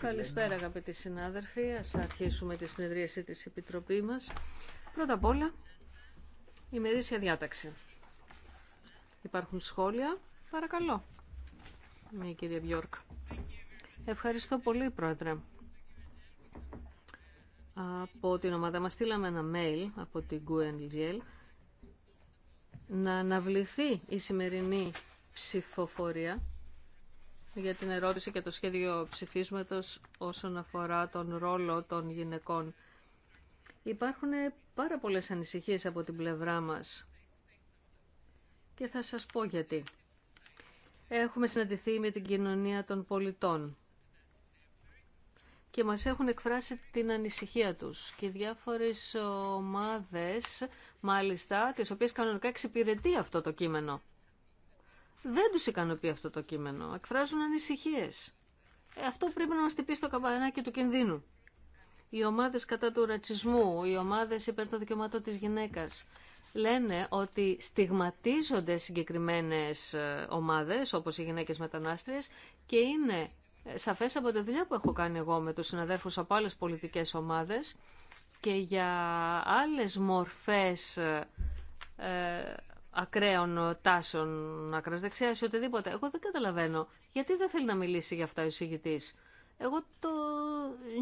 Καλησπέρα αγαπητοί συνάδελφοι. Ας αρχίσουμε τη συνεδρίαση της Επιτροπής μας. Πρώτα απ' όλα, η μερίσια διάταξη. Υπάρχουν σχόλια. Παρακαλώ. Με η κυρία Μπιόρκ. Ευχαριστώ πολύ, Πρόεδρε. Από την ομάδα μας στείλαμε ένα mail από την GUE-NGL να αναβληθεί η σημερινή ψηφοφορία για την ερώτηση και το σχέδιο ψηφίσματος όσον αφορά τον ρόλο των γυναικών. Υπάρχουν πάρα πολλές ανησυχίες από την πλευρά μας και θα σας πω γιατί. Έχουμε συναντηθεί με την κοινωνία των πολιτών και μας έχουν εκφράσει την ανησυχία τους και διάφορες ομάδες μάλιστα τις οποίες κανονικά εξυπηρετεί αυτό το κείμενο δεν τους ικανοποιεί αυτό το κείμενο. Εκφράζουν ανησυχίες. Ε, αυτό πρέπει να μας τυπεί στο καμπανάκι του κινδύνου. Οι ομάδες κατά του ρατσισμού, οι ομάδες υπέρ των δικαιωμάτων της γυναίκας λένε ότι στιγματίζονται συγκεκριμένες ε, ομάδες, όπως οι γυναίκες μετανάστριες, και είναι ε, σαφές από τη δουλειά που έχω κάνει εγώ με τους συναδέρφους από άλλες πολιτικές ομάδες και για άλλες μορφές ε, ακραίων τάσεων άκρας δεξιάς ή οτιδήποτε. Εγώ δεν καταλαβαίνω γιατί δεν θέλει να μιλήσει για αυτά ο συγητή, Εγώ το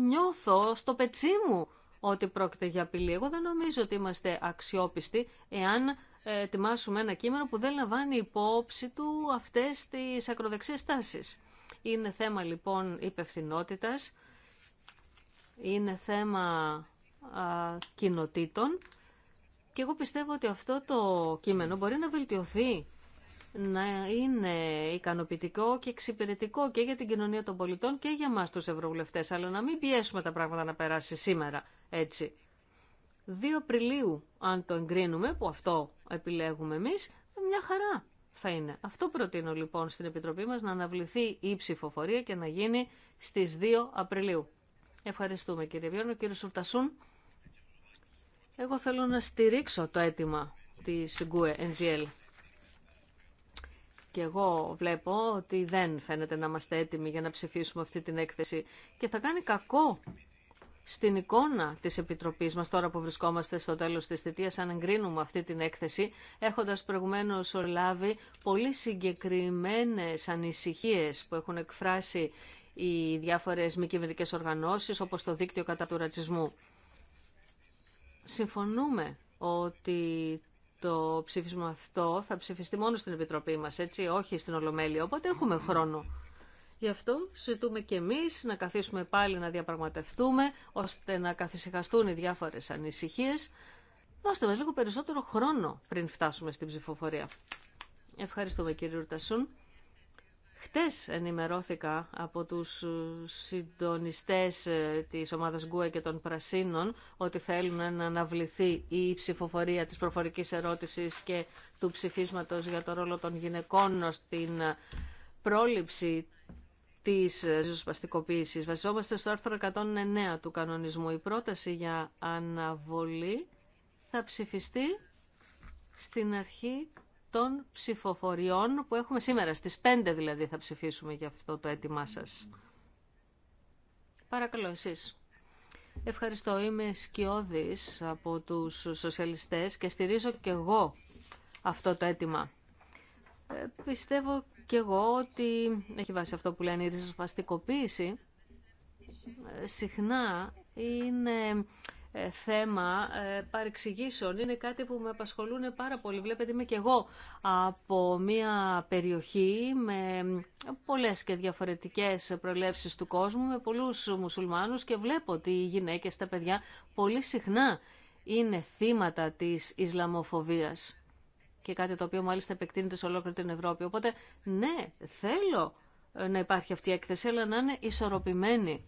νιώθω στο πετσί μου ότι πρόκειται για απειλή. Εγώ δεν νομίζω ότι είμαστε αξιόπιστοι εάν ε, ετοιμάσουμε ένα κείμενο που δεν λαμβάνει υπόψη του αυτές τις ακροδεξιές τάσεις. Είναι θέμα λοιπόν υπευθυνότητα, είναι θέμα κοινοτήτων και εγώ πιστεύω ότι αυτό το κείμενο μπορεί να βελτιωθεί, να είναι ικανοποιητικό και εξυπηρετικό και για την κοινωνία των πολιτών και για μας τους ευρωβουλευτές, αλλά να μην πιέσουμε τα πράγματα να περάσει σήμερα έτσι. 2 Απριλίου, αν το εγκρίνουμε, που αυτό επιλέγουμε εμείς, μια χαρά θα είναι. Αυτό προτείνω λοιπόν στην Επιτροπή μας να αναβληθεί η ψηφοφορία και να γίνει στις 2 Απριλίου. Ευχαριστούμε κύριε Βιώνο. Κύριε Σουρτασούν. Εγώ θέλω να στηρίξω το αίτημα της ΓΚΟΕ NGL. Και εγώ βλέπω ότι δεν φαίνεται να είμαστε έτοιμοι για να ψηφίσουμε αυτή την έκθεση. Και θα κάνει κακό στην εικόνα της Επιτροπής μας τώρα που βρισκόμαστε στο τέλος της θητείας αν εγκρίνουμε αυτή την έκθεση έχοντας προηγουμένως λάβει πολύ συγκεκριμένες ανησυχίες που έχουν εκφράσει οι διάφορες μη κυβερνητικέ οργανώσεις όπως το δίκτυο κατά του ρατσισμού συμφωνούμε ότι το ψήφισμα αυτό θα ψηφιστεί μόνο στην Επιτροπή μας, έτσι, όχι στην Ολομέλεια, οπότε έχουμε χρόνο. Γι' αυτό ζητούμε και εμείς να καθίσουμε πάλι να διαπραγματευτούμε, ώστε να καθησυχαστούν οι διάφορες ανησυχίες. Δώστε μας λίγο περισσότερο χρόνο πριν φτάσουμε στην ψηφοφορία. Ευχαριστούμε κύριε Ρουτασούν. Χτες ενημερώθηκα από τους συντονιστές ε, της ομάδας Γκουε και των Πρασίνων ότι θέλουν να αναβληθεί η ψηφοφορία της προφορικής ερώτησης και του ψηφίσματος για το ρόλο των γυναικών στην ε, πρόληψη της ε, ριζοσπαστικοποίησης. Βασιζόμαστε στο άρθρο 109 του κανονισμού. Η πρόταση για αναβολή θα ψηφιστεί στην αρχή των ψηφοφοριών που έχουμε σήμερα. Στις 5 δηλαδή θα ψηφίσουμε για αυτό το αίτημά σας. Παρακαλώ εσείς. Ευχαριστώ. Είμαι σκιώδης από τους σοσιαλιστές και στηρίζω και εγώ αυτό το αίτημα. Ε, πιστεύω και εγώ ότι έχει βάσει αυτό που λένε η ριζοσπαστικοποίηση. Ε, συχνά είναι ε, θέμα ε, παρεξηγήσεων. Είναι κάτι που με απασχολούν πάρα πολύ. Βλέπετε είμαι και εγώ από μια περιοχή με πολλές και διαφορετικές προελεύσεις του κόσμου, με πολλούς μουσουλμάνους και βλέπω ότι οι γυναίκες, τα παιδιά πολύ συχνά είναι θύματα της Ισλαμοφοβίας και κάτι το οποίο μάλιστα επεκτείνεται σε ολόκληρη την Ευρώπη. Οπότε, ναι, θέλω να υπάρχει αυτή η έκθεση, αλλά να είναι ισορροπημένη.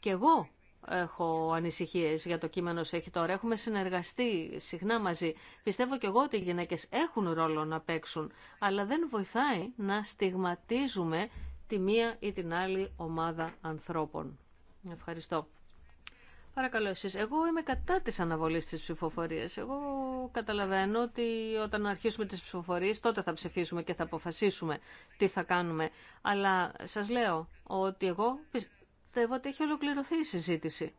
Και εγώ έχω ανησυχίε για το κείμενο όσο έχει τώρα. Έχουμε συνεργαστεί συχνά μαζί. Πιστεύω και εγώ ότι οι γυναίκες έχουν ρόλο να παίξουν, αλλά δεν βοηθάει να στιγματίζουμε τη μία ή την άλλη ομάδα ανθρώπων. Ευχαριστώ. Παρακαλώ εσείς. Εγώ είμαι κατά τη αναβολή τη ψηφοφορία. Εγώ καταλαβαίνω ότι όταν αρχίσουμε τι ψηφοφορίε, τότε θα ψηφίσουμε και θα αποφασίσουμε τι θα κάνουμε. Αλλά σα λέω ότι εγώ πιστεύω ότι έχει ολοκληρωθεί η συζήτηση.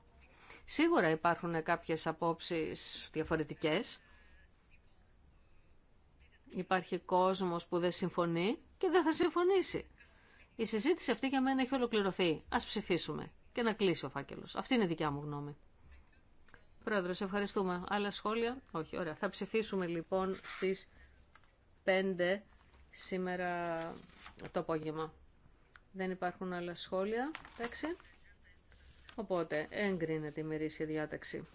Σίγουρα υπάρχουν κάποιες απόψεις διαφορετικές. Υπάρχει κόσμος που δεν συμφωνεί και δεν θα συμφωνήσει. Η συζήτηση αυτή για μένα έχει ολοκληρωθεί. Ας ψηφίσουμε και να κλείσει ο φάκελος. Αυτή είναι η δικιά μου γνώμη. σε ευχαριστούμε. Άλλα σχόλια. Όχι, ωραία. Θα ψηφίσουμε λοιπόν στις 5 σήμερα το απόγευμα. Δεν υπάρχουν άλλα σχόλια. Εντάξει. Οπότε έγκρινεται η μερίσια διάταξη.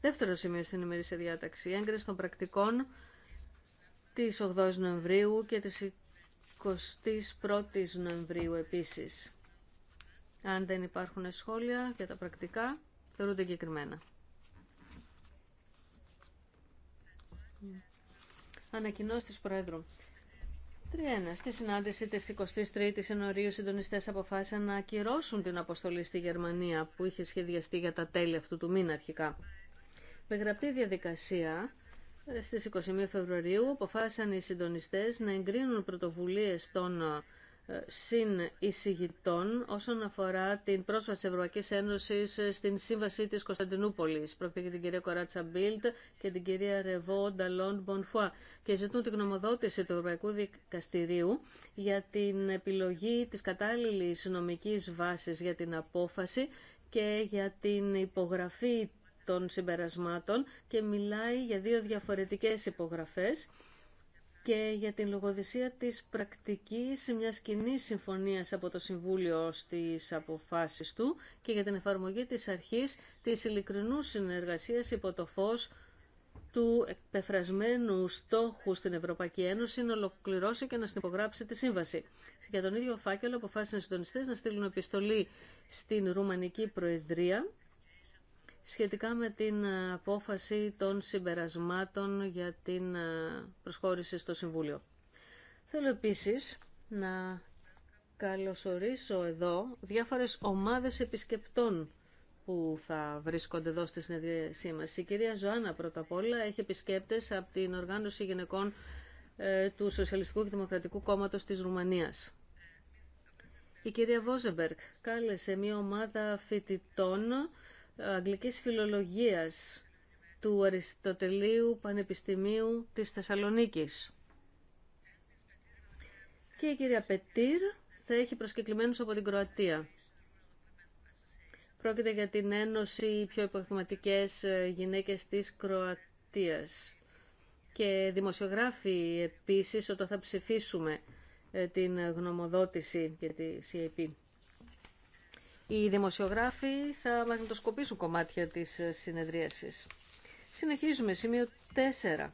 Δεύτερο σημείο στην ημερήσια διάταξη. Έγκριση των πρακτικών τη 8η Νοεμβρίου και τη 21η Νοεμβρίου επίση. Αν δεν υπάρχουν σχόλια για τα πρακτικά, θεωρούνται εγκεκριμένα. Ανακοινώσει τη Προέδρου. 3.1. Στη συνάντηση της 23 η Ιανουαρίου, οι συντονιστέ αποφάσισαν να ακυρώσουν την αποστολή στη Γερμανία που είχε σχεδιαστεί για τα τέλη αυτού του μήνα αρχικά. Με γραπτή διαδικασία, ε, στις 21 Φεβρουαρίου, αποφάσισαν οι συντονιστέ να εγκρίνουν πρωτοβουλίε των ε, σύν εισηγητών όσον αφορά την πρόσβαση της Ευρωπαϊκής Ένωσης στην σύμβαση της Κωνσταντινούπολης. Πρόκειται για την κυρία Κοράτσα Μπίλτ και την κυρία Ρεβό Νταλόν Μπονφουά και ζητούν την γνωμοδότηση του Ευρωπαϊκού Δικαστηρίου για την επιλογή της κατάλληλης νομικής βάσης για την απόφαση και για την υπογραφή των συμπερασμάτων και μιλάει για δύο διαφορετικές υπογραφές και για την λογοδοσία της πρακτικής μια κοινή συμφωνίας από το Συμβούλιο στις αποφάσεις του και για την εφαρμογή της αρχής της ειλικρινούς συνεργασίας υπό το φως του εκπεφρασμένου στόχου στην Ευρωπαϊκή Ένωση να ολοκληρώσει και να συνυπογράψει τη σύμβαση. Για τον ίδιο φάκελο αποφάσισαν οι συντονιστέ να στείλουν επιστολή στην Ρουμανική Προεδρία σχετικά με την ε, απόφαση των συμπερασμάτων για την ε, προσχώρηση στο Συμβούλιο. Θέλω επίσης να καλωσορίσω εδώ διάφορες ομάδες επισκεπτών που θα βρίσκονται εδώ στη συνεδρίασή μα. Η κυρία Ζωάννα πρώτα απ' όλα έχει επισκέπτες από την Οργάνωση Γυναικών ε, του Σοσιαλιστικού και Δημοκρατικού Κόμματος της Ρουμανίας. Η κυρία Βόζεμπερκ κάλεσε μια ομάδα φοιτητών αγγλικής φιλολογίας του Αριστοτελείου Πανεπιστημίου της Θεσσαλονίκης. Και η κυρία Πετήρ θα έχει προσκεκλημένους από την Κροατία. Πρόκειται για την Ένωση Πιο Υποχρηματικές ε, Γυναίκες της Κροατίας. Και δημοσιογράφοι επίσης όταν θα ψηφίσουμε ε, την γνωμοδότηση για τη CIP. Οι δημοσιογράφοι θα μαγνητοσκοπήσουν κομμάτια της ε, συνεδρίασης. Συνεχίζουμε, σημείο 4.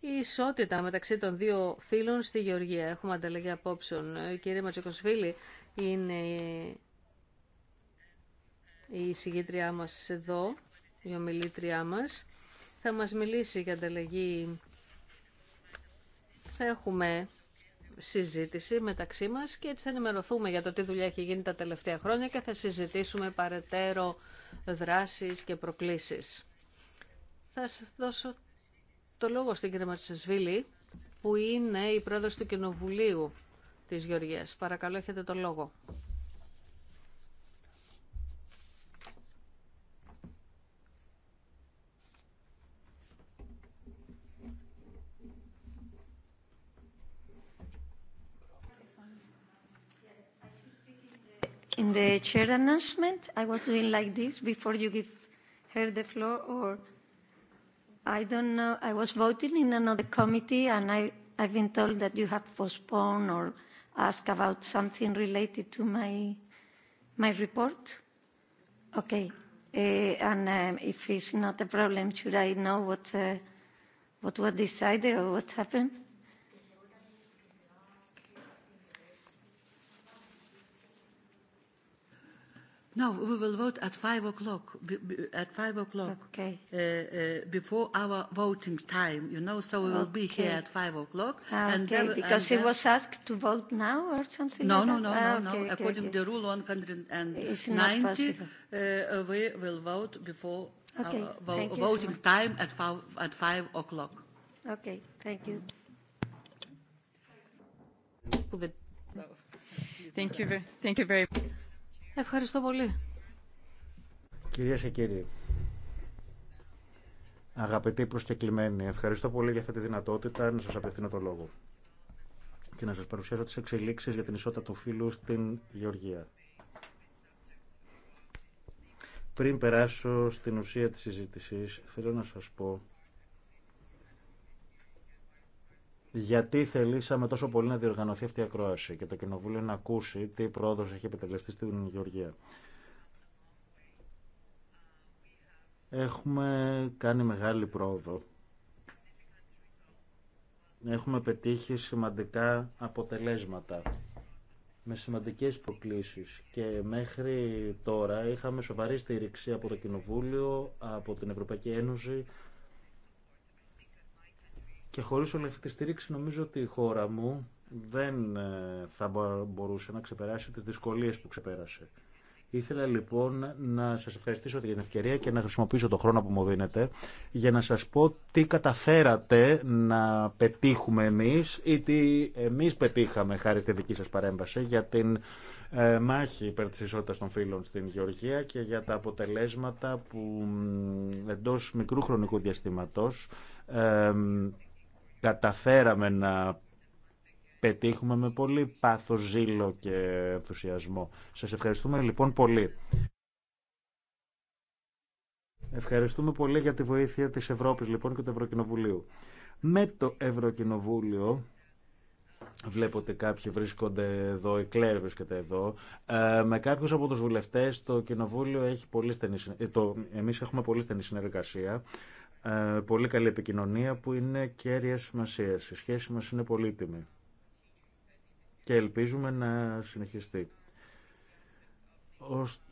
Η ισότητα μεταξύ των δύο φίλων στη Γεωργία. Έχουμε ανταλλαγή απόψεων. Η ε, κυρία Ματσοκοσφίλη είναι η συγγήτριά μας εδώ, η ομιλήτριά μας. Θα μας μιλήσει για ανταλλαγή. Θα έχουμε συζήτηση μεταξύ μας και έτσι θα ενημερωθούμε για το τι δουλειά έχει γίνει τα τελευταία χρόνια και θα συζητήσουμε παρετέρω δράσεις και προκλήσεις. Θα σας δώσω το λόγο στην κυρία Μαρτσεσβίλη που είναι η πρόεδρος του Κοινοβουλίου της Γεωργίας. Παρακαλώ έχετε το λόγο. the chair announcement. I was doing like this before you give her the floor, or I don't know. I was voting in another committee, and I, I've been told that you have postponed or asked about something related to my my report. Okay, and um, if it's not a problem, should I know what uh, what was decided or what happened? No, we will vote at five o'clock. At five o'clock. Okay. Uh, before our voting time, you know, so we will be here at five o'clock. Okay, because he was asked to vote now or something. No, no, no, no, no. According to the rule 190, uh, we will vote before our voting time at five at five o'clock. Okay, thank you. Thank you. Thank you very much. Ευχαριστώ πολύ. Κυρίε και κύριοι, αγαπητοί προσκεκλημένοι, ευχαριστώ πολύ για αυτή τη δυνατότητα να σας απευθύνω το λόγο και να σας παρουσιάσω τις εξελίξεις για την ισότητα του φίλου στην Γεωργία. Πριν περάσω στην ουσία της συζήτησης, θέλω να σας πω γιατί θελήσαμε τόσο πολύ να διοργανωθεί αυτή η ακρόαση και το Κοινοβούλιο να ακούσει τι πρόοδο έχει επιτελεστεί στην Γεωργία. Έχουμε κάνει μεγάλη πρόοδο. Έχουμε πετύχει σημαντικά αποτελέσματα με σημαντικές προκλήσεις και μέχρι τώρα είχαμε σοβαρή στήριξη από το Κοινοβούλιο, από την Ευρωπαϊκή Ένωση, και χωρί όλη αυτή τη στήριξη νομίζω ότι η χώρα μου δεν ε, θα μπορούσε να ξεπεράσει τι δυσκολίε που ξεπέρασε. Ήθελα λοιπόν να σα ευχαριστήσω για την ευκαιρία και να χρησιμοποιήσω τον χρόνο που μου δίνετε για να σα πω τι καταφέρατε να πετύχουμε εμεί ή τι εμεί πετύχαμε χάρη στη δική σα παρέμβαση για την ε, μάχη υπέρ τη ισότητα των φύλων στην Γεωργία και για τα αποτελέσματα που εντό μικρού χρονικού διαστήματος ε, καταφέραμε να πετύχουμε με πολύ πάθος, ζήλο και ενθουσιασμό. Σας ευχαριστούμε λοιπόν πολύ. Ευχαριστούμε πολύ για τη βοήθεια της Ευρώπης λοιπόν και του Ευρωκοινοβουλίου. Με το Ευρωκοινοβούλιο Βλέπω ότι κάποιοι βρίσκονται εδώ, οι Κλέρ βρίσκεται εδώ. Ε, με κάποιους από τους βουλευτές, το κοινοβούλιο έχει πολύ στενή, ε, εμείς έχουμε πολύ στενή συνεργασία. Ε, πολύ καλή επικοινωνία που είναι κέρια σημασία. Η σχέση μας είναι πολύτιμη και ελπίζουμε να συνεχιστεί.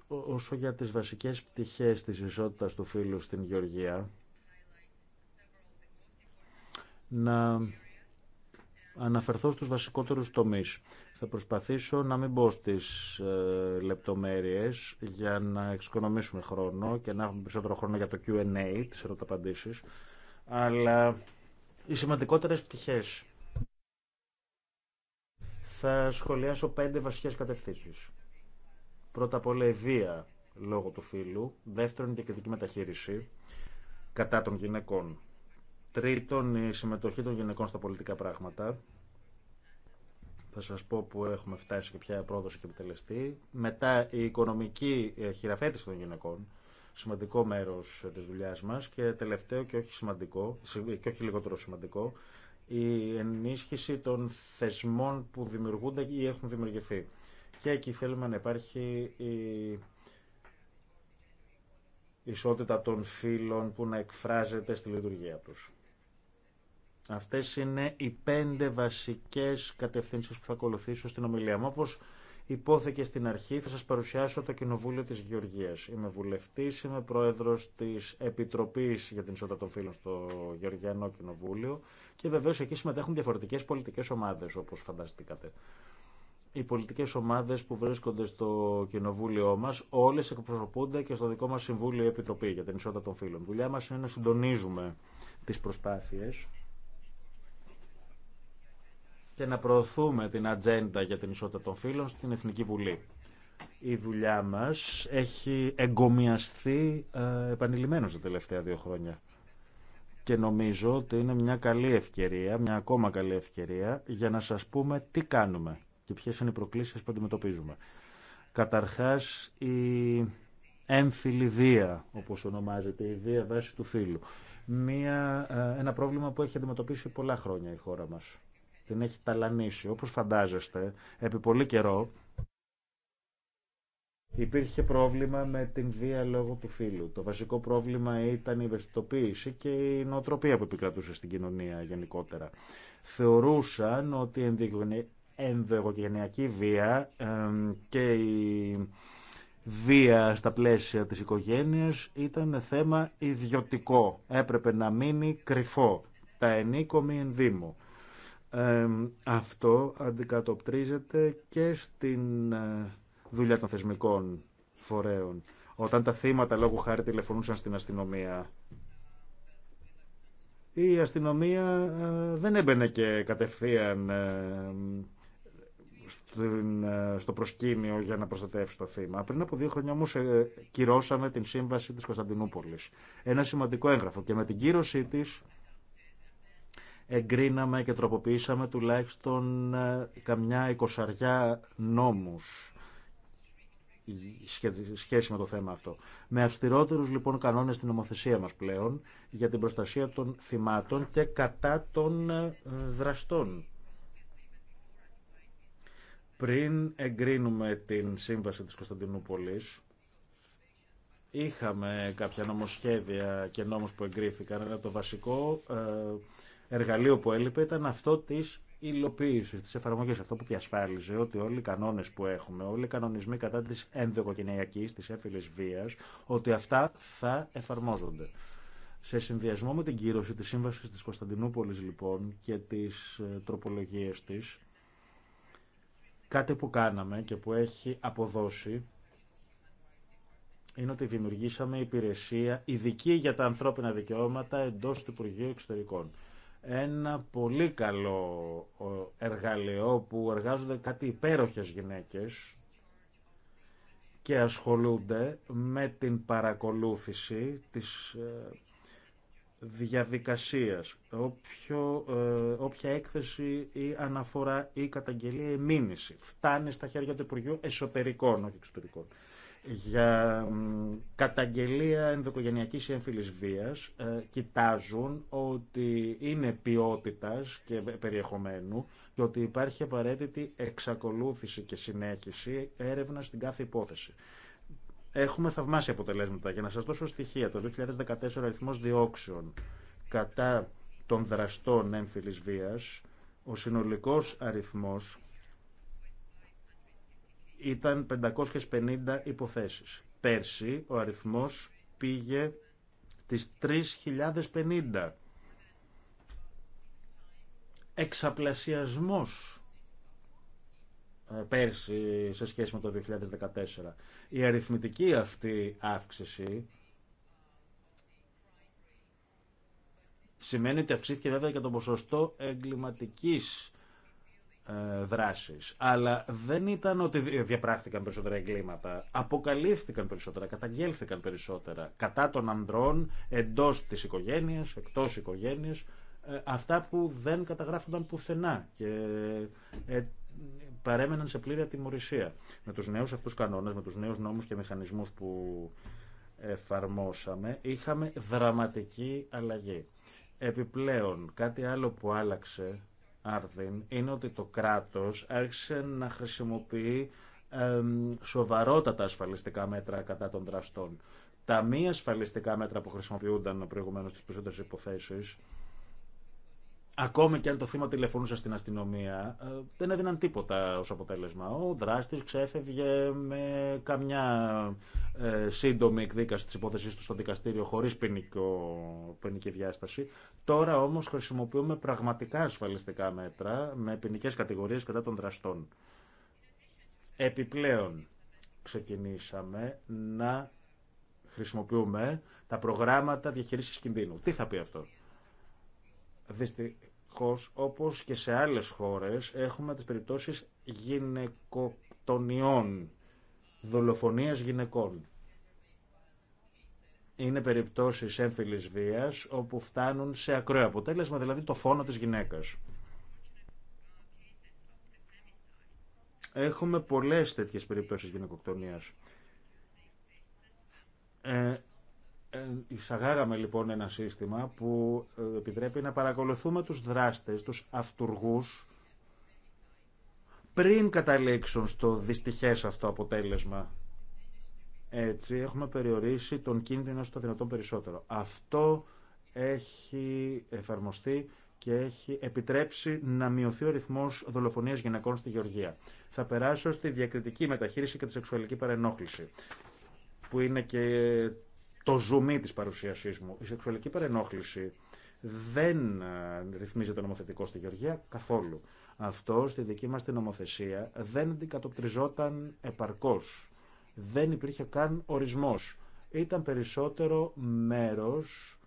Όσο για τις βασικές πτυχές της ισότητας του φίλου στην Γεωργία, να αναφερθώ στους βασικότερους τομείς. Θα προσπαθήσω να μην μπω στις ε, λεπτομέρειες για να εξοικονομήσουμε χρόνο και να έχουμε περισσότερο χρόνο για το Q&A, τις ερωταπαντήσεις, αλλά οι σημαντικότερες πτυχές. Θα σχολιάσω πέντε βασικές κατευθύνσεις. Πρώτα απ' όλα η βία λόγω του φύλου, δεύτερον η διακριτική μεταχείριση κατά των γυναικών, τρίτον η συμμετοχή των γυναικών στα πολιτικά πράγματα, θα σας πω που έχουμε φτάσει και ποια πρόοδος έχει επιτελεστεί. Μετά η οικονομική ε, χειραφέτηση των γυναικών, σημαντικό μέρος της δουλειάς μας και τελευταίο και όχι, σημαντικό, και όχι λιγότερο σημαντικό, η ενίσχυση των θεσμών που δημιουργούνται ή έχουν δημιουργηθεί. Και εκεί θέλουμε να υπάρχει η ισότητα των φύλων που να εκφράζεται στη λειτουργία τους. Αυτές είναι οι πέντε βασικές κατευθύνσεις που θα ακολουθήσω στην ομιλία μου. Όπως υπόθηκε στην αρχή, θα σας παρουσιάσω το Κοινοβούλιο της Γεωργίας. Είμαι βουλευτής, είμαι πρόεδρος της Επιτροπής για την Ισότητα των Φίλων στο Γεωργιανό Κοινοβούλιο και βεβαίως εκεί συμμετέχουν διαφορετικές πολιτικές ομάδες, όπως φανταστήκατε οι πολιτικές ομάδες που βρίσκονται στο κοινοβούλιο μας, όλες εκπροσωπούνται και στο δικό μας Συμβούλιο Επιτροπή για την Ισότητα των φίλων. δουλειά είναι να συντονίζουμε τις προσπάθειες και να προωθούμε την ατζέντα για την ισότητα των φύλων στην Εθνική Βουλή. Η δουλειά μας έχει εγκομιαστεί ε, επανειλημμένως τα τελευταία δύο χρόνια. Και νομίζω ότι είναι μια καλή ευκαιρία, μια ακόμα καλή ευκαιρία, για να σας πούμε τι κάνουμε και ποιες είναι οι προκλήσεις που αντιμετωπίζουμε. Καταρχάς, η έμφυλη βία, όπως ονομάζεται, η βία βάση του φύλου. Μια, ε, ένα πρόβλημα που έχει αντιμετωπίσει πολλά χρόνια η χώρα μας την έχει ταλανίσει. Όπως φαντάζεστε, επί πολύ καιρό υπήρχε πρόβλημα με την βία λόγω του φίλου. Το βασικό πρόβλημα ήταν η ευαισθητοποίηση και η νοοτροπία που επικρατούσε στην κοινωνία γενικότερα. Θεωρούσαν ότι η ενδοοικογενειακή βία και η βία στα πλαίσια της οικογένειας ήταν θέμα ιδιωτικό. Έπρεπε να μείνει κρυφό. Τα ενίκομοι ενδύμου αυτό αντικατοπτρίζεται και στην ε, δουλειά των θεσμικών φορέων. Όταν τα θύματα λόγω χάρη τηλεφωνούσαν στην αστυνομία, η αστυνομία ε, δεν έμπαινε και κατευθείαν ε, στο προσκήνιο για να προστατεύσει το θύμα. Πριν από δύο χρόνια όμως κυρώσαμε την σύμβαση της Κωνσταντινούπολης. Ένα σημαντικό έγγραφο και με την κύρωσή της εγκρίναμε και τροποποιήσαμε τουλάχιστον ε, καμιά εικοσαριά νόμους σχέση με το θέμα αυτό. Με αυστηρότερους λοιπόν κανόνες στην νομοθεσία μας πλέον για την προστασία των θυμάτων και κατά των ε, δραστών. Πριν εγκρίνουμε την σύμβαση της Κωνσταντινούπολης, είχαμε κάποια νομοσχέδια και νόμους που εγκρίθηκαν, αλλά το βασικό ε, εργαλείο που έλειπε ήταν αυτό τη υλοποίηση τη εφαρμογή. Αυτό που διασφάλιζε ότι όλοι οι κανόνε που έχουμε, όλοι οι κανονισμοί κατά τη ενδοοικογενειακή, τη έφυλη βία, ότι αυτά θα εφαρμόζονται. Σε συνδυασμό με την κύρωση τη Σύμβαση τη Κωνσταντινούπολη, λοιπόν, και τι ε, τροπολογίε τη, κάτι που κάναμε και που έχει αποδώσει είναι ότι δημιουργήσαμε υπηρεσία ειδική για τα ανθρώπινα δικαιώματα εντός του Υπουργείου Εξωτερικών ένα πολύ καλό εργαλείο που εργάζονται κάτι υπέροχες γυναίκες και ασχολούνται με την παρακολούθηση της ε, διαδικασίας, ε, όποια έκθεση ή αναφορά ή καταγγελία ή μήνυση φτάνει στα χέρια του Υπουργείου Εσωτερικών, όχι Εξωτερικών για καταγγελία ενδοκογενειακής ή εμφύλης βίας ε, κοιτάζουν ότι είναι ποιότητας και περιεχομένου και ότι υπάρχει απαραίτητη εξακολούθηση και συνέχιση έρευνα στην κάθε υπόθεση. Έχουμε θαυμάσει αποτελέσματα. Για να σας δώσω στοιχεία, το 2014 αριθμό αριθμός διώξεων κατά των δραστών έμφυλης βίας, ο συνολικός αριθμός ήταν 550 υποθέσεις. Πέρσι ο αριθμός πήγε τις 3.050. Εξαπλασιασμός ε, πέρσι σε σχέση με το 2014. Η αριθμητική αυτή αύξηση σημαίνει ότι αυξήθηκε βέβαια και το ποσοστό εγκληματικής ε, δράσεις. Αλλά δεν ήταν ότι διαπράχθηκαν περισσότερα εγκλήματα. Αποκαλύφθηκαν περισσότερα, καταγγέλθηκαν περισσότερα. Κατά των ανδρών, εντός της οικογένειας, εκτός οικογένειας. Ε, αυτά που δεν καταγράφονταν πουθενά και ε, παρέμεναν σε πλήρη ατιμορρησία. Με τους νέους αυτούς κανόνες, με τους νέους νόμους και μηχανισμούς που εφαρμόσαμε, είχαμε δραματική αλλαγή. Επιπλέον, κάτι άλλο που άλλαξε Άρδιν είναι ότι το κράτος άρχισε να χρησιμοποιεί σοβαρότατα ασφαλιστικά μέτρα κατά των δραστών. Τα μη ασφαλιστικά μέτρα που χρησιμοποιούνταν προηγουμένως στις περισσότερες υποθέσεις Ακόμη και αν το θύμα τηλεφωνούσε στην αστυνομία, ε, δεν έδιναν τίποτα ως αποτέλεσμα. Ο δράστη ξέφευγε με καμιά ε, σύντομη εκδίκαση τη υπόθεσή του στο δικαστήριο χωρίς ποινική διάσταση. Τώρα όμως χρησιμοποιούμε πραγματικά ασφαλιστικά μέτρα με ποινικέ κατηγορίες κατά των δραστών. Επιπλέον ξεκινήσαμε να χρησιμοποιούμε τα προγράμματα διαχείρισης κινδύνου. Τι θα πει αυτό όπως και σε άλλες χώρες έχουμε τις περιπτώσεις γυναικοκτονιών, δολοφονίας γυναικών. Είναι περιπτώσεις έμφυλης βίας όπου φτάνουν σε ακραίο αποτέλεσμα, δηλαδή το φόνο της γυναίκας. Έχουμε πολλές τέτοιες περιπτώσεις γυναικοκτονίας. Ε, ε, εισαγάγαμε λοιπόν ένα σύστημα που ε, επιτρέπει να παρακολουθούμε τους δράστες, τους αυτούργους, πριν καταλήξουν στο δυστυχές αυτό αποτέλεσμα. Έτσι έχουμε περιορίσει τον κίνδυνο στο δυνατόν περισσότερο. Αυτό έχει εφαρμοστεί και έχει επιτρέψει να μειωθεί ο ρυθμός δολοφονίας γυναικών στη Γεωργία. Θα περάσω στη διακριτική μεταχείριση και τη σεξουαλική παρενόχληση, που είναι και το ζουμί της παρουσίασής μου. Η σεξουαλική παρενόχληση δεν ε, ρυθμίζεται νομοθετικό στη Γεωργία καθόλου. Αυτό στη δική μας την νομοθεσία δεν αντικατοπτριζόταν επαρκώς. Δεν υπήρχε καν ορισμός. Ήταν περισσότερο μέρος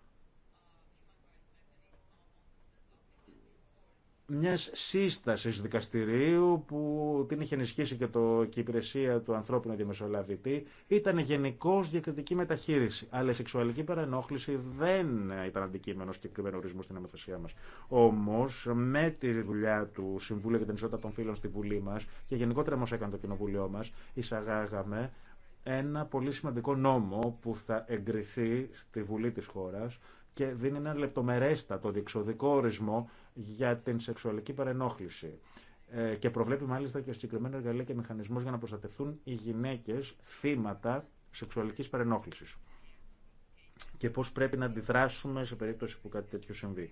Μια σύσταση δικαστηρίου που την είχε ενισχύσει και, το, και η υπηρεσία του ανθρώπινου διαμεσολαβητή ήταν γενικώ διακριτική μεταχείριση. Αλλά η σεξουαλική παρενόχληση δεν ήταν αντικείμενο συγκεκριμένου ορισμού στην νομοθεσία μα. Όμω, με τη δουλειά του Συμβούλου για την Ισότητα των Φίλων στη Βουλή μα, και γενικότερα όμω έκανε το Κοινοβουλίο μα, εισαγάγαμε ένα πολύ σημαντικό νόμο που θα εγκριθεί στη Βουλή της χώρας και δίνει ένα λεπτομερέστατο διεξοδικό ορισμό για την σεξουαλική παρενόχληση. Ε, και προβλέπει μάλιστα και συγκεκριμένα εργαλεία και μηχανισμό για να προστατευτούν οι γυναίκε θύματα σεξουαλική παρενόχληση. Και πώ πρέπει να αντιδράσουμε σε περίπτωση που κάτι τέτοιο συμβεί.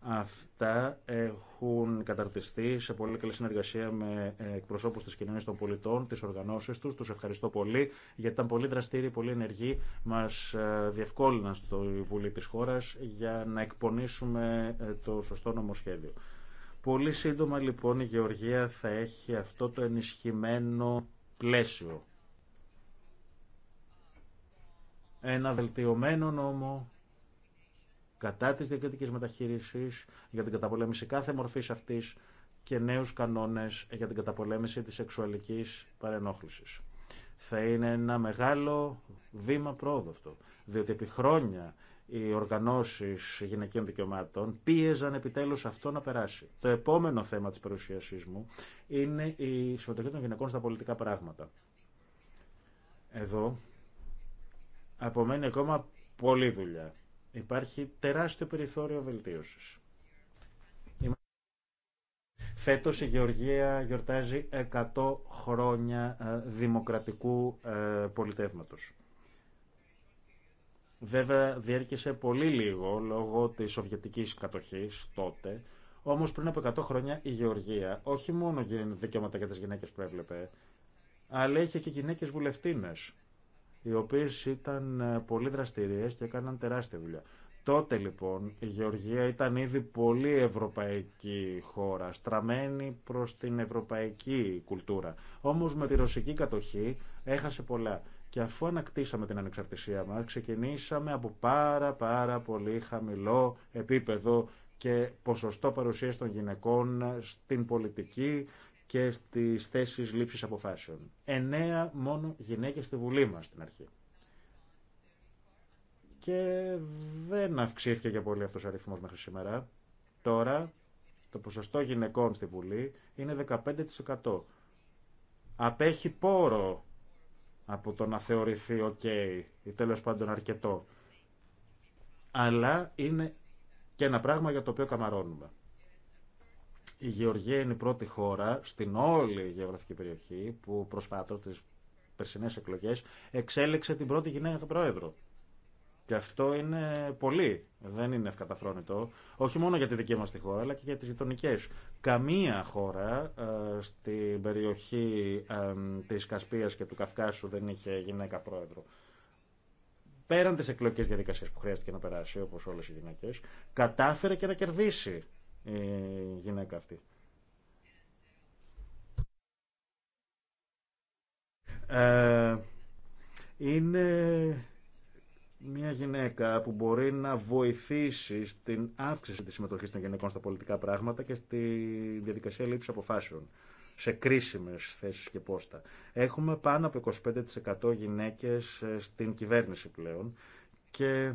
Αυτά έχουν καταρτιστεί σε πολύ καλή συνεργασία με εκπροσώπους της κοινωνίας των πολιτών, τις οργανώσεις τους. Τους ευχαριστώ πολύ γιατί ήταν πολύ δραστήριοι, πολύ ενεργοί. Μας ε, διευκόλυναν στο Βουλή της χώρας για να εκπονήσουμε ε, το σωστό νομοσχέδιο. Πολύ σύντομα λοιπόν η Γεωργία θα έχει αυτό το ενισχυμένο πλαίσιο. Ένα βελτιωμένο νόμο κατά της διακριτική μεταχείρισης, για την καταπολέμηση κάθε μορφής αυτής και νέους κανόνες για την καταπολέμηση της σεξουαλικής παρενόχλησης. Θα είναι ένα μεγάλο βήμα πρόοδο αυτό, διότι επί χρόνια οι οργανώσεις γυναικείων δικαιωμάτων πίεζαν επιτέλους αυτό να περάσει. Το επόμενο θέμα της παρουσιασή μου είναι η συμμετοχή των γυναικών στα πολιτικά πράγματα. Εδώ απομένει ακόμα πολλή δουλειά. Υπάρχει τεράστιο περιθώριο βελτίωσης. Φέτο, η Γεωργία γιορτάζει 100 χρόνια ε, δημοκρατικού ε, πολιτεύματος. Βέβαια διέρχεσε πολύ λίγο λόγω της σοβιετικής κατοχής τότε, όμως πριν από 100 χρόνια η Γεωργία όχι μόνο δικαιώματα για τι γυναίκε που έβλεπε, αλλά είχε και γυναίκες βουλευτίνες οι οποίες ήταν ε, πολύ δραστηριές και έκαναν τεράστια δουλειά. Τότε λοιπόν η Γεωργία ήταν ήδη πολύ ευρωπαϊκή χώρα, στραμμένη προς την ευρωπαϊκή κουλτούρα. Όμως με τη ρωσική κατοχή έχασε πολλά. Και αφού ανακτήσαμε την ανεξαρτησία μας, ξεκινήσαμε από πάρα πάρα πολύ χαμηλό επίπεδο και ποσοστό παρουσίας των γυναικών στην πολιτική, και στι θέσει λήψη αποφάσεων. Εννέα μόνο γυναίκες στη Βουλή μας στην αρχή. Και δεν αυξήθηκε για πολύ αυτό ο αριθμό μέχρι σήμερα. Τώρα το ποσοστό γυναικών στη Βουλή είναι 15%. Απέχει πόρο από το να θεωρηθεί οκ ή τέλο πάντων αρκετό. Αλλά είναι και ένα πράγμα για το οποίο καμαρώνουμε. Η Γεωργία είναι η πρώτη χώρα στην όλη γεωγραφική περιοχή που προσφάτω τις περσινές εκλογές εξέλεξε την πρώτη γυναίκα πρόεδρο. Και αυτό είναι πολύ, δεν είναι ευκαταφρόνητο, όχι μόνο για τη δική μα τη χώρα, αλλά και για τις γειτονικέ. Καμία χώρα ε, στην περιοχή ε, της Κασπίας και του Καυκάσου δεν είχε γυναίκα πρόεδρο. Πέραν τι εκλογικέ διαδικασίε που χρειάστηκε να περάσει, όπω όλε οι γυναίκε, κατάφερε και να κερδίσει η γυναίκα αυτή. Ε, είναι μια γυναίκα που μπορεί να βοηθήσει στην αύξηση της συμμετοχής των γυναικών στα πολιτικά πράγματα και στη διαδικασία λήψης αποφάσεων σε κρίσιμες θέσεις και πόστα. Έχουμε πάνω από 25% γυναίκες ε, στην κυβέρνηση πλέον και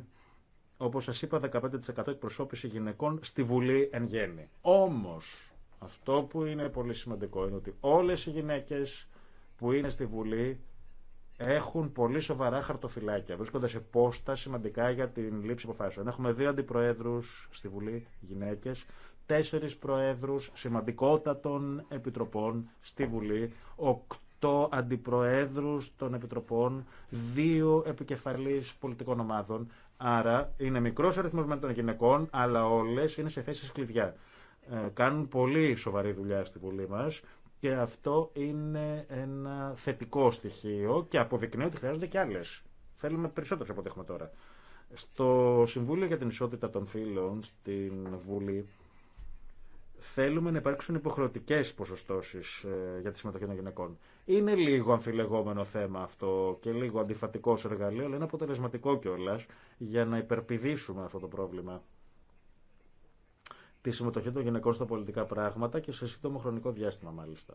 Όπω σα είπα, 15% εκπροσώπηση γυναικών στη Βουλή εν γέννη. Όμω, αυτό που είναι πολύ σημαντικό είναι ότι όλε οι γυναίκε που είναι στη Βουλή έχουν πολύ σοβαρά χαρτοφυλάκια, βρίσκονται σε πόστα σημαντικά για την λήψη αποφάσεων. Έχουμε δύο αντιπροέδρου στη Βουλή, γυναίκε, τέσσερι προέδρου σημαντικότατων επιτροπών στη Βουλή, οκτώ αντιπροεδρου των επιτροπών, δύο επικεφαλεί πολιτικών ομάδων. Άρα είναι μικρό αριθμό των γυναικών, αλλά όλε είναι σε θέσει κλειδιά. Ε, κάνουν πολύ σοβαρή δουλειά στη Βουλή μα και αυτό είναι ένα θετικό στοιχείο και αποδεικνύει ότι χρειάζονται και άλλε. Θέλουμε περισσότερε από ό,τι έχουμε τώρα. Στο Συμβούλιο για την Ισότητα των Φίλων, στην Βουλή θέλουμε να υπάρξουν υποχρεωτικέ ποσοστώσει ε, για τη συμμετοχή των γυναικών. Είναι λίγο αμφιλεγόμενο θέμα αυτό και λίγο αντιφατικό ως εργαλείο, αλλά είναι αποτελεσματικό κιόλα για να υπερπηδήσουμε αυτό το πρόβλημα. Τη συμμετοχή των γυναικών στα πολιτικά πράγματα και σε σύντομο χρονικό διάστημα, μάλιστα.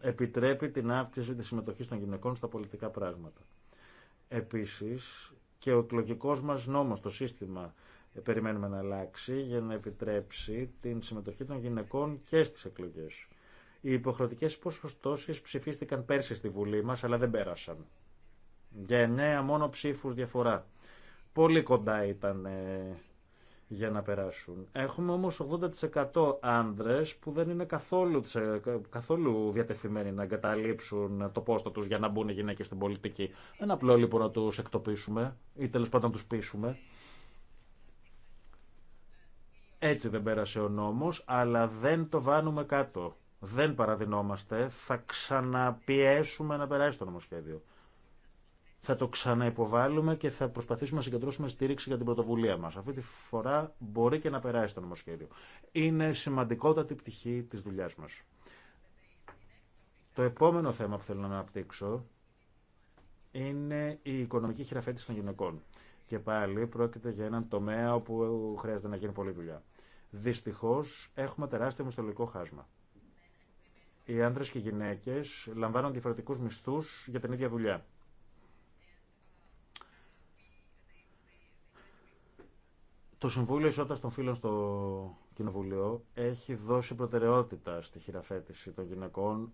Επιτρέπει την αύξηση της συμμετοχής των γυναικών στα πολιτικά πράγματα. Επίσης και ο εκλογικό μας νόμος, το σύστημα ε, περιμένουμε να αλλάξει για να επιτρέψει την συμμετοχή των γυναικών και στις εκλογές. Οι υποχρεωτικές ποσοστώσεις ψηφίστηκαν πέρσι στη Βουλή μας, αλλά δεν πέρασαν. Για εννέα μόνο ψήφους διαφορά. Πολύ κοντά ήταν ε, για να περάσουν. Έχουμε όμως 80% άνδρες που δεν είναι καθόλου, καθόλου διατεθειμένοι να εγκαταλείψουν το πόστο τους για να μπουν οι γυναίκες στην πολιτική. Δεν απλό λοιπόν να τους εκτοπίσουμε ή τέλος πάντων να τους πείσουμε. Έτσι δεν πέρασε ο νόμος, αλλά δεν το βάνουμε κάτω. Δεν παραδεινόμαστε, θα ξαναπιέσουμε να περάσει το νομοσχέδιο θα το ξαναυποβάλουμε και θα προσπαθήσουμε να συγκεντρώσουμε στήριξη για την πρωτοβουλία μας. Αυτή τη φορά μπορεί και να περάσει το νομοσχέδιο. Είναι σημαντικότατη πτυχή της δουλειάς μας. Το επόμενο θέμα που θέλω να αναπτύξω είναι η οικονομική χειραφέτηση των γυναικών. Και πάλι πρόκειται για έναν τομέα όπου χρειάζεται να γίνει πολλή δουλειά. Δυστυχώ έχουμε τεράστιο μισθολογικό χάσμα. Οι άντρε και οι γυναίκε λαμβάνουν διαφορετικού μισθού για την ίδια δουλειά. Το Συμβούλιο Ισότητας των Φίλων στο Κοινοβουλίο έχει δώσει προτεραιότητα στη χειραφέτηση των γυναικών,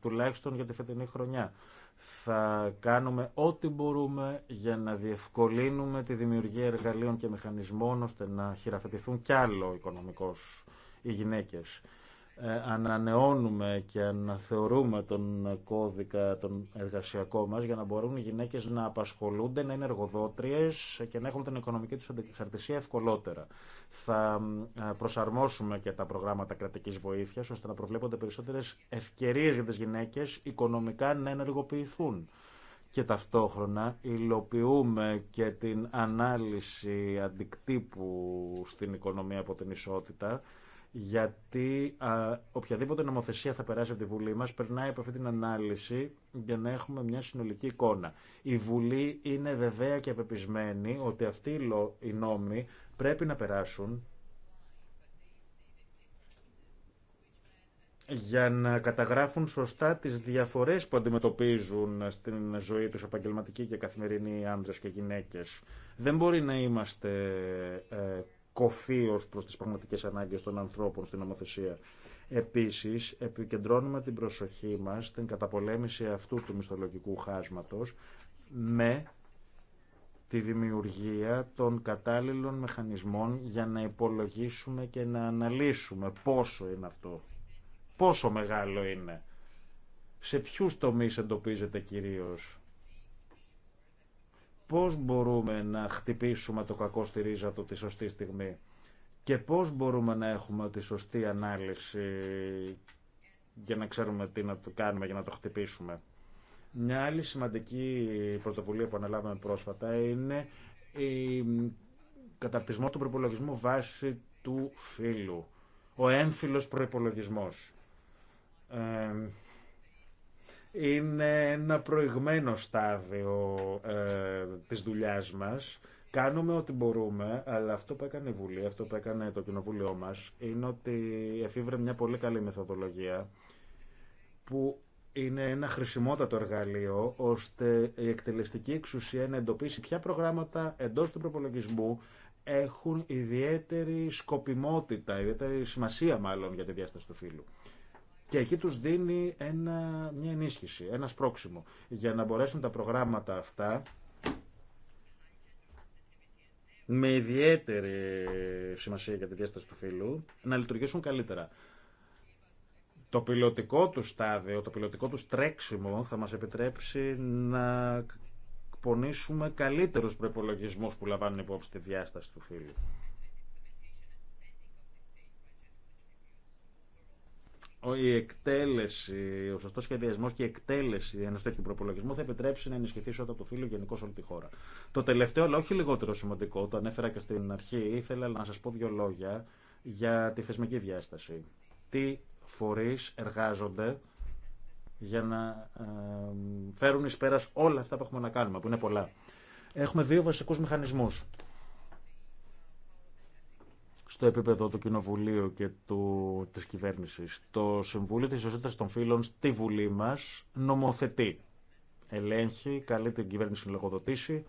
τουλάχιστον για τη φετινή χρονιά. Θα κάνουμε ό,τι μπορούμε για να διευκολύνουμε τη δημιουργία εργαλείων και μηχανισμών ώστε να χειραφετηθούν κι άλλο οικονομικώς οι γυναίκες. Ε, ανανεώνουμε και αναθεωρούμε τον κώδικα τον εργασιακό μας για να μπορούν οι γυναίκες να απασχολούνται, να είναι εργοδότριες και να έχουν την οικονομική τους αντεξαρτησία ευκολότερα. Θα ε, προσαρμόσουμε και τα προγράμματα κρατικής βοήθειας ώστε να προβλέπονται περισσότερες ευκαιρίες για τις γυναίκες οικονομικά να ενεργοποιηθούν και ταυτόχρονα υλοποιούμε και την ανάλυση αντικτύπου στην οικονομία από την ισότητα γιατί οποιαδήποτε νομοθεσία θα περάσει από τη Βουλή μας περνάει από αυτή την ανάλυση για να έχουμε μια συνολική εικόνα. Η Βουλή είναι βεβαία και απεπισμένη ότι αυτοί οι νόμοι πρέπει να περάσουν για να καταγράφουν σωστά τις διαφορές που αντιμετωπίζουν στην ζωή τους επαγγελματικοί και καθημερινοί άντρες και γυναίκες. Δεν μπορεί να είμαστε ε, κοφή προς τις πραγματικές ανάγκες των ανθρώπων στην νομοθεσία. Επίσης, επικεντρώνουμε την προσοχή μας στην καταπολέμηση αυτού του μισθολογικού χάσματος με τη δημιουργία των κατάλληλων μηχανισμών για να υπολογίσουμε και να αναλύσουμε πόσο είναι αυτό, πόσο μεγάλο είναι, σε ποιους τομείς εντοπίζεται κυρίως πώς μπορούμε να χτυπήσουμε το κακό στη ρίζα του τη σωστή στιγμή και πώς μπορούμε να έχουμε τη σωστή ανάλυση για να ξέρουμε τι να το κάνουμε για να το χτυπήσουμε. Μια άλλη σημαντική πρωτοβουλία που αναλάβαμε πρόσφατα είναι η καταρτισμό του προπολογισμού βάσει του φύλου. Ο έμφυλος προϋπολογισμός. Ε, είναι ένα προηγμένο στάδιο ε, της δουλειάς μας. Κάνουμε ό,τι μπορούμε, αλλά αυτό που έκανε η Βουλή, αυτό που έκανε το Κοινοβούλιο μας, είναι ότι εφήβρε μια πολύ καλή μεθοδολογία που είναι ένα χρησιμότατο εργαλείο ώστε η εκτελεστική εξουσία να εντοπίσει ποια προγράμματα εντός του προπολογισμού έχουν ιδιαίτερη σκοπιμότητα, ιδιαίτερη σημασία μάλλον για τη διάσταση του φύλου και εκεί τους δίνει ένα, μια ενίσχυση, ένα σπρόξιμο για να μπορέσουν τα προγράμματα αυτά με ιδιαίτερη σημασία για τη διάσταση του φύλου να λειτουργήσουν καλύτερα. Το πιλωτικό του στάδιο, το πιλωτικό του τρέξιμο θα μας επιτρέψει να πονήσουμε καλύτερους προπολογισμού που λαμβάνουν υπόψη τη διάσταση του φύλου. η εκτέλεση, ο σωστό σχεδιασμό και η εκτέλεση ενό τέτοιου προπολογισμού θα επιτρέψει να ενισχυθεί ισότητα το φύλου γενικώ όλη τη χώρα. Το τελευταίο, αλλά όχι λιγότερο σημαντικό, το ανέφερα και στην αρχή, ήθελα να σα πω δύο λόγια για τη θεσμική διάσταση. Τι φορεί εργάζονται για να φέρουν ει όλα αυτά που έχουμε να κάνουμε, που είναι πολλά. Έχουμε δύο βασικού μηχανισμού στο επίπεδο του Κοινοβουλίου και του, της κυβέρνησης. Το Συμβούλιο της Ισοσύντας των Φύλων στη Βουλή μας νομοθετεί, ελέγχει, καλεί την κυβέρνηση να λογοδοτήσει,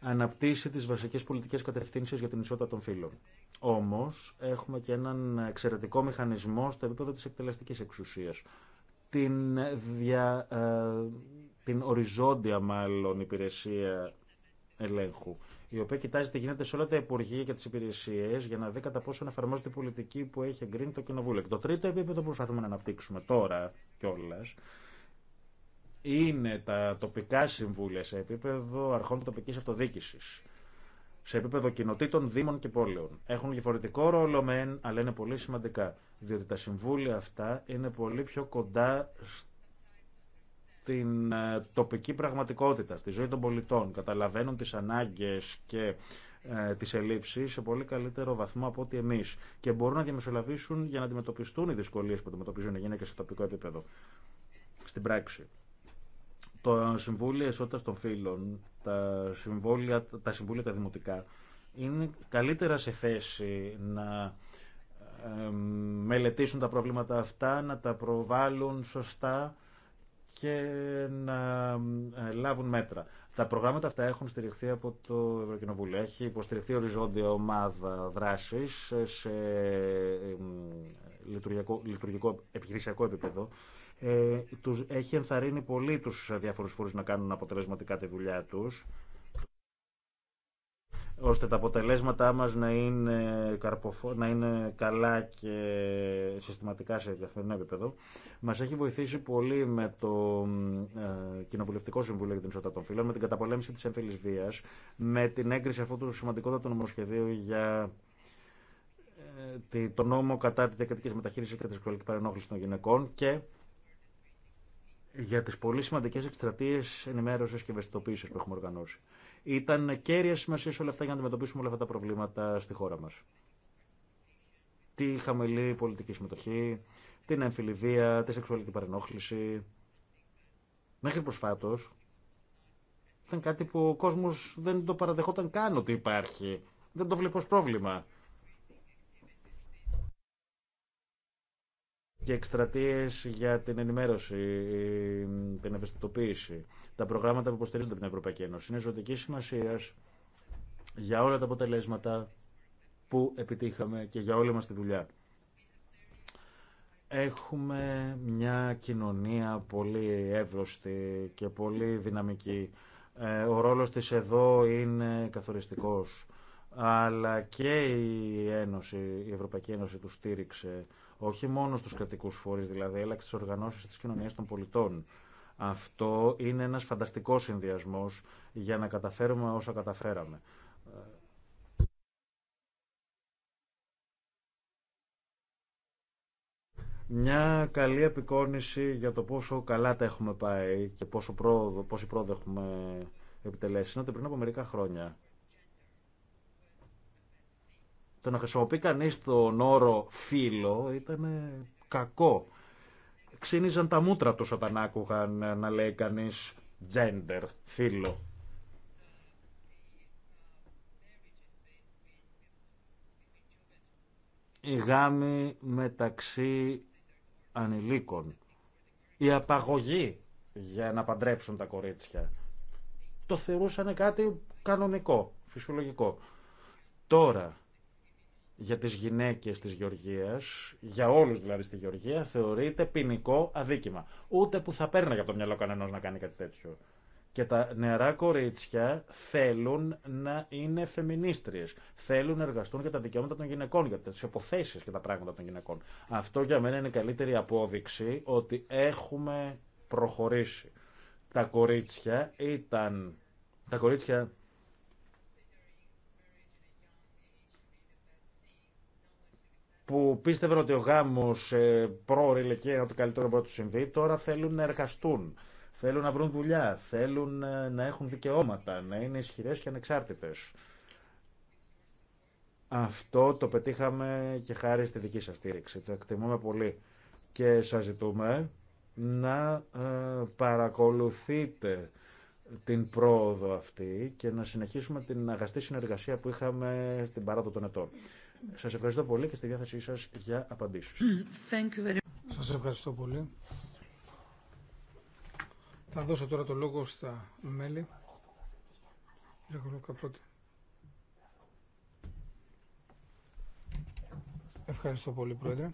αναπτύσσει τις βασικές πολιτικές κατευθύνσεις για την ισότητα των φύλων. Όμως έχουμε και έναν εξαιρετικό μηχανισμό στο επίπεδο της εκτελεστικής εξουσίας. Την, δια, ε, την οριζόντια μάλλον υπηρεσία ελέγχου η οποία κοιτάζει τι γίνεται σε όλα τα υπουργεία και τι υπηρεσίε για να δει κατά πόσο εφαρμόζεται η πολιτική που έχει εγκρίνει το Κοινοβούλιο. Και το τρίτο επίπεδο που προσπαθούμε να αναπτύξουμε τώρα κιόλα είναι τα τοπικά συμβούλια σε επίπεδο αρχών τοπική αυτοδιοίκηση. Σε επίπεδο κοινοτήτων, δήμων και πόλεων. Έχουν διαφορετικό ρόλο μεν, αλλά είναι πολύ σημαντικά. Διότι τα συμβούλια αυτά είναι πολύ πιο κοντά την ε, τοπική πραγματικότητα, στη ζωή των πολιτών. Καταλαβαίνουν τις ανάγκες και ε, τις ελλείψεις σε πολύ καλύτερο βαθμό από ό,τι εμείς και μπορούν να διαμεσολαβήσουν για να αντιμετωπιστούν οι δυσκολίες που αντιμετωπίζουν οι γυναίκες στο τοπικό επίπεδο, στην πράξη. Το Συμβούλιο Εσότητα των Φίλων, τα, τα Συμβούλια τα Δημοτικά, είναι καλύτερα σε θέση να ε, μελετήσουν τα προβλήματα αυτά, να τα προβάλλουν σωστά και να ε, λάβουν μέτρα. Τα προγράμματα αυτά έχουν στηριχθεί από το Ευρωκοινοβούλιο. Έχει υποστηριχθεί οριζόντια ομάδα δράση σε λειτουργικό, λειτουργικό επιχειρησιακό επίπεδο. Ε, τους, έχει ενθαρρύνει πολύ του διάφορου φορεί να κάνουν αποτελεσματικά τη δουλειά του ώστε τα αποτελέσματά μας να είναι, καρποφο... να είναι καλά και συστηματικά σε καθημερινό επίπεδο. Μας έχει βοηθήσει πολύ με το ε, Κοινοβουλευτικό Συμβούλιο για την Ισότητα των Φύλων, με την καταπολέμηση της έμφυλης βίας, με την έγκριση αυτού του σημαντικότατου νομοσχεδίου για ε, το νόμο κατά τη διακριτική μεταχείριση και τη σχολική παρενόχληση των γυναικών και για τις πολύ σημαντικές εκστρατείες ενημέρωσης και ευαισθητοποίησης που έχουμε οργανώσει. Ήταν κέρια σημασία όλα αυτά για να αντιμετωπίσουμε όλα αυτά τα προβλήματα στη χώρα μας. Τη χαμηλή πολιτική συμμετοχή, την εμφυλιβία, τη σεξουαλική παρενόχληση. Μέχρι προσφάτως ήταν κάτι που ο κόσμος δεν το παραδεχόταν καν ότι υπάρχει. Δεν το βλέπω ως πρόβλημα. και εκστρατείε για την ενημέρωση, την ευαισθητοποίηση, τα προγράμματα που υποστηρίζονται από την Ευρωπαϊκή Ένωση είναι ζωτική σημασία για όλα τα αποτελέσματα που επιτύχαμε και για όλη μας τη δουλειά. Έχουμε μια κοινωνία πολύ εύρωστη και πολύ δυναμική. Ε, ο ρόλος της εδώ είναι καθοριστικός. Αλλά και η, Ένωση, η Ευρωπαϊκή Ένωση του στήριξε όχι μόνο στους κρατικούς φορείς δηλαδή, αλλά και στις οργανώσεις της κοινωνίας των πολιτών. Αυτό είναι ένας φανταστικός συνδυασμός για να καταφέρουμε όσα καταφέραμε. Μια καλή επικόνηση για το πόσο καλά τα έχουμε πάει και πόσο πρόοδο, πόση πρόοδο έχουμε επιτελέσει. Είναι ότι πριν από μερικά χρόνια το να χρησιμοποιεί κανείς τον όρο φίλο ήταν κακό. Ξύνιζαν τα μούτρα τους όταν άκουγαν να λέει κανείς gender, φίλο. Η γάμη μεταξύ ανηλίκων. Η απαγωγή για να παντρέψουν τα κορίτσια. Το θεωρούσαν κάτι κανονικό, φυσιολογικό. Τώρα, για τις γυναίκες της Γεωργίας, για όλους δηλαδή στη Γεωργία, θεωρείται ποινικό αδίκημα. Ούτε που θα παίρνει από το μυαλό κανένα να κάνει κάτι τέτοιο. Και τα νεαρά κορίτσια θέλουν να είναι φεμινίστριες. Θέλουν να εργαστούν για τα δικαιώματα των γυναικών, για τις υποθέσεις και τα πράγματα των γυναικών. Αυτό για μένα είναι η καλύτερη απόδειξη ότι έχουμε προχωρήσει. Τα κορίτσια ήταν... Τα κορίτσια που πίστευαν ότι ο γάμος ε, πρόωρη είναι το καλύτερο που του συμβεί, τώρα θέλουν να εργαστούν, θέλουν να βρουν δουλειά, θέλουν ε, να έχουν δικαιώματα, να είναι ισχυρέ και ανεξάρτητες. Αυτό το πετύχαμε και χάρη στη δική σα στήριξη. Το εκτιμούμε πολύ και σας ζητούμε να ε, παρακολουθείτε την πρόοδο αυτή και να συνεχίσουμε την αγαστή συνεργασία που είχαμε στην παράδο των ετών. Σα ευχαριστώ πολύ και στη διάθεσή σα για απαντήσει. Mm, σα ευχαριστώ πολύ. Θα δώσω τώρα το λόγο στα μέλη. Ευχαριστώ πολύ, Πρόεδρε.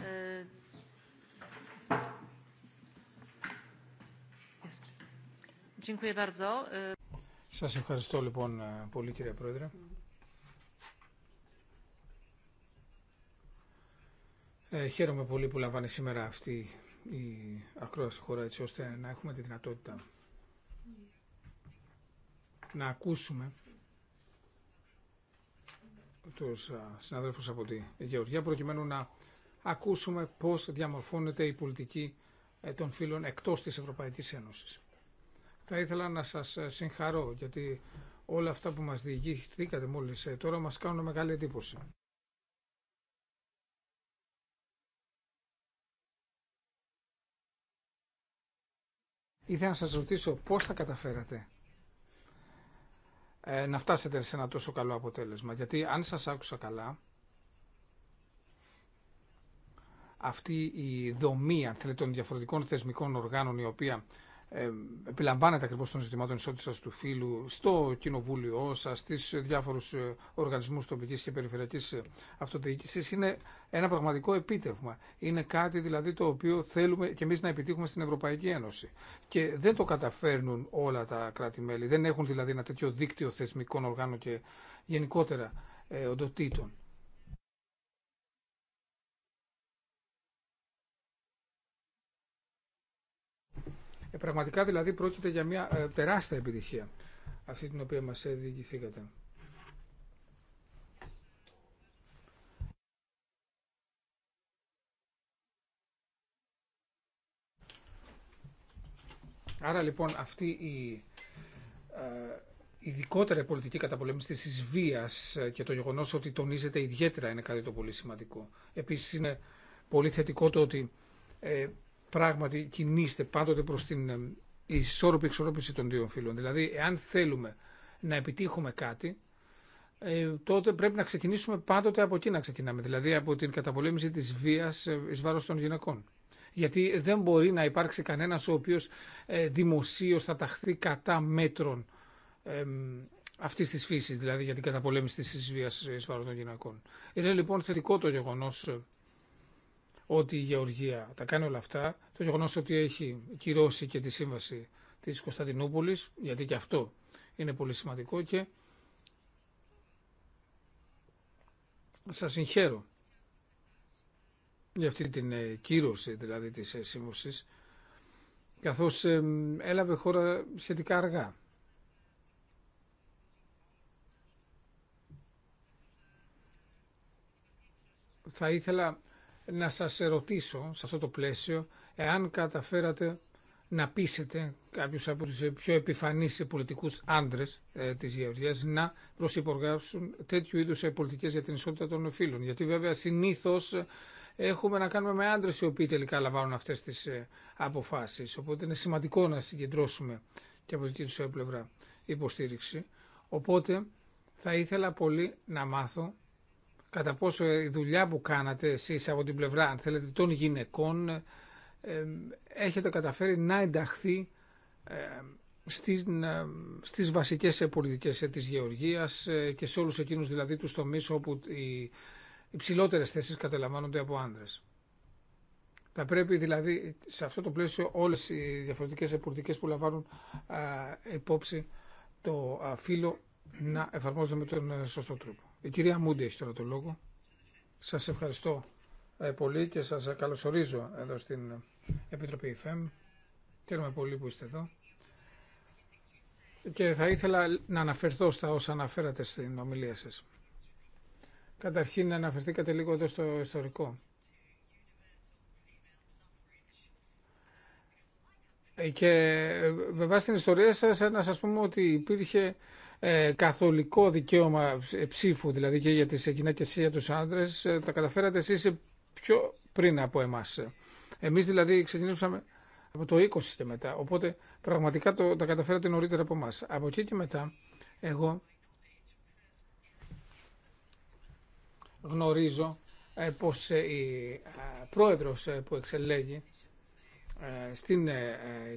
Ε, Σας ευχαριστώ λοιπόν ε, πολύ κύριε Πρόεδρε. Ε, χαίρομαι πολύ που λαμβάνει σήμερα αυτή η ακρόαση χώρα έτσι ώστε να έχουμε τη δυνατότητα να ακούσουμε τους ε, συναδέλφους από τη Γεωργία προκειμένου να ακούσουμε πώς διαμορφώνεται η πολιτική ε, των φίλων εκτός της Ευρωπαϊκής Ένωσης θα ήθελα να σας ε, συγχαρώ γιατί όλα αυτά που μας διηγηθήκατε μόλις ε, τώρα μας κάνουν μεγάλη εντύπωση. Ήθελα να σας ρωτήσω πώς θα καταφέρατε ε, να φτάσετε σε ένα τόσο καλό αποτέλεσμα. Γιατί αν σας άκουσα καλά, αυτή η δομή αν των διαφορετικών θεσμικών οργάνων η οποία ε, επιλαμβάνεται ακριβώ των ζητημάτων ισότητα του φύλου στο κοινοβούλιο σας, στις διάφορους ε, οργανισμούς τοπικής και περιφερειακής ε, αυτοδιοίκησης είναι ένα πραγματικό επίτευγμα. Είναι κάτι δηλαδή το οποίο θέλουμε και εμεί να επιτύχουμε στην Ευρωπαϊκή Ένωση. Και δεν το καταφέρνουν όλα τα κράτη-μέλη. Δεν έχουν δηλαδή ένα τέτοιο δίκτυο θεσμικών οργάνων και γενικότερα οντοτήτων. Ε, πραγματικά δηλαδή πρόκειται για μια ε, τεράστια επιτυχία αυτή την οποία μας διηγηθήκατε. Άρα λοιπόν αυτή η ε, ειδικότερα πολιτική καταπολέμηση της εισβίας και το γεγονός ότι τονίζεται ιδιαίτερα είναι κάτι το πολύ σημαντικό. Επίσης είναι πολύ θετικό το ότι πράγματι κινείστε πάντοτε προς την ισόρροπη εξορρόπηση των δύο φύλων. Δηλαδή, εάν θέλουμε να επιτύχουμε κάτι, ε, τότε πρέπει να ξεκινήσουμε πάντοτε από εκεί να ξεκινάμε. Δηλαδή, από την καταπολέμηση της βίας ε, εις βάρος των γυναικών. Γιατί δεν μπορεί να υπάρξει κανένας ο οποίος ε, δημοσίως θα ταχθεί κατά μέτρων αυτή τη φύση, δηλαδή για την καταπολέμηση τη βία εις βάρος των γυναικών. Είναι λοιπόν θετικό το γεγονό ότι η Γεωργία τα κάνει όλα αυτά, το γεγονό ότι έχει κυρώσει και τη σύμβαση της Κωνσταντινούπολη γιατί και αυτό είναι πολύ σημαντικό και σας συγχαίρω για αυτή την ε, κύρωση δηλαδή της ε, σύμβουσης καθώς ε, έλαβε χώρα σχετικά αργά. Θα ήθελα να σας ερωτήσω σε αυτό το πλαίσιο εάν καταφέρατε να πείσετε κάποιους από τους πιο επιφανείς πολιτικούς άντρες ε, της Γεωργίας να προσυπογράψουν τέτοιου είδους πολιτικές για την ισότητα των φίλων. Γιατί βέβαια συνήθως ε, έχουμε να κάνουμε με άντρες οι οποίοι τελικά λαμβάνουν αυτές τις ε, αποφάσεις. Οπότε είναι σημαντικό να συγκεντρώσουμε και από την τους πλευρά υποστήριξη. Οπότε θα ήθελα πολύ να μάθω κατά πόσο η δουλειά που κάνατε εσείς από την πλευρά, αν θέλετε, των γυναικών, ε, έχετε καταφέρει να ενταχθεί ε, στις, στις βασικές πολιτικές της γεωργίας ε, και σε όλους εκείνους δηλαδή τους τομείς όπου οι υψηλότερες θέσεις καταλαμβάνονται από άνδρες. Θα πρέπει δηλαδή σε αυτό το πλαίσιο όλες οι διαφορετικές πολιτικές που λαμβάνουν ε, υπόψη το ε, φύλλο να εφαρμόζονται με τον σωστό τρόπο. Η κυρία Μούντι έχει τώρα το λόγο. Σας ευχαριστώ ε, πολύ και σας ε, καλωσορίζω εδώ στην ε, Επιτροπή ΙΦΕΜ. Χαίρομαι πολύ που είστε εδώ. Και θα ήθελα να αναφερθώ στα όσα αναφέρατε στην ομιλία σας. Καταρχήν να αναφερθήκατε λίγο εδώ στο ιστορικό. Και με βάση την ιστορία σας να σας πούμε ότι υπήρχε ε, καθολικό δικαίωμα ε, ψήφου, δηλαδή και για τις γυναίκες και για τους άντρες, ε, τα καταφέρατε εσείς πιο πριν από εμάς. Εμείς δηλαδή ξεκινήσαμε από το 20 και μετά, οπότε πραγματικά το, τα καταφέρατε νωρίτερα από εμάς. Από εκεί και μετά, εγώ γνωρίζω πως η πρόεδρος που εξελέγει στην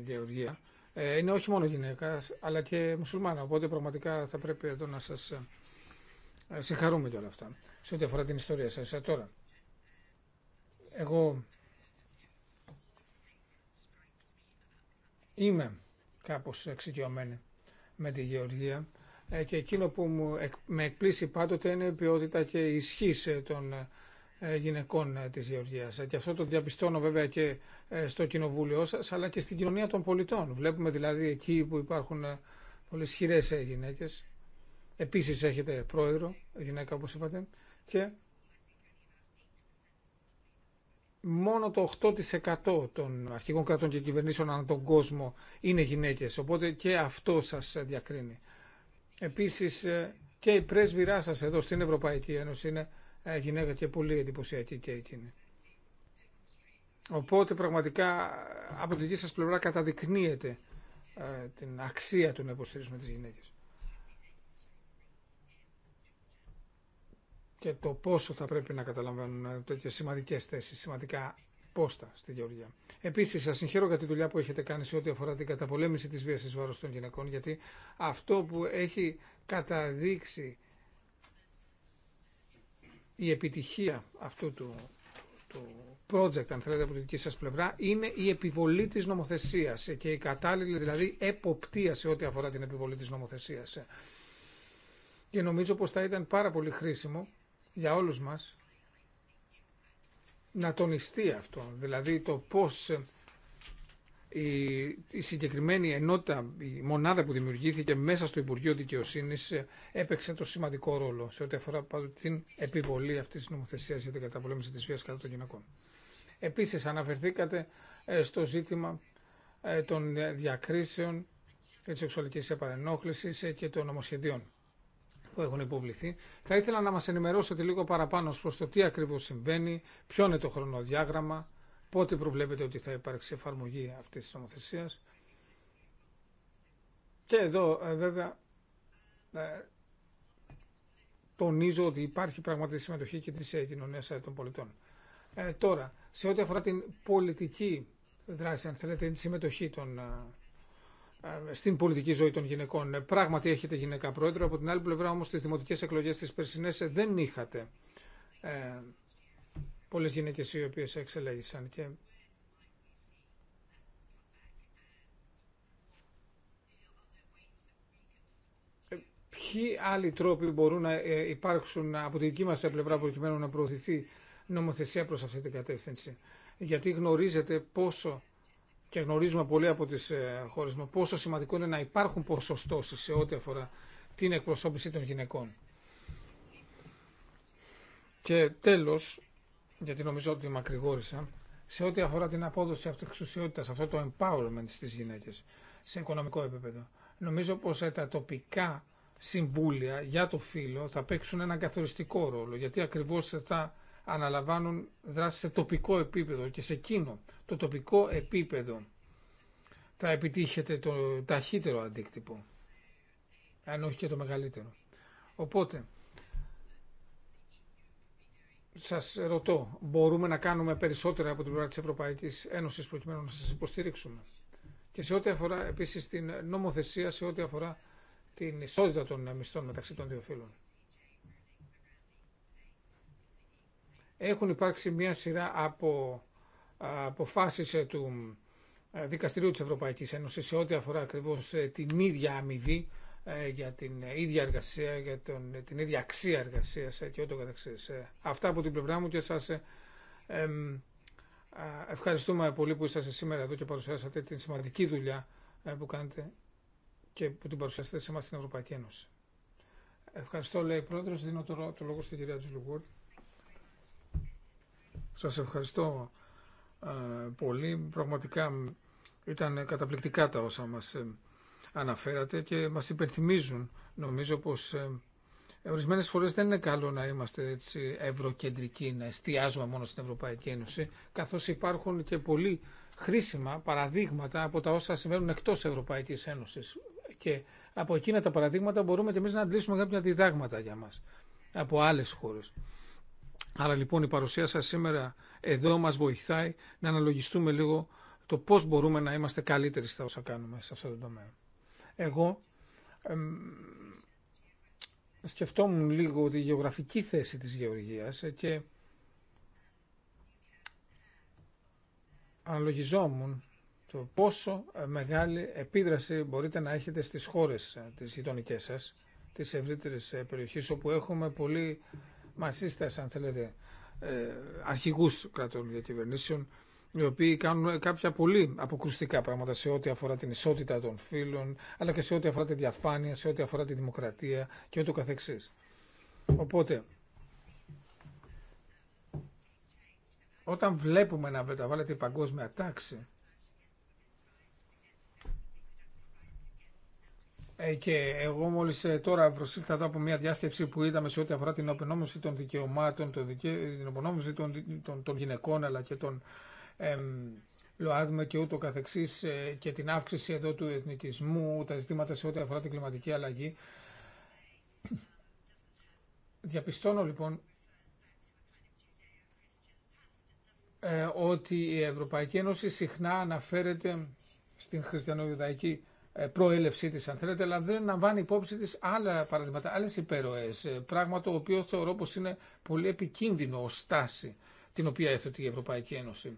Γεωργία ε, είναι όχι μόνο γυναίκα, αλλά και μουσουλμάνα. Οπότε πραγματικά θα πρέπει εδώ να σας ε, ε, συγχαρούμε για όλα αυτά, σε ό,τι αφορά την ιστορία σας. Τώρα, εγώ είμαι κάπως εξοικειωμένη με τη γεωργία και εκείνο που με εκπλήσει πάντοτε είναι η ποιότητα και η ισχύ των ε, γυναικών ε, της Γεωργίας. Και αυτό το διαπιστώνω βέβαια και ε, στο κοινοβούλιο σας, αλλά και στην κοινωνία των πολιτών. Βλέπουμε δηλαδή εκεί που υπάρχουν πολλές χειρές γυναίκες. Επίσης έχετε πρόεδρο, γυναίκα όπως είπατε, και μόνο το 8% των αρχικών κρατών και κυβερνήσεων ανά τον κόσμο είναι γυναίκες. Οπότε και αυτό σας διακρίνει. Επίσης και η πρέσβυρά σας εδώ στην Ευρωπαϊκή Ένωση είναι ε, γυναίκα και πολύ εντυπωσιακή και εκείνη. Οπότε πραγματικά από τη δική σας πλευρά καταδεικνύεται ε, την αξία του να υποστηρίζουμε τις γυναίκες. Και το πόσο θα πρέπει να καταλαμβάνουν ε, τέτοιες σημαντικές θέσεις, σημαντικά πόστα στη Γεωργία. Επίσης σα συγχαίρω για τη δουλειά που έχετε κάνει σε ό,τι αφορά την καταπολέμηση της βία ει βάρο των γυναικών, γιατί αυτό που έχει καταδείξει η επιτυχία αυτού του, του project, αν θέλετε, από τη δική σας πλευρά, είναι η επιβολή της νομοθεσίας και η κατάλληλη, δηλαδή, εποπτεία σε ό,τι αφορά την επιβολή της νομοθεσίας. Και νομίζω πως θα ήταν πάρα πολύ χρήσιμο για όλους μας να τονιστεί αυτό, δηλαδή το πώς η, συγκεκριμένη ενότητα, η μονάδα που δημιουργήθηκε μέσα στο Υπουργείο Δικαιοσύνη ε, έπαιξε το σημαντικό ρόλο σε ό,τι αφορά την επιβολή αυτή τη νομοθεσία για την καταπολέμηση τη βία κατά των γυναικών. Επίση, αναφερθήκατε ε, στο ζήτημα ε, των διακρίσεων και τη σεξουαλική επαρενόχληση και των νομοσχεδίων που έχουν υποβληθεί. Θα ήθελα να μα ενημερώσετε λίγο παραπάνω προ το τι ακριβώ συμβαίνει, ποιο είναι το χρονοδιάγραμμα πότε προβλέπετε ότι θα υπάρξει εφαρμογή αυτής της νομοθεσίας. Και εδώ ε, βέβαια ε, τονίζω ότι υπάρχει πραγματική συμμετοχή και της ε, κοινωνία των πολιτών. Ε, τώρα, σε ό,τι αφορά την πολιτική δράση, αν θέλετε, τη συμμετοχή των, στην πολιτική ζωή των γυναικών. Πράγματι έχετε γυναίκα πρόεδρο, από την άλλη πλευρά όμως στις δημοτικές εκλογές της Περσινές δεν είχατε πολλές γυναίκες οι οποίες εξελέγησαν και ποιοι άλλοι τρόποι μπορούν να ε, υπάρξουν από τη δική μας πλευρά προκειμένου να προωθηθεί νομοθεσία προς αυτή την κατεύθυνση. Γιατί γνωρίζετε πόσο και γνωρίζουμε πολλοί από τις ε, χώρες μας πόσο σημαντικό είναι να υπάρχουν ποσοστώσεις σε ό,τι αφορά την εκπροσώπηση των γυναικών. Και τέλος, γιατί νομίζω ότι μακρηγόρησα, σε ό,τι αφορά την απόδοση αυτοεξουσιότητα, αυτό το empowerment στι γυναίκε σε οικονομικό επίπεδο. Νομίζω πως ε, τα τοπικά συμβούλια για το φύλλο θα παίξουν έναν καθοριστικό ρόλο, γιατί ακριβώς θα αναλαμβάνουν δράσεις σε τοπικό επίπεδο και σε εκείνο το τοπικό επίπεδο θα επιτύχετε το ταχύτερο αντίκτυπο, αν όχι και το μεγαλύτερο. Οπότε, Σα ρωτώ, μπορούμε να κάνουμε περισσότερα από την πλευρά τη Ευρωπαϊκή Ένωση προκειμένου να σας υποστηρίξουμε. Και σε ό,τι αφορά επίσης την νομοθεσία, σε ό,τι αφορά την ισότητα των μισθών μεταξύ των δύο φύλων. Έχουν υπάρξει μια σειρά από αποφάσεις ε, του ε, Δικαστηρίου της Ευρωπαϊκής Ένωσης σε ό,τι αφορά ακριβώς ε, την ίδια αμοιβή ε, για την ίδια εργασία, για τον, την ίδια αξία εργασίας ε, και ό,τι καθεξής. Ε, αυτά από την πλευρά μου και σας ευχαριστούμε πολύ που είσαστε σήμερα εδώ και παρουσιάσατε την σημαντική δουλειά που κάνετε και που την παρουσιάσατε σε εμά στην Ευρωπαϊκή Ένωση. Ευχαριστώ, λέει η Πρόεδρος. Δίνω τώρα το λόγο στην κυρία Τζουλουγούρ. Σας ευχαριστώ πολύ. Πραγματικά ήταν καταπληκτικά τα όσα μας αναφέρατε και μας υπενθυμίζουν νομίζω πως ε, ε, Ορισμένε φορές δεν είναι καλό να είμαστε έτσι ευρωκεντρικοί, να εστιάζουμε μόνο στην Ευρωπαϊκή Ένωση, καθώς υπάρχουν και πολύ χρήσιμα παραδείγματα από τα όσα συμβαίνουν εκτός Ευρωπαϊκής Ένωσης Και από εκείνα τα παραδείγματα μπορούμε και εμεί να αντλήσουμε κάποια διδάγματα για μας από άλλες χώρες. Άρα λοιπόν η παρουσία σας σήμερα εδώ μας βοηθάει να αναλογιστούμε λίγο το πώς μπορούμε να είμαστε καλύτεροι στα όσα κάνουμε σε αυτό το τομέα. Εγώ σκεφτόμουν λίγο τη γεωγραφική θέση της γεωργίας και αναλογιζόμουν το πόσο μεγάλη επίδραση μπορείτε να έχετε στις χώρες ε, της γειτονικές σας, της ευρύτερης ε, περιοχής όπου έχουμε πολύ σας, αν θέλετε ε, αρχηγούς κρατών και οι οποίοι κάνουν κάποια πολύ αποκρουστικά πράγματα σε ό,τι αφορά την ισότητα των φύλων, αλλά και σε ό,τι αφορά τη διαφάνεια, σε ό,τι αφορά τη δημοκρατία και ούτω καθεξής. Οπότε, όταν βλέπουμε να μεταβάλλεται η παγκόσμια τάξη ε, και εγώ μόλις ε, τώρα προσήλθα εδώ από μια διάσκεψη που είδαμε σε ό,τι αφορά την απονόμηση των δικαιωμάτων, την απονόμηση των, των γυναικών αλλά και των ΛΟΑΔΜΕ και ούτω καθεξής ε, και την αύξηση εδώ του εθνικισμού, τα ζητήματα σε ό,τι αφορά την κλιματική αλλαγή. Διαπιστώνω λοιπόν ε, ότι η Ευρωπαϊκή Ένωση συχνά αναφέρεται στην χριστιανοδιδαϊκή ε, προέλευσή της αν θέλετε, αλλά δεν λαμβάνει υπόψη της άλλα παραδείγματα, άλλες υπέροες, πράγμα το οποίο θεωρώ πως είναι πολύ επικίνδυνο ως στάση την οποία έθετε η Ευρωπαϊκή Ένωση.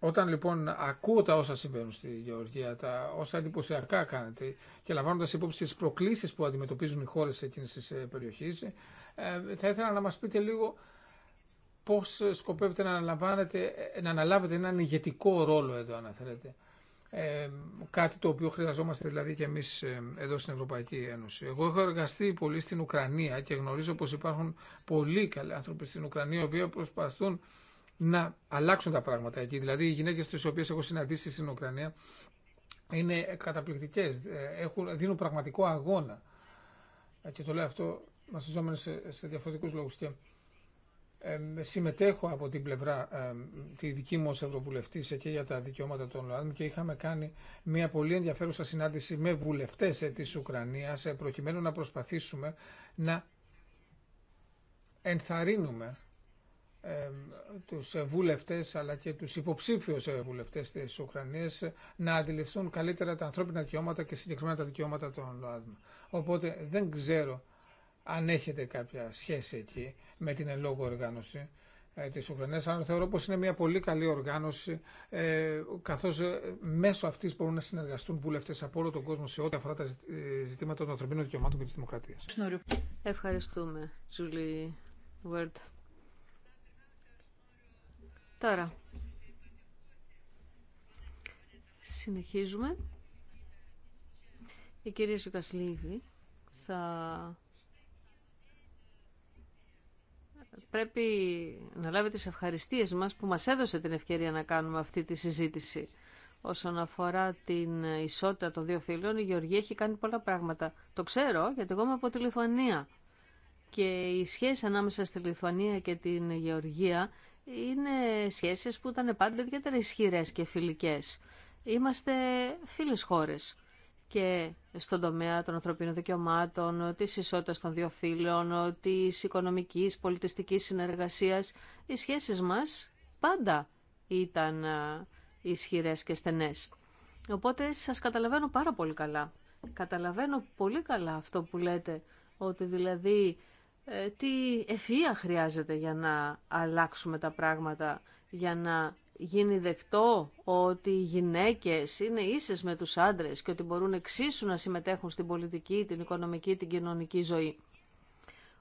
Όταν λοιπόν ακούω τα όσα συμβαίνουν στη Γεωργία, τα όσα εντυπωσιακά κάνετε και λαμβάνοντα υπόψη τι προκλήσει που αντιμετωπίζουν οι χώρε εκείνη τη ε, περιοχή, ε, θα ήθελα να μα πείτε λίγο πώ σκοπεύετε να, ε, να αναλάβετε έναν ηγετικό ρόλο εδώ, αν θέλετε. Ε, κάτι το οποίο χρειαζόμαστε δηλαδή και εμείς εδώ στην Ευρωπαϊκή Ένωση. Εγώ έχω εργαστεί πολύ στην Ουκρανία και γνωρίζω πως υπάρχουν πολλοί καλοί άνθρωποι στην Ουκρανία οι οποίοι προσπαθούν να αλλάξουν τα πράγματα εκεί. Δηλαδή οι γυναίκες τις οποίες έχω συναντήσει στην Ουκρανία είναι καταπληκτικές, ε, έχουν, δίνουν πραγματικό αγώνα. Ε, και το λέω αυτό βασιζόμενοι σε, σε διαφορετικούς λόγους και ε, συμμετέχω από την πλευρά ε, τη δική μου ως Ευρωβουλευτής και για τα δικαιώματα των ΛΟΑΔΜ και είχαμε κάνει μια πολύ ενδιαφέρουσα συνάντηση με βουλευτές ε, της Ουκρανίας προκειμένου να προσπαθήσουμε να ενθαρρύνουμε τους βουλευτές αλλά και τους υποψήφιους ε, βουλευτές της Ουκρανίας να αντιληφθούν καλύτερα τα ανθρώπινα δικαιώματα και συγκεκριμένα τα δικαιώματα των ΛΟΑΔΜ. Οπότε δεν ξέρω αν έχετε κάποια σχέση εκεί με την ελόγω οργάνωση ε, της Ουκρανίας, αλλά θεωρώ πως είναι μια πολύ καλή οργάνωση, ε, καθώς ε, μέσω αυτής μπορούν να συνεργαστούν βουλευτές από όλο τον κόσμο σε ό,τι αφορά τα ζητήματα των ανθρωπίνων δικαιωμάτων και της δημοκρατίας. Ευχαριστούμε, Τζούλη Word. Τώρα, συνεχίζουμε. Η κυρία Σουκασλίδη θα πρέπει να λάβει τις ευχαριστίες μας που μας έδωσε την ευκαιρία να κάνουμε αυτή τη συζήτηση. Όσον αφορά την ισότητα των δύο φίλων, η Γεωργία έχει κάνει πολλά πράγματα. Το ξέρω, γιατί εγώ είμαι από τη Λιθουανία. Και η σχέση ανάμεσα στη Λιθουανία και την Γεωργία είναι σχέσεις που ήταν πάντα ιδιαίτερα ισχυρε και φιλικές. Είμαστε φίλες χώρες και στον τομέα των ανθρωπίνων δικαιωμάτων, της ισότητας των δύο φίλων, της οικονομικής, πολιτιστικής συνεργασίας. Οι σχέσεις μας πάντα ήταν ισχυρές και στενές. Οπότε σας καταλαβαίνω πάρα πολύ καλά. Καταλαβαίνω πολύ καλά αυτό που λέτε, ότι δηλαδή ε, τι ευφυΐα χρειάζεται για να αλλάξουμε τα πράγματα, για να γίνει δεκτό ότι οι γυναίκες είναι ίσες με τους άντρες και ότι μπορούν εξίσου να συμμετέχουν στην πολιτική, την οικονομική, την κοινωνική ζωή.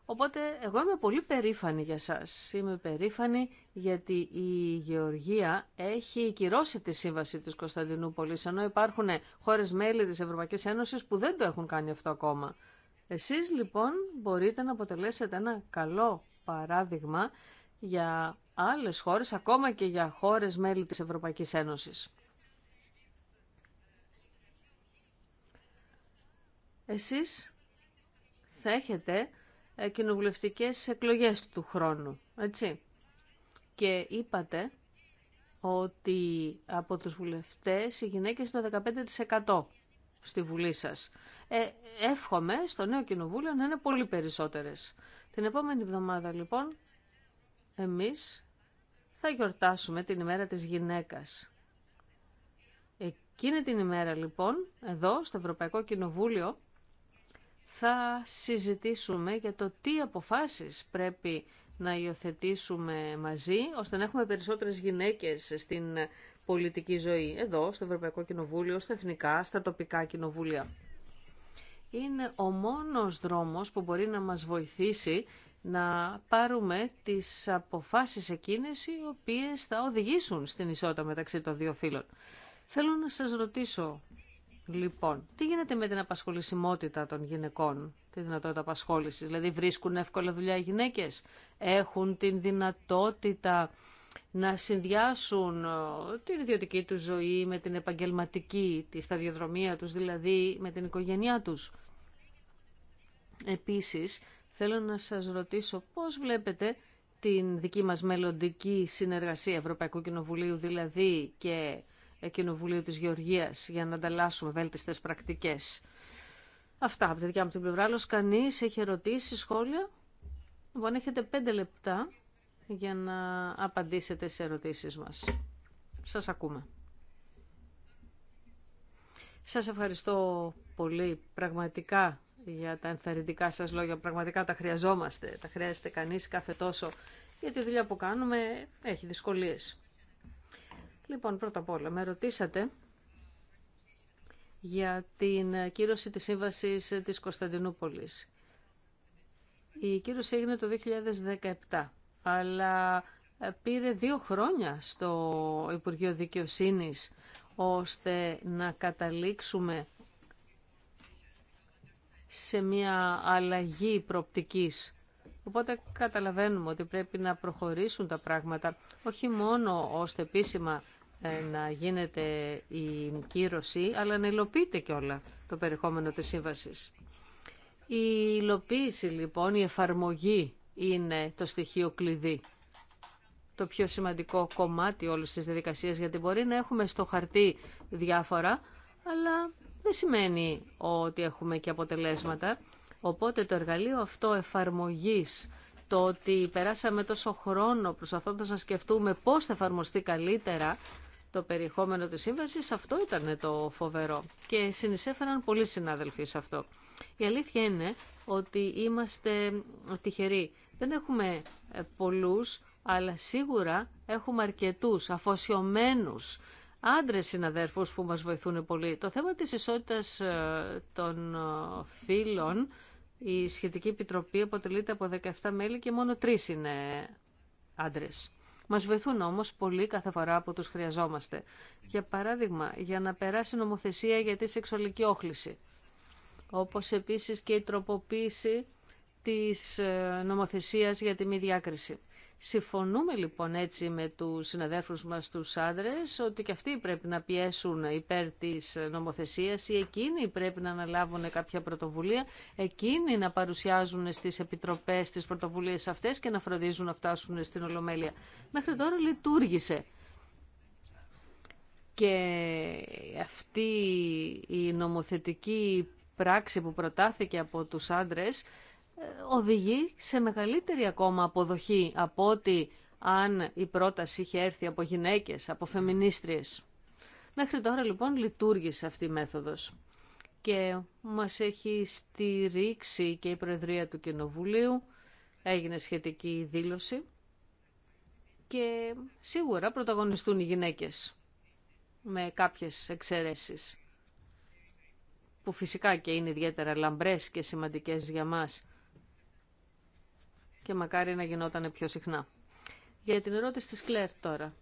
Οπότε εγώ είμαι πολύ περήφανη για σας. Είμαι περήφανη γιατί η Γεωργία έχει κυρώσει τη σύμβαση της Κωνσταντινούπολης, ενώ υπάρχουν χώρες μέλη της Ευρωπαϊκής Ένωσης που δεν το έχουν κάνει αυτό ακόμα. Εσείς λοιπόν μπορείτε να αποτελέσετε ένα καλό παράδειγμα για άλλες χώρες, ακόμα και για χώρες μέλη της Ευρωπαϊκής Ένωσης. Εσείς θα έχετε ε, κοινοβουλευτικές εκλογές του χρόνου, έτσι. Και είπατε ότι από τους βουλευτές οι γυναίκες είναι το 15% στη Βουλή σας. Ε, εύχομαι στο νέο κοινοβούλιο να είναι πολύ περισσότερες. Την επόμενη εβδομάδα λοιπόν εμείς θα γιορτάσουμε την ημέρα της γυναίκας. Εκείνη την ημέρα λοιπόν, εδώ στο Ευρωπαϊκό Κοινοβούλιο, θα συζητήσουμε για το τι αποφάσεις πρέπει να υιοθετήσουμε μαζί, ώστε να έχουμε περισσότερες γυναίκες στην πολιτική ζωή, εδώ, στο Ευρωπαϊκό Κοινοβούλιο, στα εθνικά, στα τοπικά κοινοβούλια είναι ο μόνος δρόμος που μπορεί να μας βοηθήσει να πάρουμε τις αποφάσεις εκείνες οι οποίες θα οδηγήσουν στην ισότητα μεταξύ των δύο φύλων. Θέλω να σας ρωτήσω, λοιπόν, τι γίνεται με την απασχολησιμότητα των γυναικών, τη δυνατότητα απασχόλησης, δηλαδή βρίσκουν εύκολα δουλειά οι γυναίκες, έχουν την δυνατότητα να συνδυάσουν ε, την ιδιωτική τους ζωή με την επαγγελματική, τη σταδιοδρομία τους, δηλαδή με την οικογένειά τους. Επίσης, θέλω να σας ρωτήσω πώς βλέπετε την δική μας μελλοντική συνεργασία Ευρωπαϊκού Κοινοβουλίου, δηλαδή και Κοινοβουλίου της Γεωργίας, για να ανταλλάσσουμε βέλτιστες πρακτικές. Αυτά από τη δικιά μου την πλευρά. Άλλος κανείς έχει ερωτήσει, σχόλια. Λοιπόν, έχετε πέντε λεπτά για να απαντήσετε σε ερωτήσεις μας. Σας ακούμε. Σας ευχαριστώ πολύ πραγματικά για τα ενθαρρυντικά σας λόγια. Πραγματικά τα χρειαζόμαστε, τα χρειάζεται κανείς κάθε τόσο, γιατί η δουλειά που κάνουμε έχει δυσκολίες. Λοιπόν, πρώτα απ' όλα, με ρωτήσατε για την κύρωση της σύμβασης της Κωνσταντινούπολης. Η κύρωση έγινε το 2017 αλλά ε, πήρε δύο χρόνια στο Υπουργείο Δικαιοσύνης ώστε να καταλήξουμε σε μια αλλαγή προπτικής. Οπότε καταλαβαίνουμε ότι πρέπει να προχωρήσουν τα πράγματα, όχι μόνο ώστε επίσημα ε, να γίνεται η κύρωση, αλλά να υλοποιείται και όλα το περιεχόμενο της σύμβασης. Η υλοποίηση λοιπόν, η εφαρμογή είναι το στοιχείο κλειδί. Το πιο σημαντικό κομμάτι όλες τις διαδικασία γιατί μπορεί να έχουμε στο χαρτί διάφορα, αλλά δεν σημαίνει ότι έχουμε και αποτελέσματα. Οπότε το εργαλείο αυτό εφαρμογής, το ότι περάσαμε τόσο χρόνο προσπαθώντας να σκεφτούμε πώς θα εφαρμοστεί καλύτερα το περιεχόμενο της σύμβασης, αυτό ήταν το φοβερό. Και συνεισέφεραν πολλοί συνάδελφοι σε αυτό. Η αλήθεια είναι ότι είμαστε τυχεροί δεν έχουμε ε, πολλούς, αλλά σίγουρα έχουμε αρκετούς αφοσιωμένους άντρες συναδέρφους που μας βοηθούν πολύ. Το θέμα της ισότητας ε, των ε, φίλων, η σχετική επιτροπή αποτελείται από 17 μέλη και μόνο τρεις είναι άντρες. Μας βοηθούν όμως πολύ κάθε φορά που τους χρειαζόμαστε. Για παράδειγμα, για να περάσει νομοθεσία για τη σεξουαλική όχληση. Όπως επίσης και η τροποποίηση της ε, νομοθεσίας για τη μη διάκριση. Συμφωνούμε λοιπόν έτσι με τους συναδέρφους μας τους άντρες ότι και αυτοί πρέπει να πιέσουν υπέρ της νομοθεσίας ή εκείνοι πρέπει να αναλάβουν κάποια πρωτοβουλία, εκείνοι να παρουσιάζουν στις επιτροπές τις πρωτοβουλίες αυτές και να φροντίζουν να φτάσουν στην Ολομέλεια. Μέχρι τώρα λειτουργήσε. Και αυτή η νομοθετική πράξη που προτάθηκε από τους άντρες οδηγεί σε μεγαλύτερη ακόμα αποδοχή από ότι αν η πρόταση είχε έρθει από γυναίκες, από φεμινίστριες. Μέχρι τώρα λοιπόν λειτουργήσε αυτή η μέθοδος και μας έχει στηρίξει και η Προεδρία του Κοινοβουλίου, έγινε σχετική δήλωση και σίγουρα πρωταγωνιστούν οι γυναίκες με κάποιες εξαιρέσεις που φυσικά και είναι ιδιαίτερα λαμπρές και σημαντικές για μας και μακάρι να γινόταν πιο συχνά. Για την ερώτηση της Κλέρ τώρα,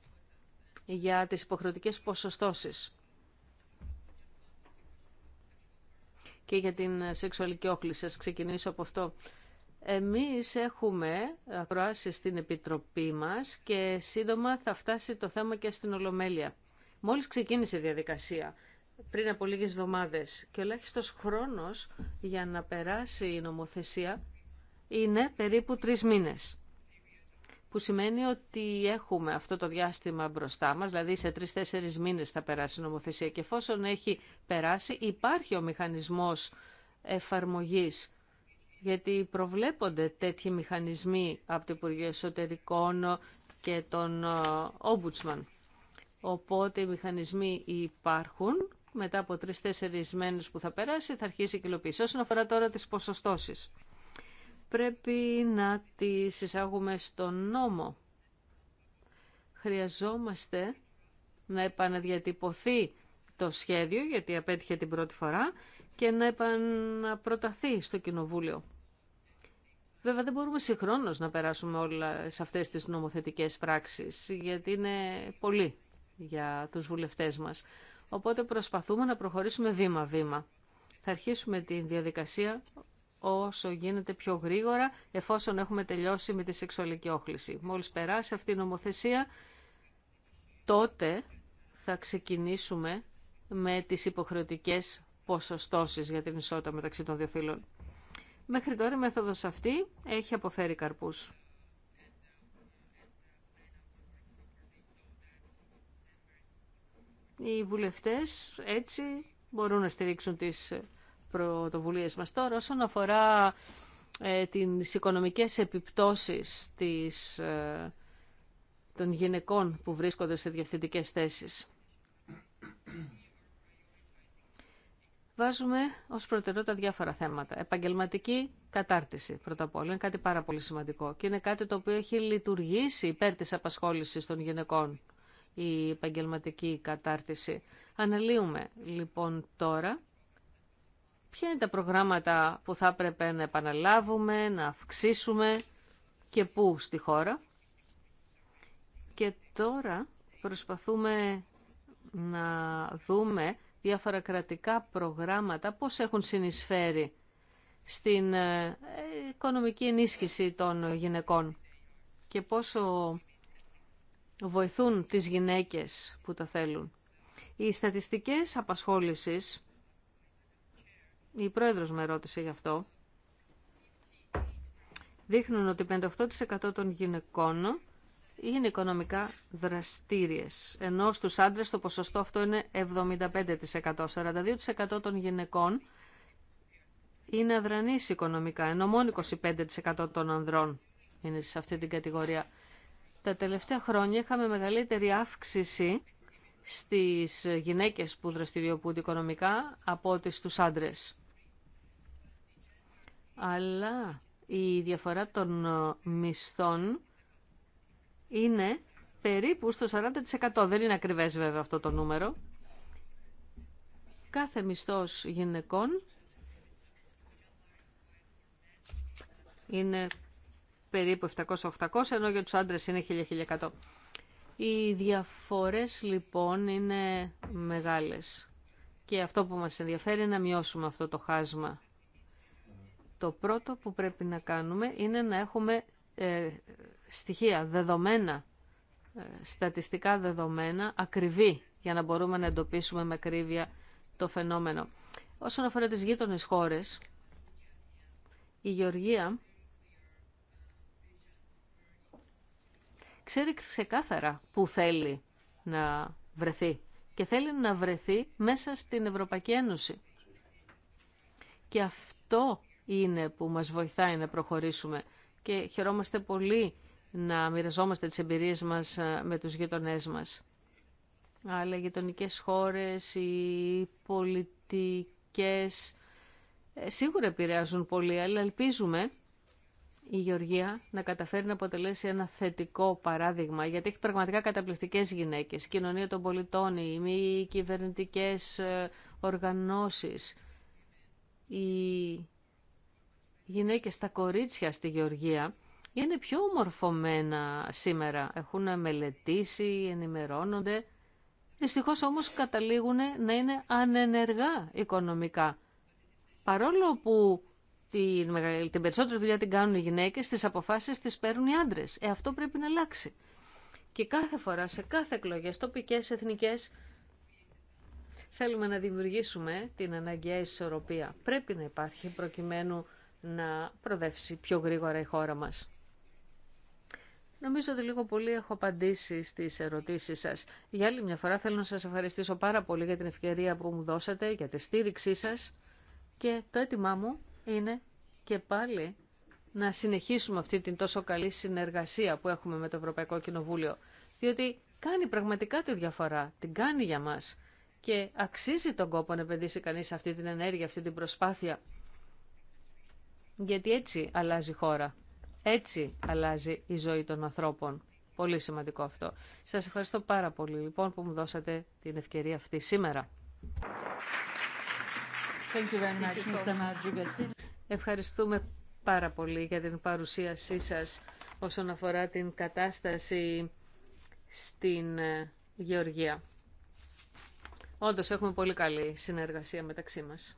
για τις υποχρεωτικές ποσοστώσεις και για την σεξουαλική όχληση. Σας ξεκινήσω από αυτό. Εμείς έχουμε ακροάσει στην Επιτροπή μας και σύντομα θα φτάσει το θέμα και στην Ολομέλεια. Μόλις ξεκίνησε η διαδικασία, πριν από λίγες εβδομάδες, και ελάχιστο χρόνος για να περάσει η νομοθεσία είναι περίπου τρεις μήνες. Που σημαίνει ότι έχουμε αυτό το διάστημα μπροστά μας, δηλαδή σε τρεις-τέσσερις μήνες θα περάσει η νομοθεσία και εφόσον έχει περάσει υπάρχει ο μηχανισμός εφαρμογής γιατί προβλέπονται τέτοιοι μηχανισμοί από το Υπουργείο Εσωτερικών και τον Ομπουτσμαν. Ε, Οπότε οι μηχανισμοί υπάρχουν. Μετά από τρεις-τέσσερις μήνες που θα περάσει θα αρχίσει η κυλοποίηση. Όσον αφορά τώρα τις ποσοστώσεις πρέπει να τις εισάγουμε στον νόμο. Χρειαζόμαστε να επαναδιατυπωθεί το σχέδιο, γιατί απέτυχε την πρώτη φορά, και να επαναπροταθεί στο Κοινοβούλιο. Βέβαια δεν μπορούμε συγχρόνως να περάσουμε όλα σε αυτές τις νομοθετικές πράξεις, γιατί είναι πολύ για τους βουλευτές μας. Οπότε προσπαθούμε να προχωρήσουμε βήμα-βήμα. Θα αρχίσουμε τη διαδικασία όσο γίνεται πιο γρήγορα εφόσον έχουμε τελειώσει με τη σεξουαλική όχληση. Μόλις περάσει αυτή η νομοθεσία, τότε θα ξεκινήσουμε με τις υποχρεωτικές ποσοστώσεις για την ισότητα μεταξύ των δύο φύλων. Μέχρι τώρα η μέθοδος αυτή έχει αποφέρει καρπούς. Οι βουλευτές έτσι μπορούν να στηρίξουν τις πρωτοβουλίες μας τώρα όσον αφορά ε, τις οικονομικές επιπτώσεις της, ε, των γυναικών που βρίσκονται σε διευθυντικές θέσεις. Βάζουμε ως προτεραιότητα διάφορα θέματα. Επαγγελματική κατάρτιση, πρώτα απ' όλα, είναι κάτι πάρα πολύ σημαντικό και είναι κάτι το οποίο έχει λειτουργήσει υπέρ της απασχόλησης των γυναικών η επαγγελματική κατάρτιση. Αναλύουμε λοιπόν τώρα ποια είναι τα προγράμματα που θα έπρεπε να επαναλάβουμε, να αυξήσουμε και πού στη χώρα. Και τώρα προσπαθούμε να δούμε διάφορα κρατικά προγράμματα, πώς έχουν συνεισφέρει στην ε, οικονομική ενίσχυση των γυναικών και πόσο βοηθούν τις γυναίκες που τα θέλουν. Οι στατιστικές απασχόλησης η πρόεδρος με ρώτησε γι' αυτό, δείχνουν ότι 58% των γυναικών είναι οικονομικά δραστήριες, ενώ στους άντρες το ποσοστό αυτό είναι 75%. 42% των γυναικών είναι αδρανείς οικονομικά, ενώ μόνο 25% των ανδρών είναι σε αυτή την κατηγορία. Τα τελευταία χρόνια είχαμε μεγαλύτερη αύξηση στις γυναίκες που δραστηριοποιούνται οικονομικά από ό,τι στους άντρες αλλά η διαφορά των ε, μισθών είναι περίπου στο 40%. Δεν είναι ακριβές βέβαια αυτό το νούμερο. Κάθε μισθός γυναικών είναι περίπου 700-800, ενώ για τους άντρες είναι 1000-1100. Οι διαφορές λοιπόν είναι μεγάλες. Και αυτό που μας ενδιαφέρει είναι να μειώσουμε αυτό το χάσμα το πρώτο που πρέπει να κάνουμε είναι να έχουμε ε, στοιχεία, δεδομένα, ε, στατιστικά δεδομένα, ακριβή, για να μπορούμε να εντοπίσουμε με ακρίβεια το φαινόμενο. Όσον αφορά τις γείτονες χώρες, η Γεωργία ξέρει ξεκάθαρα που θέλει να βρεθεί και θέλει να βρεθεί μέσα στην Ευρωπαϊκή Ένωση. Και αυτό είναι που μας βοηθάει να προχωρήσουμε και χαιρόμαστε πολύ να μοιραζόμαστε τις εμπειρίες μας ε, με τους γειτονές μας. Αλλά οι γειτονικέ χώρες, οι πολιτικές ε, σίγουρα επηρεάζουν πολύ, αλλά ελπίζουμε η Γεωργία να καταφέρει να αποτελέσει ένα θετικό παράδειγμα, γιατί έχει πραγματικά καταπληκτικές γυναίκες, κοινωνία των πολιτών, οι μη κυβερνητικές ε, οργανώσεις, γυναίκες, τα κορίτσια στη Γεωργία είναι πιο ομορφωμένα σήμερα. Έχουν μελετήσει, ενημερώνονται. Δυστυχώς όμως καταλήγουν να είναι ανενεργά οικονομικά. Παρόλο που την, την περισσότερη δουλειά την κάνουν οι γυναίκες, τις αποφάσεις τις παίρνουν οι άντρες. Ε, αυτό πρέπει να αλλάξει. Και κάθε φορά, σε κάθε εκλογέ, τοπικέ εθνικέ θέλουμε να δημιουργήσουμε την αναγκαία ισορροπία. Πρέπει να υπάρχει προκειμένου να προδεύσει πιο γρήγορα η χώρα μας. Νομίζω ότι λίγο πολύ έχω απαντήσει στις ερωτήσεις σας. Για άλλη μια φορά θέλω να σας ευχαριστήσω πάρα πολύ για την ευκαιρία που μου δώσατε, για τη στήριξή σας και το έτοιμά μου είναι και πάλι να συνεχίσουμε αυτή την τόσο καλή συνεργασία που έχουμε με το Ευρωπαϊκό Κοινοβούλιο. Διότι κάνει πραγματικά τη διαφορά, την κάνει για μας και αξίζει τον κόπο να επενδύσει κανείς αυτή την ενέργεια, αυτή την προσπάθεια γιατί έτσι αλλάζει η χώρα. Έτσι αλλάζει η ζωή των ανθρώπων. Πολύ σημαντικό αυτό. Σας ευχαριστώ πάρα πολύ λοιπόν που μου δώσατε την ευκαιρία αυτή σήμερα. Ευχαριστούμε πάρα πολύ για την παρουσίασή σας όσον αφορά την κατάσταση στην ε, Γεωργία. Όντω έχουμε πολύ καλή συνεργασία μεταξύ μας.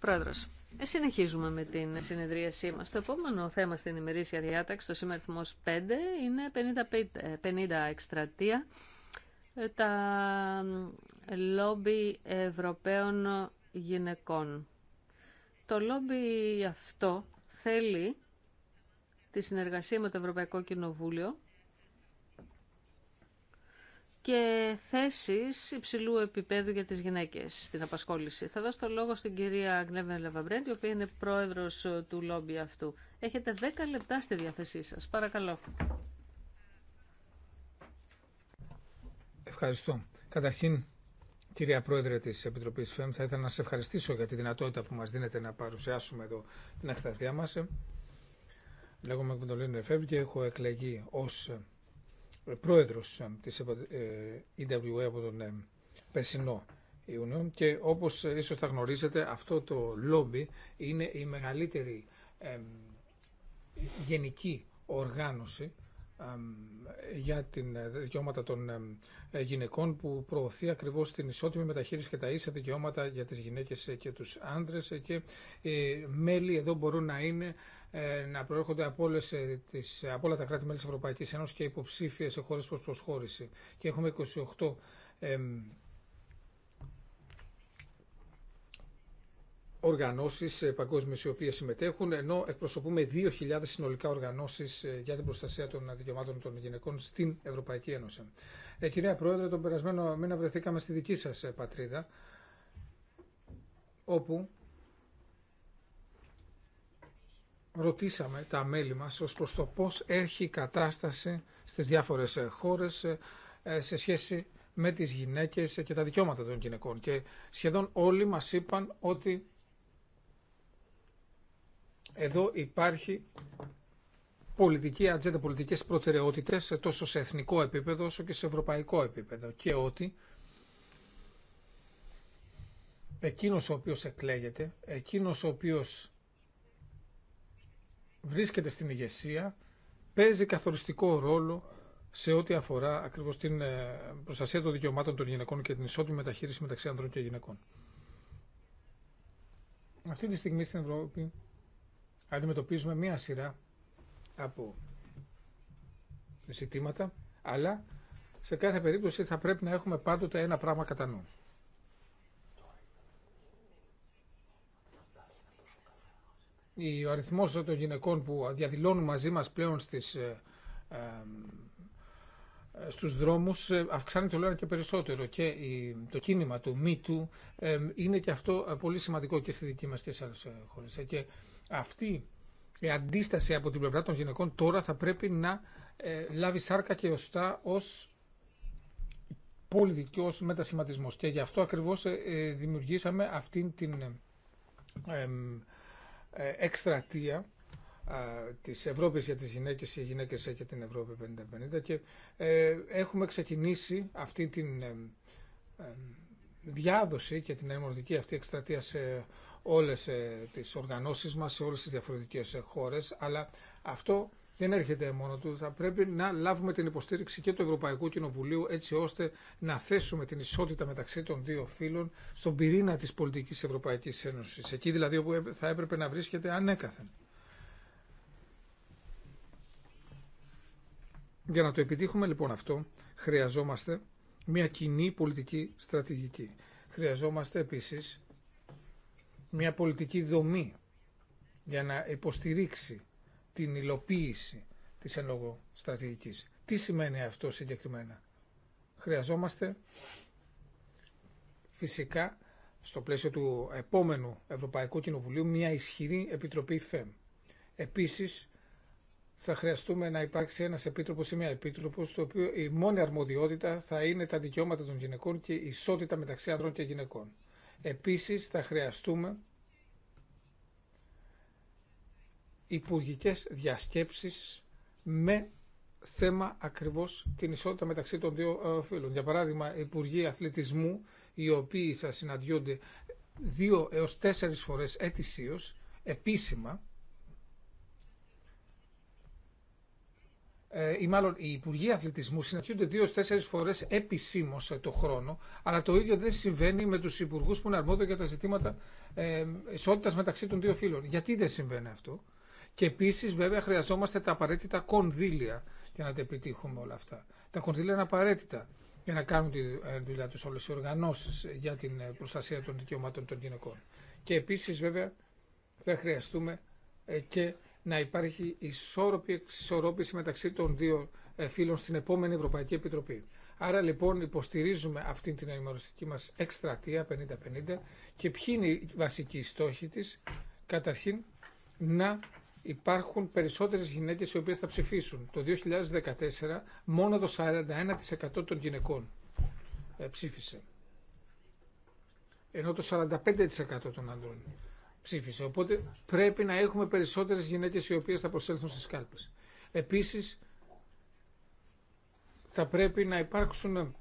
Πρόεδρος, ε, συνεχίζουμε με την συνεδρίασή μας. Το επόμενο θέμα στην ημερήσια διάταξη, το σήμερα 5, είναι 50, 50 ε, εκστρατεία ε, τα λόμπι Ευρωπαίων γυναικών. Το λόμπι αυτό θέλει τη συνεργασία με το Ευρωπαϊκό Κοινοβούλιο και θέσεις υψηλού επίπεδου για τις γυναίκες στην απασχόληση. Θα δώσω το λόγο στην κυρία Γκνέβεν Λεβαμπρέντ, η οποία είναι πρόεδρος του λόμπι αυτού. Έχετε 10 λεπτά στη διάθεσή σας. Παρακαλώ. Ευχαριστώ. Καταρχήν, κυρία Πρόεδρε της Επιτροπής ΦΕΜ, θα ήθελα να σε ευχαριστήσω για τη δυνατότητα που μας δίνετε να παρουσιάσουμε εδώ την εξταθιά μας. Λέγομαι Κβεντολίνο Εφεύ και έχω εκλεγεί ως ε, πρόεδρος ε, της EWA ε, από τον περσινό Ιουνιό και όπως ίσως θα γνωρίζετε αυτό το λόμπι είναι η μεγαλύτερη γενική οργάνωση για την δικαιώματα των γυναικών που προωθεί ακριβώς την ισότιμη μεταχείριση και τα ίσα δικαιώματα για τις γυναίκες και τους άντρες και μέλη εδώ μπορούν να είναι ε, να προέρχονται από, όλες ε, τις, από όλα τα κράτη-μέλη της Ευρωπαϊκής Ένωσης και υποψήφιες σε χώρες προς προσχώρηση. Και έχουμε 28 εμ, οργανώσεις ε, παγκόσμιες οι οποίες συμμετέχουν, ενώ εκπροσωπούμε 2.000 συνολικά οργανώσεις για την προστασία των δικαιωμάτων των γυναικών στην Ευρωπαϊκή Ένωση. Ε, κυρία Πρόεδρε, τον περασμένο μήνα βρεθήκαμε στη δική σας πατρίδα, όπου ρωτήσαμε τα μέλη μας ως προς το πώς έχει η κατάσταση στις διάφορες ε, χώρες ε, ε, σε σχέση με τις γυναίκες και τα δικαιώματα των γυναικών. Και σχεδόν όλοι μας είπαν ότι εδώ υπάρχει πολιτική ατζέντα, πολιτικές προτεραιότητες τόσο σε εθνικό επίπεδο όσο και σε ευρωπαϊκό επίπεδο και ότι εκείνος ο οποίος εκλέγεται, εκείνος ο οποίος βρίσκεται στην ηγεσία παίζει καθοριστικό ρόλο σε ό,τι αφορά ακριβώς την ε, προστασία των δικαιωμάτων των γυναικών και την ισότιμη μεταχείριση μεταξύ ανδρών και γυναικών. Αυτή τη στιγμή στην Ευρώπη αντιμετωπίζουμε μία σειρά από ζητήματα, αλλά σε κάθε περίπτωση θα πρέπει να έχουμε πάντοτε ένα πράγμα κατά νου. ο αριθμός των γυναικών που διαδηλώνουν μαζί μας πλέον στις, ε, ε, ε στους δρόμους ε, αυξάνεται όλο και περισσότερο και το κίνημα του Me είναι και αυτό πολύ σημαντικό και στη δική μας και σε χώρες. Και αυτή η αντίσταση από την πλευρά των γυναικών τώρα θα πρέπει να λάβει σάρκα και οστά ως πολιτικό μετασχηματισμός. Και γι' αυτό ακριβώς δημιουργήσαμε αυτήν την εκστρατεία της Ευρώπης για τις γυναίκες, οι γυναίκες και την Ευρώπη 50-50 και ε, έχουμε ξεκινήσει αυτή την ε, ε, διάδοση και την αιμορδική αυτή εκστρατεία σε όλες τις οργανώσεις μας, σε όλες τις διαφορετικές χώρες, αλλά αυτό δεν έρχεται μόνο του. Θα πρέπει να λάβουμε την υποστήριξη και του Ευρωπαϊκού Κοινοβουλίου έτσι ώστε να θέσουμε την ισότητα μεταξύ των δύο φύλων στον πυρήνα της πολιτικής Ευρωπαϊκής Ένωση. Εκεί δηλαδή όπου θα έπρεπε να βρίσκεται ανέκαθεν. Για να το επιτύχουμε λοιπόν αυτό χρειαζόμαστε μια κοινή πολιτική στρατηγική. Χρειαζόμαστε επίσης μια πολιτική δομή για να υποστηρίξει την υλοποίηση της εν λόγω στρατηγικής. Τι σημαίνει αυτό συγκεκριμένα. Χρειαζόμαστε φυσικά στο πλαίσιο του επόμενου Ευρωπαϊκού Κοινοβουλίου μια ισχυρή επιτροπή ΦΕΜ. Επίσης, θα χρειαστούμε να υπάρξει ένας επίτροπος ή μια επίτροπος, το οποίο η μόνη αρμοδιότητα θα είναι τα δικαιώματα των γυναικών και η ισότητα μεταξύ ανδρών και γυναικών. Επίσης, θα χρειαστούμε υπουργικές διασκέψεις με θέμα ακριβώς την ισότητα μεταξύ των δύο ε, φίλων. Για παράδειγμα, υπουργοί αθλητισμού, οι οποίοι θα συναντιούνται δύο έως τέσσερις φορές ετησίως, επίσημα, ε, ή μάλλον οι Υπουργοί Αθλητισμού συναντιούνται τέσσερις φορέ επισήμω το χρόνο, αλλά το ίδιο δεν συμβαίνει με τους υπουργού που είναι αρμόδιοι για τα ζητήματα ε, ισότητας ισότητα μεταξύ των δύο φύλων. Γιατί δεν συμβαίνει αυτό, και επίση, βέβαια, χρειαζόμαστε τα απαραίτητα κονδύλια για να τα επιτύχουμε όλα αυτά. Τα κονδύλια είναι απαραίτητα για να κάνουν τη ε, δουλειά του όλε οι οργανώσει ε, για την ε, προστασία των δικαιωμάτων των γυναικών. Και επίση, βέβαια, θα χρειαστούμε και να υπάρχει ισόρροπη εξισορρόπηση μεταξύ των δύο φίλων στην επόμενη Ευρωπαϊκή Επιτροπή. Άρα λοιπόν υποστηρίζουμε αυτή την ενημερωστική μας εκστρατεία 50-50 και ποιοι είναι οι βασικοί στόχοι της. Καταρχήν να υπάρχουν περισσότερες γυναίκες οι οποίες θα ψηφίσουν. Το 2014 μόνο το 41% των γυναικών ε, ψήφισε. Ενώ το 45% των ανδρών ψήφισε. Οπότε πρέπει να έχουμε περισσότερες γυναίκες οι οποίες θα προσέλθουν στις κάλπες. Επίσης θα πρέπει να υπάρξουν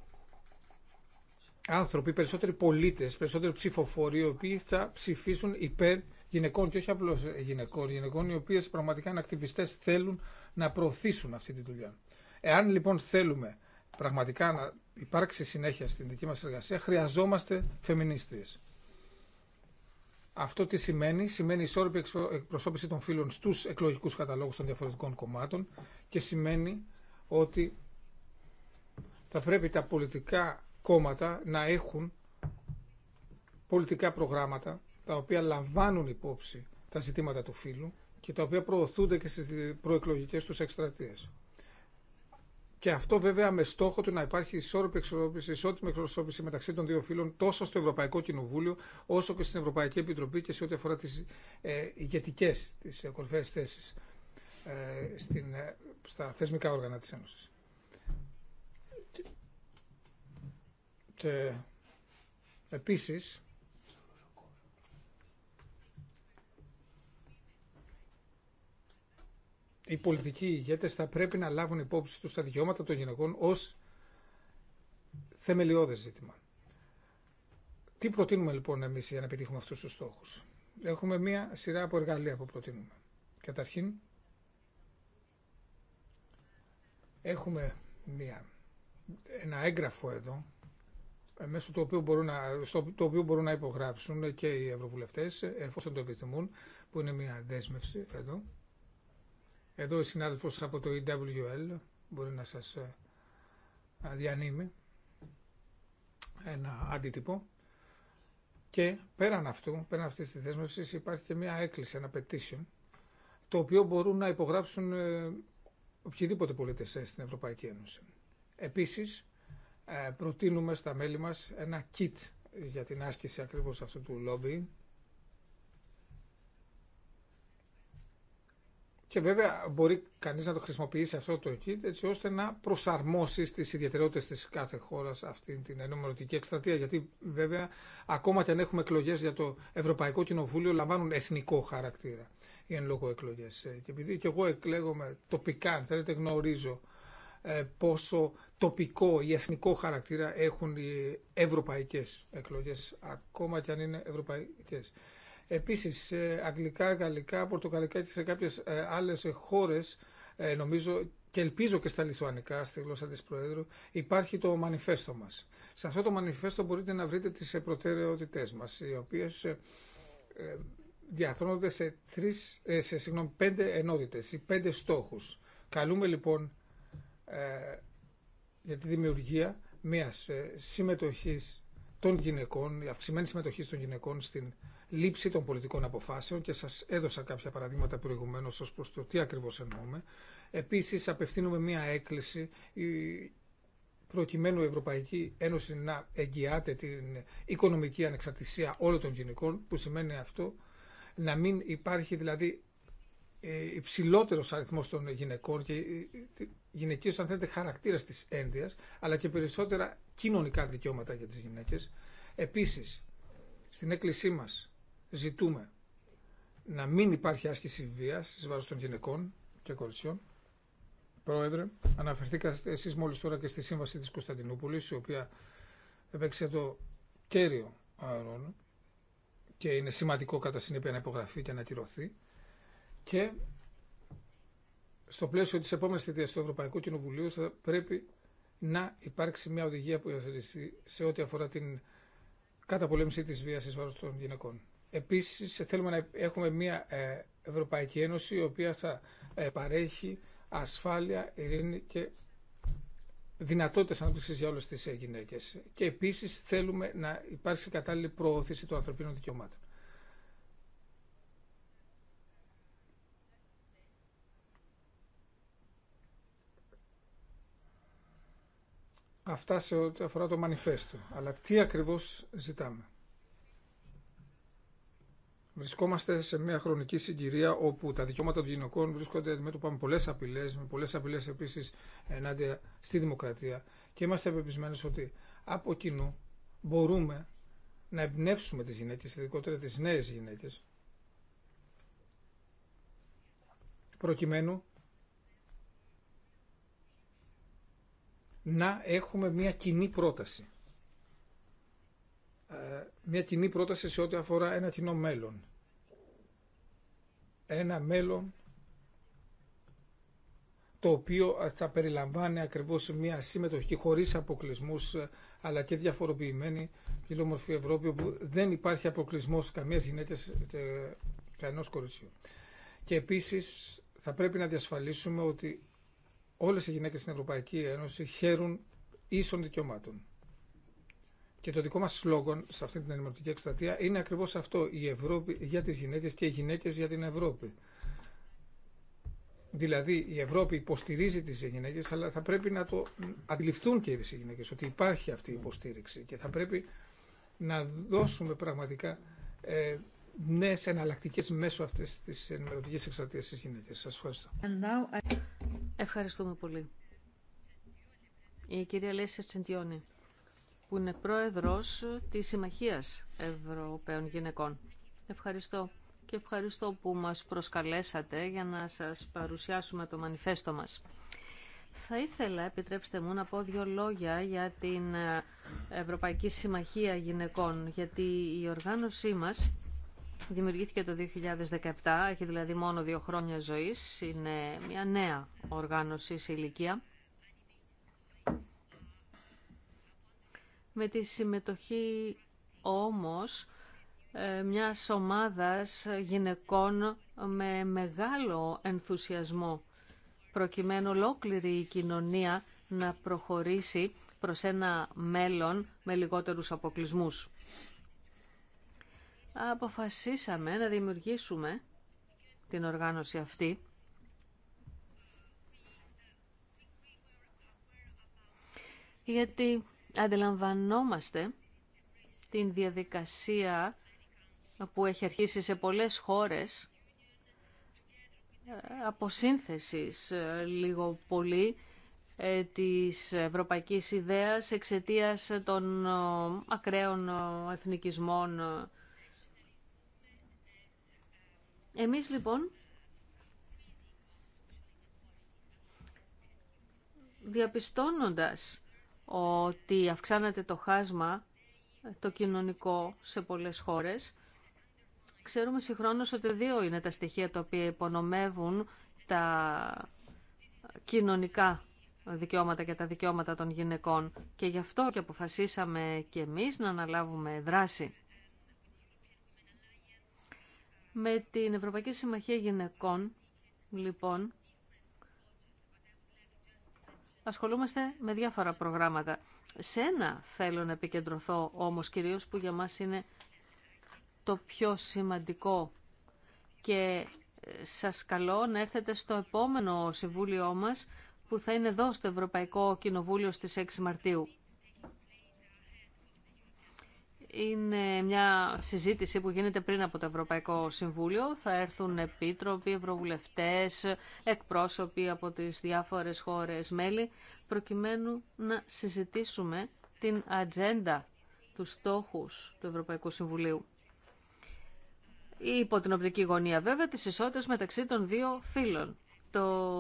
άνθρωποι, περισσότεροι πολίτες, περισσότεροι ψηφοφόροι οι οποίοι θα ψηφίσουν υπέρ γυναικών και όχι απλώ γυναικών, γυναικών οι οποίε πραγματικά είναι ακτιβιστέ, θέλουν να προωθήσουν αυτή τη δουλειά. Εάν λοιπόν θέλουμε πραγματικά να υπάρξει συνέχεια στην δική μα εργασία, χρειαζόμαστε φεμινίστριε. Αυτό τι σημαίνει, σημαίνει ισόρροπη εκπροσώπηση των φίλων στους εκλογικούς καταλόγους των διαφορετικών κομμάτων και σημαίνει ότι θα πρέπει τα πολιτικά κόμματα να έχουν πολιτικά προγράμματα τα οποία λαμβάνουν υπόψη τα ζητήματα του φύλου και τα οποία προωθούνται και στις προεκλογικές τους εκστρατείες. Και αυτό βέβαια με στόχο του να υπάρχει ισόρροπη εξορρόπηση, ισότιμη εξορρόπηση μεταξύ των δύο φύλων τόσο στο Ευρωπαϊκό Κοινοβούλιο όσο και στην Ευρωπαϊκή Επιτροπή και σε ό,τι αφορά τις ε, ηγετικές, τις ε, θέσεις ε, ε, στα θεσμικά όργανα της Ένωσης. Και, επίσης, οι πολιτικοί ηγέτε θα πρέπει να λάβουν υπόψη τους τα δικαιώματα των γυναικών ως θεμελιώδε ζήτημα. Τι προτείνουμε λοιπόν εμείς για να πετύχουμε αυτούς τους στόχους. Έχουμε μία σειρά από εργαλεία που προτείνουμε. Καταρχήν, έχουμε μία, ένα έγγραφο εδώ, ε, μέσω του οποίου μπορούν να, στο το οποίο μπορούν να υπογράψουν και οι ευρωβουλευτές, εφόσον το επιθυμούν, που είναι μία δέσμευση εδώ, εδώ ο συνάδελφος από το EWL μπορεί να σας ε, διανύμει ένα αντίτυπο. Και πέραν αυτού, πέραν αυτής της δέσμευσης υπάρχει και μια έκκληση, ένα petition, το οποίο μπορούν να υπογράψουν ε, οποιοδήποτε πολίτες ε, στην Ευρωπαϊκή Ένωση. Επίσης, προτείνουμε στα μέλη μας ένα kit για την άσκηση ακριβώς αυτού του lobbying, Και βέβαια μπορεί κανείς να το χρησιμοποιήσει αυτό το kit έτσι ώστε να προσαρμόσει τις ιδιαιτερότητες της κάθε χώρας αυτή την ενημερωτική εκστρατεία. Γιατί βέβαια ακόμα και αν έχουμε εκλογές για το Ευρωπαϊκό Κοινοβούλιο λαμβάνουν εθνικό χαρακτήρα οι εν λόγω εκλογές. Ε, και επειδή και εγώ εκλέγομαι τοπικά, αν θέλετε γνωρίζω ε, πόσο τοπικό ή εθνικό χαρακτήρα έχουν οι ευρωπαϊκές εκλογές, ακόμα και αν είναι ευρωπαϊκές. Επίσης, ε, αγγλικά, γαλλικά, πορτοκαλικά και σε κάποιες ε, άλλες χώρες, ε, νομίζω και ελπίζω και στα λιθουανικά, στη γλώσσα της Προέδρου, υπάρχει το μανιφέστο μας. Σε αυτό το μανιφέστο μπορείτε να βρείτε τις προτεραιότητές μας, οι οποίες διαθρώνονται σε, τρεις, σε συγγνώμη, πέντε ενότητες ή πέντε στόχους. Καλούμε λοιπόν για τη δημιουργία μιας συμμετοχής των γυναικών, αυξημένη συμμετοχή των γυναικών στην λήψη των πολιτικών αποφάσεων και σας έδωσα κάποια παραδείγματα προηγουμένως ως προς το τι ακριβώς εννοούμε. Επίσης απευθύνουμε μία έκκληση προκειμένου η Ευρωπαϊκή Ένωση να εγγυάται την οικονομική ανεξαρτησία όλων των γυναικών, που σημαίνει αυτό να μην υπάρχει δηλαδή ε, υψηλότερος αριθμός των γυναικών και ε, ε, γυναικείος αν θέλετε χαρακτήρας της ένδυας, αλλά και περισσότερα κοινωνικά δικαιώματα για τις γυναίκες. Επίσης, στην έκκλησή μας ζητούμε να μην υπάρχει άσκηση βίας σε βάρος των γυναικών και κοριτσιών. Πρόεδρε, αναφερθήκατε εσείς μόλις τώρα και στη Σύμβαση της Κωνσταντινούπολης, η οποία έπαιξε το κέριο ρόλο και είναι σημαντικό κατά συνέπεια να υπογραφεί και να ακυρωθεί. Και στο πλαίσιο της επόμενης θητείας του Ευρωπαϊκού Κοινοβουλίου θα πρέπει να υπάρξει μια οδηγία που υιοθετηθεί σε ό,τι αφορά την καταπολέμηση της βίας εις βάρος των γυναικών. Επίσης θέλουμε να έχουμε μια ε, Ευρωπαϊκή Ένωση η οποία θα ε, παρέχει ασφάλεια, ειρήνη και δυνατότητες ανάπτυξης για όλες τις ε, γυναίκες. Και επίσης θέλουμε να υπάρξει κατάλληλη προώθηση των ανθρωπίνων δικαιωμάτων. Αυτά σε ό,τι αφορά το μανιφέστο. Αλλά τι ακριβώς ζητάμε. Βρισκόμαστε σε μια χρονική συγκυρία όπου τα δικαιώματα των γυναικών βρίσκονται το με πολλέ απειλέ, με πολλέ απειλέ επίση ενάντια στη δημοκρατία. Και είμαστε πεπισμένε ότι από κοινού μπορούμε να εμπνεύσουμε τι γυναίκε, ειδικότερα τι νέε γυναίκε, προκειμένου να έχουμε μια κοινή πρόταση ε, μια κοινή πρόταση σε ό,τι αφορά ένα κοινό μέλλον. Ένα μέλλον το οποίο θα περιλαμβάνει ακριβώς μια συμμετοχή χωρίς αποκλεισμούς αλλά και διαφοροποιημένη φιλόμορφη Ευρώπη όπου δεν υπάρχει αποκλεισμός καμίας γυναίκας και κανένας κοριτσιού. Και επίσης θα πρέπει να διασφαλίσουμε ότι όλες οι γυναίκες στην Ευρωπαϊκή Ένωση χαίρουν ίσων δικαιωμάτων. Και το δικό μας σλόγγαν σε αυτή την ενημερωτική εκστατεία είναι ακριβώς αυτό, η Ευρώπη για τις γυναίκες και οι γυναίκες για την Ευρώπη. Δηλαδή η Ευρώπη υποστηρίζει τις γυναίκες, αλλά θα πρέπει να το αντιληφθούν και οι γυναίκες, ότι υπάρχει αυτή η υποστήριξη και θα πρέπει να δώσουμε πραγματικά ε, νέε εναλλακτικέ μέσω αυτή τη ενημερωτική στις στι γυναίκε. Σα ευχαριστώ. Ευχαριστούμε πολύ. Η κυρία Λέσσα Τσεντιώνη που είναι πρόεδρος της Συμμαχίας Ευρωπαίων Γυναικών. Ευχαριστώ και ευχαριστώ που μας προσκαλέσατε για να σας παρουσιάσουμε το μανιφέστο μας. Θα ήθελα, επιτρέψτε μου, να πω δύο λόγια για την Ευρωπαϊκή Συμμαχία Γυναικών, γιατί η οργάνωσή μας δημιουργήθηκε το 2017, έχει δηλαδή μόνο δύο χρόνια ζωής, είναι μια νέα οργάνωση σε ηλικία με τη συμμετοχή όμως ε, μια ομάδας γυναικών με μεγάλο ενθουσιασμό προκειμένου ολόκληρη η κοινωνία να προχωρήσει προς ένα μέλλον με λιγότερους αποκλισμούς. Αποφασίσαμε να δημιουργήσουμε την οργάνωση αυτή γιατί Αντιλαμβανόμαστε την διαδικασία που έχει αρχίσει σε πολλές χώρες ε, αποσύνθεσης ε, λίγο πολύ ε, της ευρωπαϊκής ιδέας εξαιτίας των ακραίων εθνικισμών. Εμείς λοιπόν διαπιστώνοντας ότι αυξάνεται το χάσμα το κοινωνικό σε πολλές χώρες. Ξέρουμε συγχρόνως ότι δύο είναι τα στοιχεία τα οποία υπονομεύουν τα κοινωνικά δικαιώματα και τα δικαιώματα των γυναικών και γι' αυτό και αποφασίσαμε και εμείς να αναλάβουμε δράση. Με την Ευρωπαϊκή Συμμαχία Γυναικών, λοιπόν, ασχολούμαστε με διάφορα προγράμματα. Σε ένα θέλω να επικεντρωθώ όμως κυρίως που για μας είναι το πιο σημαντικό και ε, σας καλώ να έρθετε στο επόμενο συμβούλιο μας που θα είναι εδώ στο Ευρωπαϊκό Κοινοβούλιο στις 6 Μαρτίου είναι μια συζήτηση που γίνεται πριν από το Ευρωπαϊκό Συμβούλιο. Θα έρθουν επίτροποι, ευρωβουλευτές, εκπρόσωποι από τις διάφορες χώρες μέλη, προκειμένου να συζητήσουμε την ατζέντα, του στόχους του Ευρωπαϊκού Συμβουλίου. Υπό την οπτική γωνία βέβαια της ισότητας μεταξύ των δύο φύλων. Το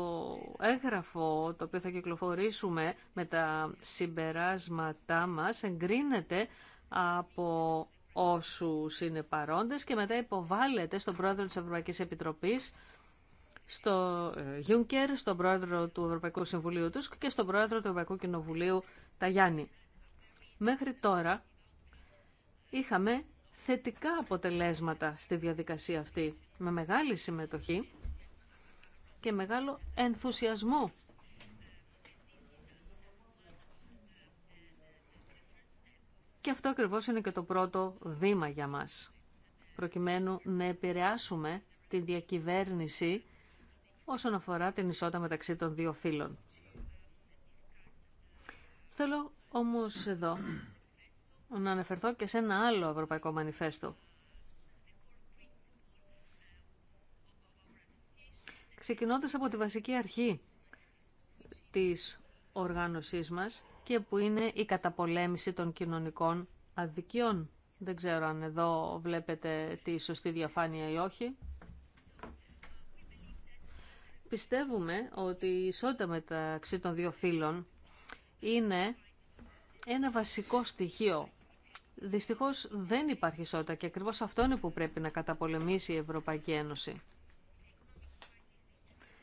έγγραφο το οποίο θα κυκλοφορήσουμε με τα συμπεράσματά μας εγκρίνεται από όσους είναι παρόντες και μετά υποβάλλεται στον πρόεδρο της Ευρωπαϊκής Επιτροπής, στο Γιούνκερ, στον πρόεδρο του Ευρωπαϊκού Συμβουλίου τους και στον πρόεδρο του Ευρωπαϊκού Κοινοβουλίου Ταγιάννη. Μέχρι τώρα είχαμε θετικά αποτελέσματα στη διαδικασία αυτή με μεγάλη συμμετοχή και μεγάλο ενθουσιασμό Και αυτό ακριβώς είναι και το πρώτο βήμα για μας, προκειμένου να επηρεάσουμε τη διακυβέρνηση όσον αφορά την ισότητα μεταξύ των δύο φύλων. Θέλω όμως εδώ να αναφερθώ και σε ένα άλλο Ευρωπαϊκό Μανιφέστο. Ξεκινώντας από τη βασική αρχή της οργάνωσής μας, και που είναι η καταπολέμηση των κοινωνικών αδικιών. Δεν ξέρω αν εδώ βλέπετε τη σωστή διαφάνεια ή όχι. Πιστεύουμε ότι η ισότητα μεταξύ των δύο φύλων είναι ένα βασικό στοιχείο. Δυστυχώς δεν υπάρχει ισότητα και ακριβώς αυτό είναι που πρέπει να καταπολεμήσει η Ευρωπαϊκή Ένωση.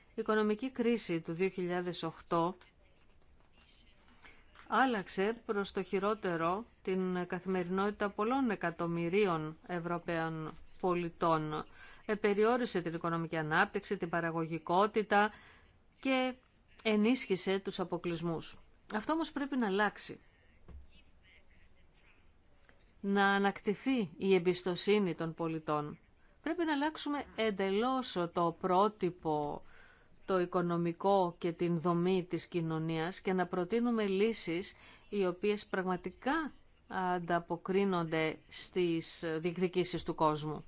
Η οικονομική κρίση του 2008 άλλαξε προς το χειρότερο την καθημερινότητα πολλών εκατομμυρίων Ευρωπαίων πολιτών. Επεριόρισε την οικονομική ανάπτυξη, την παραγωγικότητα και ενίσχυσε τους αποκλισμούς. Αυτό όμως πρέπει να αλλάξει. Να ανακτηθεί η εμπιστοσύνη των πολιτών. Πρέπει να αλλάξουμε εντελώς το πρότυπο το οικονομικό και την δομή της κοινωνίας και να προτείνουμε λύσεις οι οποίες πραγματικά ανταποκρίνονται στις διεκδικήσεις του κόσμου.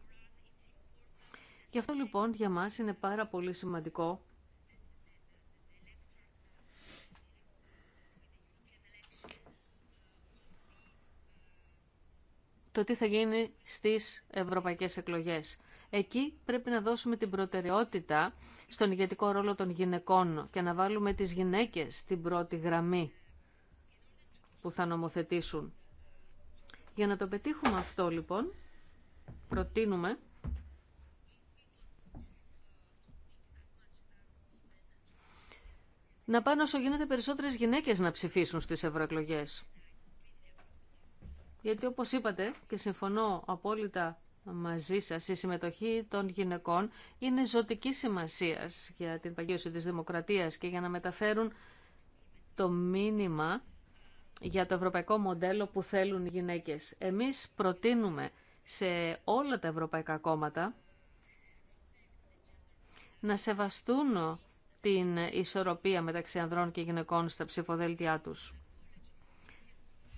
Γι' αυτό λοιπόν για μας είναι πάρα πολύ σημαντικό το τι θα γίνει στις ευρωπαϊκές εκλογές. Εκεί πρέπει να δώσουμε την προτεραιότητα στον ηγετικό ρόλο των γυναικών και να βάλουμε τις γυναίκες στην πρώτη γραμμή που θα νομοθετήσουν. Για να το πετύχουμε αυτό λοιπόν, προτείνουμε να πάνε όσο γίνεται περισσότερες γυναίκες να ψηφίσουν στις ευρωεκλογέ. Γιατί όπως είπατε και συμφωνώ απόλυτα μαζί σας. Η συμμετοχή των γυναικών είναι ζωτική σημασίας για την παγίωση της δημοκρατίας και για να μεταφέρουν το μήνυμα για το ευρωπαϊκό μοντέλο που θέλουν οι γυναίκες. Εμείς προτείνουμε σε όλα τα ευρωπαϊκά κόμματα να σεβαστούν την ισορροπία μεταξύ ανδρών και γυναικών στα ψηφοδέλτια τους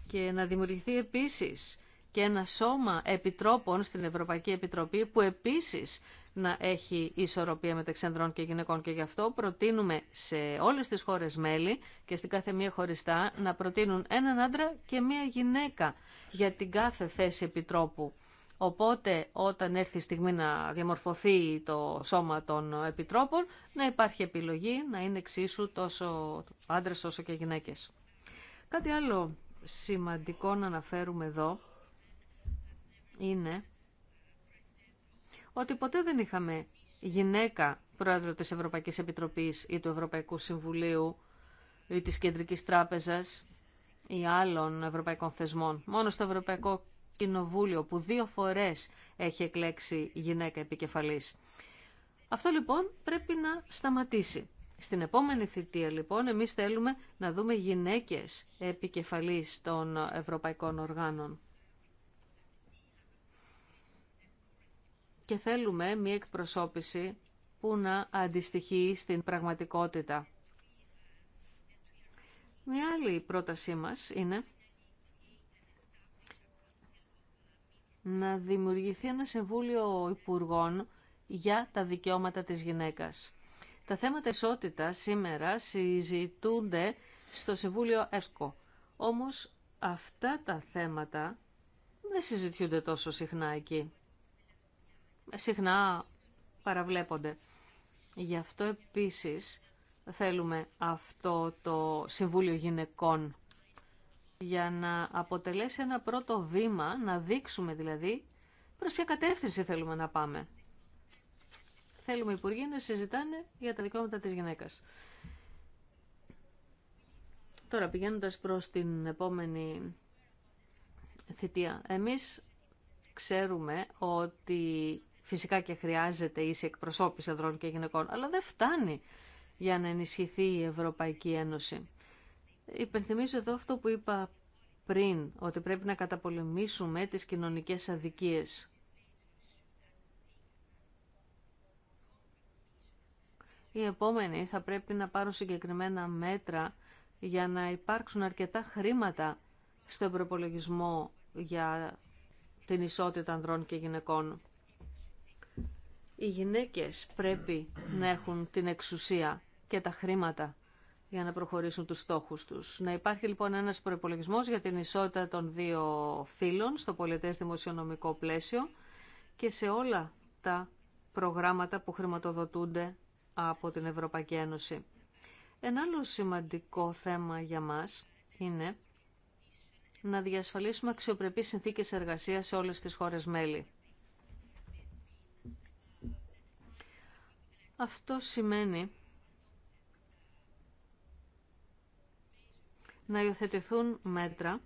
και να δημιουργηθεί επίσης και ένα σώμα επιτρόπων στην Ευρωπαϊκή Επιτροπή που επίσης να έχει ισορροπία μεταξύ ανδρών και γυναικών και γι' αυτό προτείνουμε σε όλες τις χώρες μέλη και στην κάθε μία χωριστά να προτείνουν έναν άντρα και μία γυναίκα για την κάθε θέση επιτρόπου. Οπότε όταν έρθει η στιγμή να διαμορφωθεί το σώμα των επιτρόπων να υπάρχει επιλογή να είναι εξίσου τόσο άντρες όσο και γυναίκες. Κάτι άλλο σημαντικό να αναφέρουμε εδώ είναι ότι ποτέ δεν είχαμε γυναίκα πρόεδρο της Ευρωπαϊκής Επιτροπής ή του Ευρωπαϊκού Συμβουλίου ή της Κεντρικής Τράπεζας ή άλλων ευρωπαϊκών θεσμών. Μόνο στο Ευρωπαϊκό Κοινοβούλιο που δύο φορές έχει εκλέξει γυναίκα επικεφαλής. Αυτό λοιπόν πρέπει να σταματήσει. Στην επόμενη θητεία λοιπόν εμείς θέλουμε να δούμε γυναίκες επικεφαλής των ευρωπαϊκών οργάνων. και θέλουμε μια εκπροσώπηση που να αντιστοιχεί στην πραγματικότητα. Μια άλλη πρότασή μας είναι να δημιουργηθεί ένα Συμβούλιο Υπουργών για τα δικαιώματα της γυναίκας. Τα θέματα ισότητα σήμερα συζητούνται στο Συμβούλιο ΕΣΚΟ. Όμως αυτά τα θέματα δεν συζητιούνται τόσο συχνά εκεί συχνά παραβλέπονται. Γι' αυτό επίσης θέλουμε αυτό το Συμβούλιο Γυναικών για να αποτελέσει ένα πρώτο βήμα, να δείξουμε δηλαδή προς ποια κατεύθυνση θέλουμε να πάμε. Θέλουμε οι Υπουργοί να συζητάνε για τα δικαιώματα της γυναίκας. Τώρα πηγαίνοντας προς την επόμενη θητεία, εμείς ξέρουμε ότι Φυσικά και χρειάζεται ίση εκπροσώπηση ανδρών και γυναικών, αλλά δεν φτάνει για να ενισχυθεί η Ευρωπαϊκή Ένωση. Υπενθυμίζω εδώ αυτό που είπα πριν, ότι πρέπει να καταπολεμήσουμε τις κοινωνικές αδικίες. Οι επόμενοι θα πρέπει να πάρουν συγκεκριμένα μέτρα για να υπάρξουν αρκετά χρήματα στον προπολογισμό για την ισότητα ανδρών και γυναικών οι γυναίκες πρέπει να έχουν την εξουσία και τα χρήματα για να προχωρήσουν τους στόχους τους. Να υπάρχει λοιπόν ένας προπολογισμό για την ισότητα των δύο φύλων στο πολιτές δημοσιονομικό πλαίσιο και σε όλα τα προγράμματα που χρηματοδοτούνται από την Ευρωπαϊκή Ένωση. Ένα άλλο σημαντικό θέμα για μας είναι να διασφαλίσουμε αξιοπρεπείς συνθήκες εργασίας σε όλες τις χώρες μέλη. Αυτό σημαίνει να υιοθετηθούν μέτρα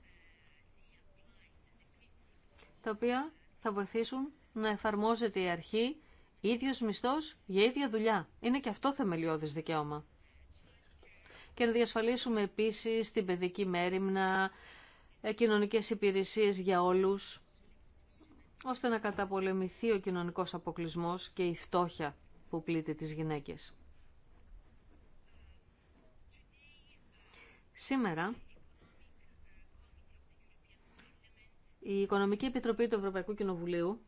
τα οποία θα βοηθήσουν να εφαρμόζεται η αρχή ίδιος μισθός για ίδια δουλειά. Είναι και αυτό θεμελιώδης δικαίωμα. Και να διασφαλίσουμε επίσης την παιδική μέρημνα, ε, κοινωνικές υπηρεσίες για όλους, ώστε να καταπολεμηθεί ο κοινωνικός αποκλεισμός και η φτώχεια που πλήττει τις γυναίκες. Σήμερα η Οικονομική Επιτροπή του Ευρωπαϊκού Κοινοβουλίου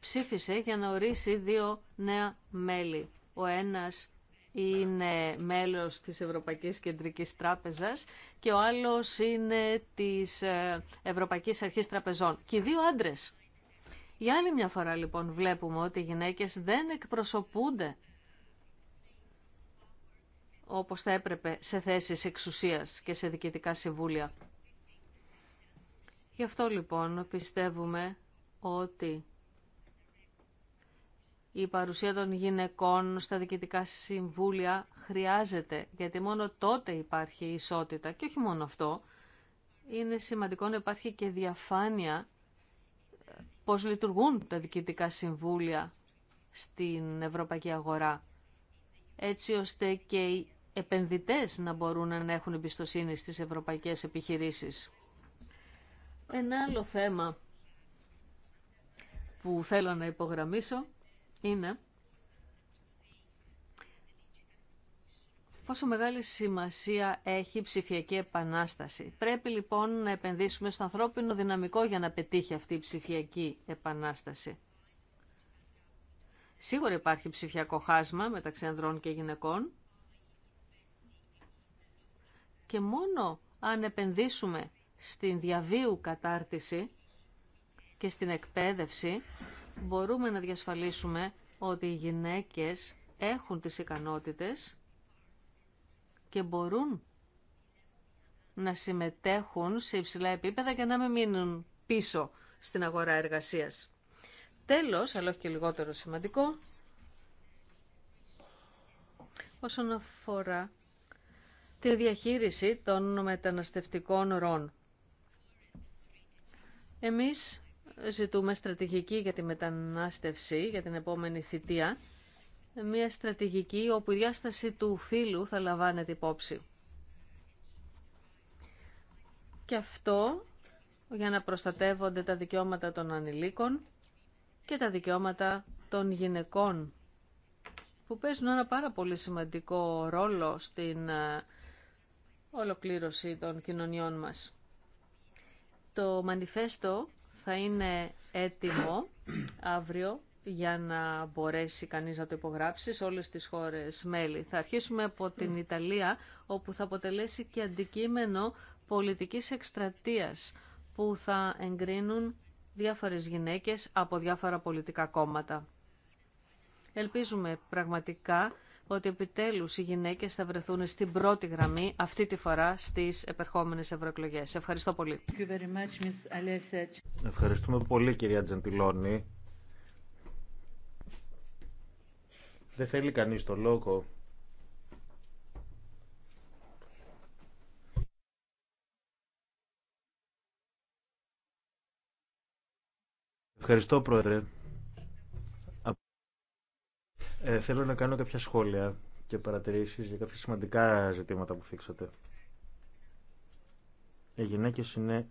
ψήφισε για να ορίσει δύο νέα μέλη. Ο ένας είναι μέλος της Ευρωπαϊκής Κεντρικής Τράπεζας και ο άλλος είναι της ε, Ευρωπαϊκής Αρχής Τραπεζών. Και οι δύο άντρες. Για άλλη μια φορά λοιπόν βλέπουμε ότι οι γυναίκες δεν εκπροσωπούνται όπως θα έπρεπε σε θέσεις εξουσίας και σε διοικητικά συμβούλια. Γι' αυτό λοιπόν πιστεύουμε ότι η παρουσία των γυναικών στα διοικητικά συμβούλια χρειάζεται, γιατί μόνο τότε υπάρχει ισότητα και όχι μόνο αυτό. Είναι σημαντικό να υπάρχει και διαφάνεια πώς λειτουργούν τα διοικητικά συμβούλια στην ευρωπαϊκή αγορά, έτσι ώστε και οι επενδυτές να μπορούν να έχουν εμπιστοσύνη στις ευρωπαϊκές επιχειρήσεις. Ένα άλλο θέμα που θέλω να υπογραμμίσω είναι πόσο μεγάλη σημασία έχει η ψηφιακή επανάσταση. Πρέπει λοιπόν να επενδύσουμε στο ανθρώπινο δυναμικό για να πετύχει αυτή η ψηφιακή επανάσταση. Σίγουρα υπάρχει ψηφιακό χάσμα μεταξύ ανδρών και γυναικών και μόνο αν επενδύσουμε στην διαβίου κατάρτιση και στην εκπαίδευση μπορούμε να διασφαλίσουμε ότι οι γυναίκες έχουν τις ικανότητες και μπορούν να συμμετέχουν σε υψηλά επίπεδα και να μην μείνουν πίσω στην αγορά εργασίας. Τέλος, αλλά όχι και λιγότερο σημαντικό, όσον αφορά τη διαχείριση των μεταναστευτικών ροών. Εμείς ζητούμε στρατηγική για τη μετανάστευση για την επόμενη θητεία μια στρατηγική όπου η διάσταση του φύλου θα λαμβάνεται υπόψη. Και αυτό για να προστατεύονται τα δικαιώματα των ανηλίκων και τα δικαιώματα των γυναικών που παίζουν ένα πάρα πολύ σημαντικό ρόλο στην ε, ολοκλήρωση των κοινωνιών μας. Το μανιφέστο θα είναι έτοιμο αύριο για να μπορέσει κανείς να το υπογράψει σε όλες τις χώρες μέλη. Θα αρχίσουμε από την Ιταλία, όπου θα αποτελέσει και αντικείμενο πολιτικής εκστρατείας, που θα εγκρίνουν διάφορες γυναίκες από διάφορα πολιτικά κόμματα. Ελπίζουμε πραγματικά ότι επιτέλους οι γυναίκες θα βρεθούν στην πρώτη γραμμή αυτή τη φορά στις επερχόμενες ευρωεκλογές. Ευχαριστώ πολύ. Ευχαριστούμε πολύ κυρία Τζεντιλόνη. Δεν θέλει κανείς το λόγο. Ευχαριστώ, Πρόεδρε. Ε, θέλω να κάνω κάποια σχόλια και παρατηρήσεις για κάποια σημαντικά ζητήματα που θίξατε. Οι γυναίκες είναι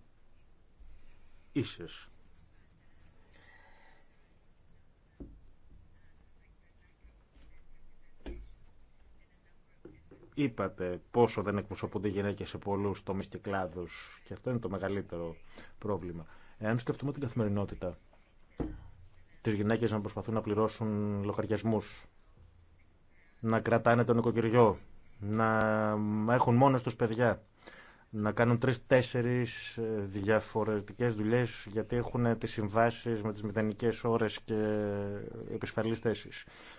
ίσες Είπατε πόσο δεν εκπροσωπούνται οι γυναίκες σε πολλού τομεί και κλάδου. και αυτό είναι το μεγαλύτερο πρόβλημα. Εάν σκεφτούμε την καθημερινότητα, Τι γυναίκες να προσπαθούν να πληρώσουν λογαριασμού, να κρατάνε τον οικοκυριό, να έχουν μόνο του παιδιά, να κάνουν τρει-τέσσερι ε, διαφορετικέ δουλειέ γιατί έχουν τις συμβάσει με τις μηδενικέ ώρες και επισφαλείς θέσει.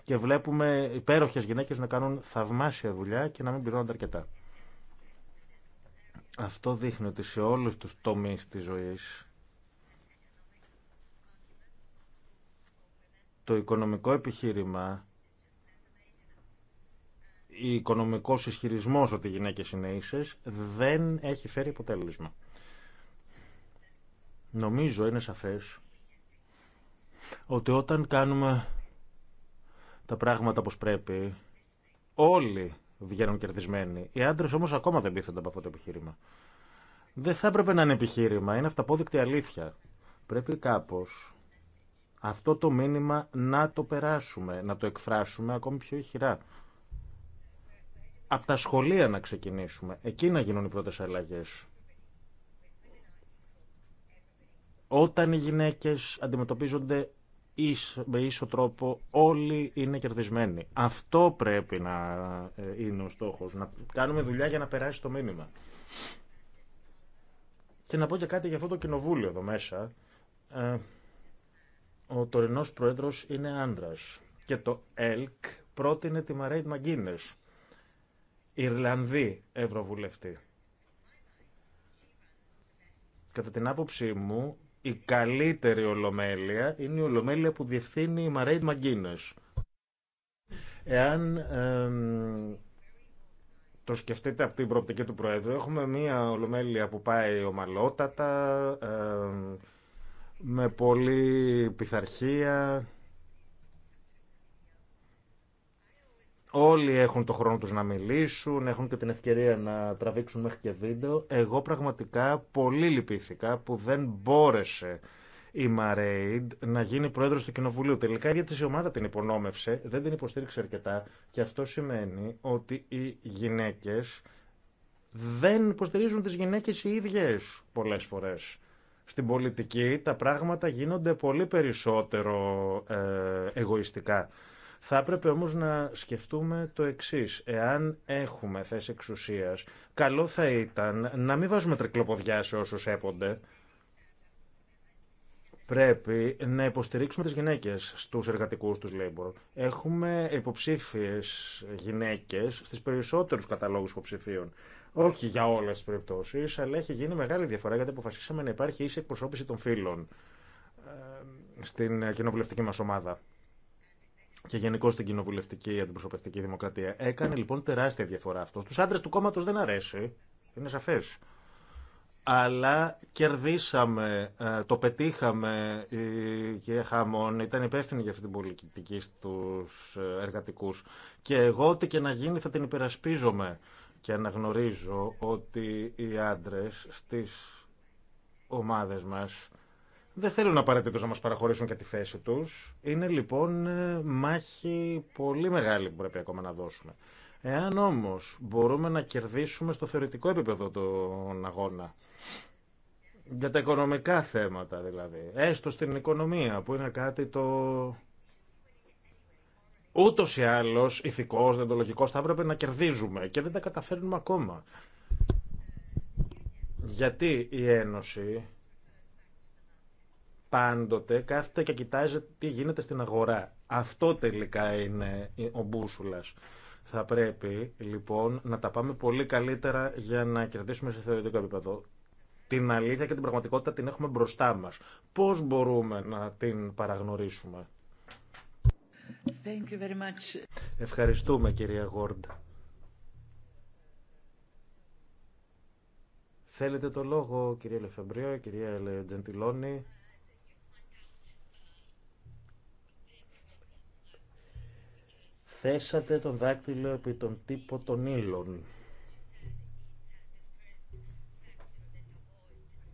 Και βλέπουμε υπέροχε γυναίκες να κάνουν θαυμάσια δουλειά και να μην πληρώνονται αρκετά. Αυτό δείχνει ότι σε όλους τους τομείς της ζωής το οικονομικό επιχείρημα ο οικονομικό ισχυρισμό ότι οι γυναίκες είναι ίσες δεν έχει φέρει αποτέλεσμα. Νομίζω είναι σαφές ότι όταν κάνουμε τα πράγματα όπως πρέπει όλοι βγαίνουν κερδισμένοι. Οι άντρε όμως ακόμα δεν πείθονται από αυτό το επιχείρημα. Δεν θα έπρεπε να είναι επιχείρημα, είναι αυταπόδεικτη αλήθεια. Πρέπει κάπως αυτό το μήνυμα να το περάσουμε, να το εκφράσουμε ακόμη πιο ηχηρά από τα σχολεία να ξεκινήσουμε. Εκεί να γίνουν οι πρώτες αλλαγές. Όταν οι γυναίκες αντιμετωπίζονται με ίσο τρόπο όλοι είναι κερδισμένοι. Αυτό πρέπει να ε, είναι ο στόχος. Να κάνουμε δουλειά για να περάσει το μήνυμα. Και να πω και κάτι για αυτό το κοινοβούλιο εδώ μέσα. Ε, ο τωρινός πρόεδρος είναι άντρας. Και το ΕΛΚ πρότεινε τη Μαρέιτ Μαγκίνες Ιρλανδή Ευρωβουλευτή. Κατά την άποψή μου, η καλύτερη ολομέλεια είναι η ολομέλεια που διευθύνει η Μαρέιτ Μαγκίνες. Εάν το σκεφτείτε από την προοπτική του Προέδρου, έχουμε μία ολομέλεια που πάει ομαλότατα, με πολλή πειθαρχία, Όλοι έχουν το χρόνο τους να μιλήσουν, έχουν και την ευκαιρία να τραβήξουν μέχρι και βίντεο. Εγώ πραγματικά πολύ λυπήθηκα που δεν μπόρεσε η Μαρέιντ να γίνει πρόεδρος του Κοινοβουλίου. Τελικά η ίδια της ομάδα την υπονόμευσε, δεν την υποστήριξε αρκετά και αυτό σημαίνει ότι οι γυναίκες δεν υποστηρίζουν τις γυναίκες οι ίδιες πολλές φορές. Στην πολιτική τα πράγματα γίνονται πολύ περισσότερο ε, εγωιστικά. Θα έπρεπε όμως να σκεφτούμε το εξή. Εάν έχουμε θέση εξουσίας, καλό θα ήταν να μην βάζουμε τρικλοποδιά σε όσου έπονται. Πρέπει να υποστηρίξουμε τις γυναίκες στους εργατικούς του labor. Έχουμε υποψήφιε γυναίκες στις περισσότερους καταλόγους υποψηφίων. Όχι για όλες τι περιπτώσει, αλλά έχει γίνει μεγάλη διαφορά γιατί αποφασίσαμε να υπάρχει ίση εκπροσώπηση των φίλων ε, στην κοινοβουλευτική μας ομάδα και γενικώ στην κοινοβουλευτική αντιπροσωπευτική δημοκρατία. Έκανε λοιπόν τεράστια διαφορά αυτό. Στου άντρε του κόμματο δεν αρέσει. Είναι σαφέ. Αλλά κερδίσαμε, ε, το πετύχαμε. Η κυρία Χάμον ήταν υπεύθυνη για αυτή την πολιτική στου ε, εργατικού. Και εγώ, ό,τι και να γίνει, θα την υπερασπίζομαι. Και αναγνωρίζω ότι οι άντρε στι ομάδε μας δεν θέλουν απαραίτητο να μας παραχωρήσουν και τη θέση τους. Είναι λοιπόν ε, μάχη πολύ μεγάλη που πρέπει ακόμα να δώσουμε. Εάν όμως μπορούμε να κερδίσουμε στο θεωρητικό επίπεδο τον αγώνα, για τα οικονομικά θέματα δηλαδή, έστω στην οικονομία που είναι κάτι το ούτω ή άλλω ηθικό, δεντολογικό, θα έπρεπε να κερδίζουμε και δεν τα καταφέρνουμε ακόμα. Γιατί η Ένωση πάντοτε κάθεται και κοιτάζει τι γίνεται στην αγορά. Αυτό τελικά είναι ο μπούσουλα. Θα πρέπει λοιπόν να τα πάμε πολύ καλύτερα για να κερδίσουμε σε θεωρητικό επίπεδο. Την αλήθεια και την πραγματικότητα την έχουμε μπροστά μας. Πώς μπορούμε να την παραγνωρίσουμε. Thank you very much. Ευχαριστούμε κυρία Γόρντ. Θέλετε το λόγο κυρία Λεφεμπρίο, κυρία Τζεντιλόνη. θέσατε τον δάκτυλο επί τον τύπο των ύλων.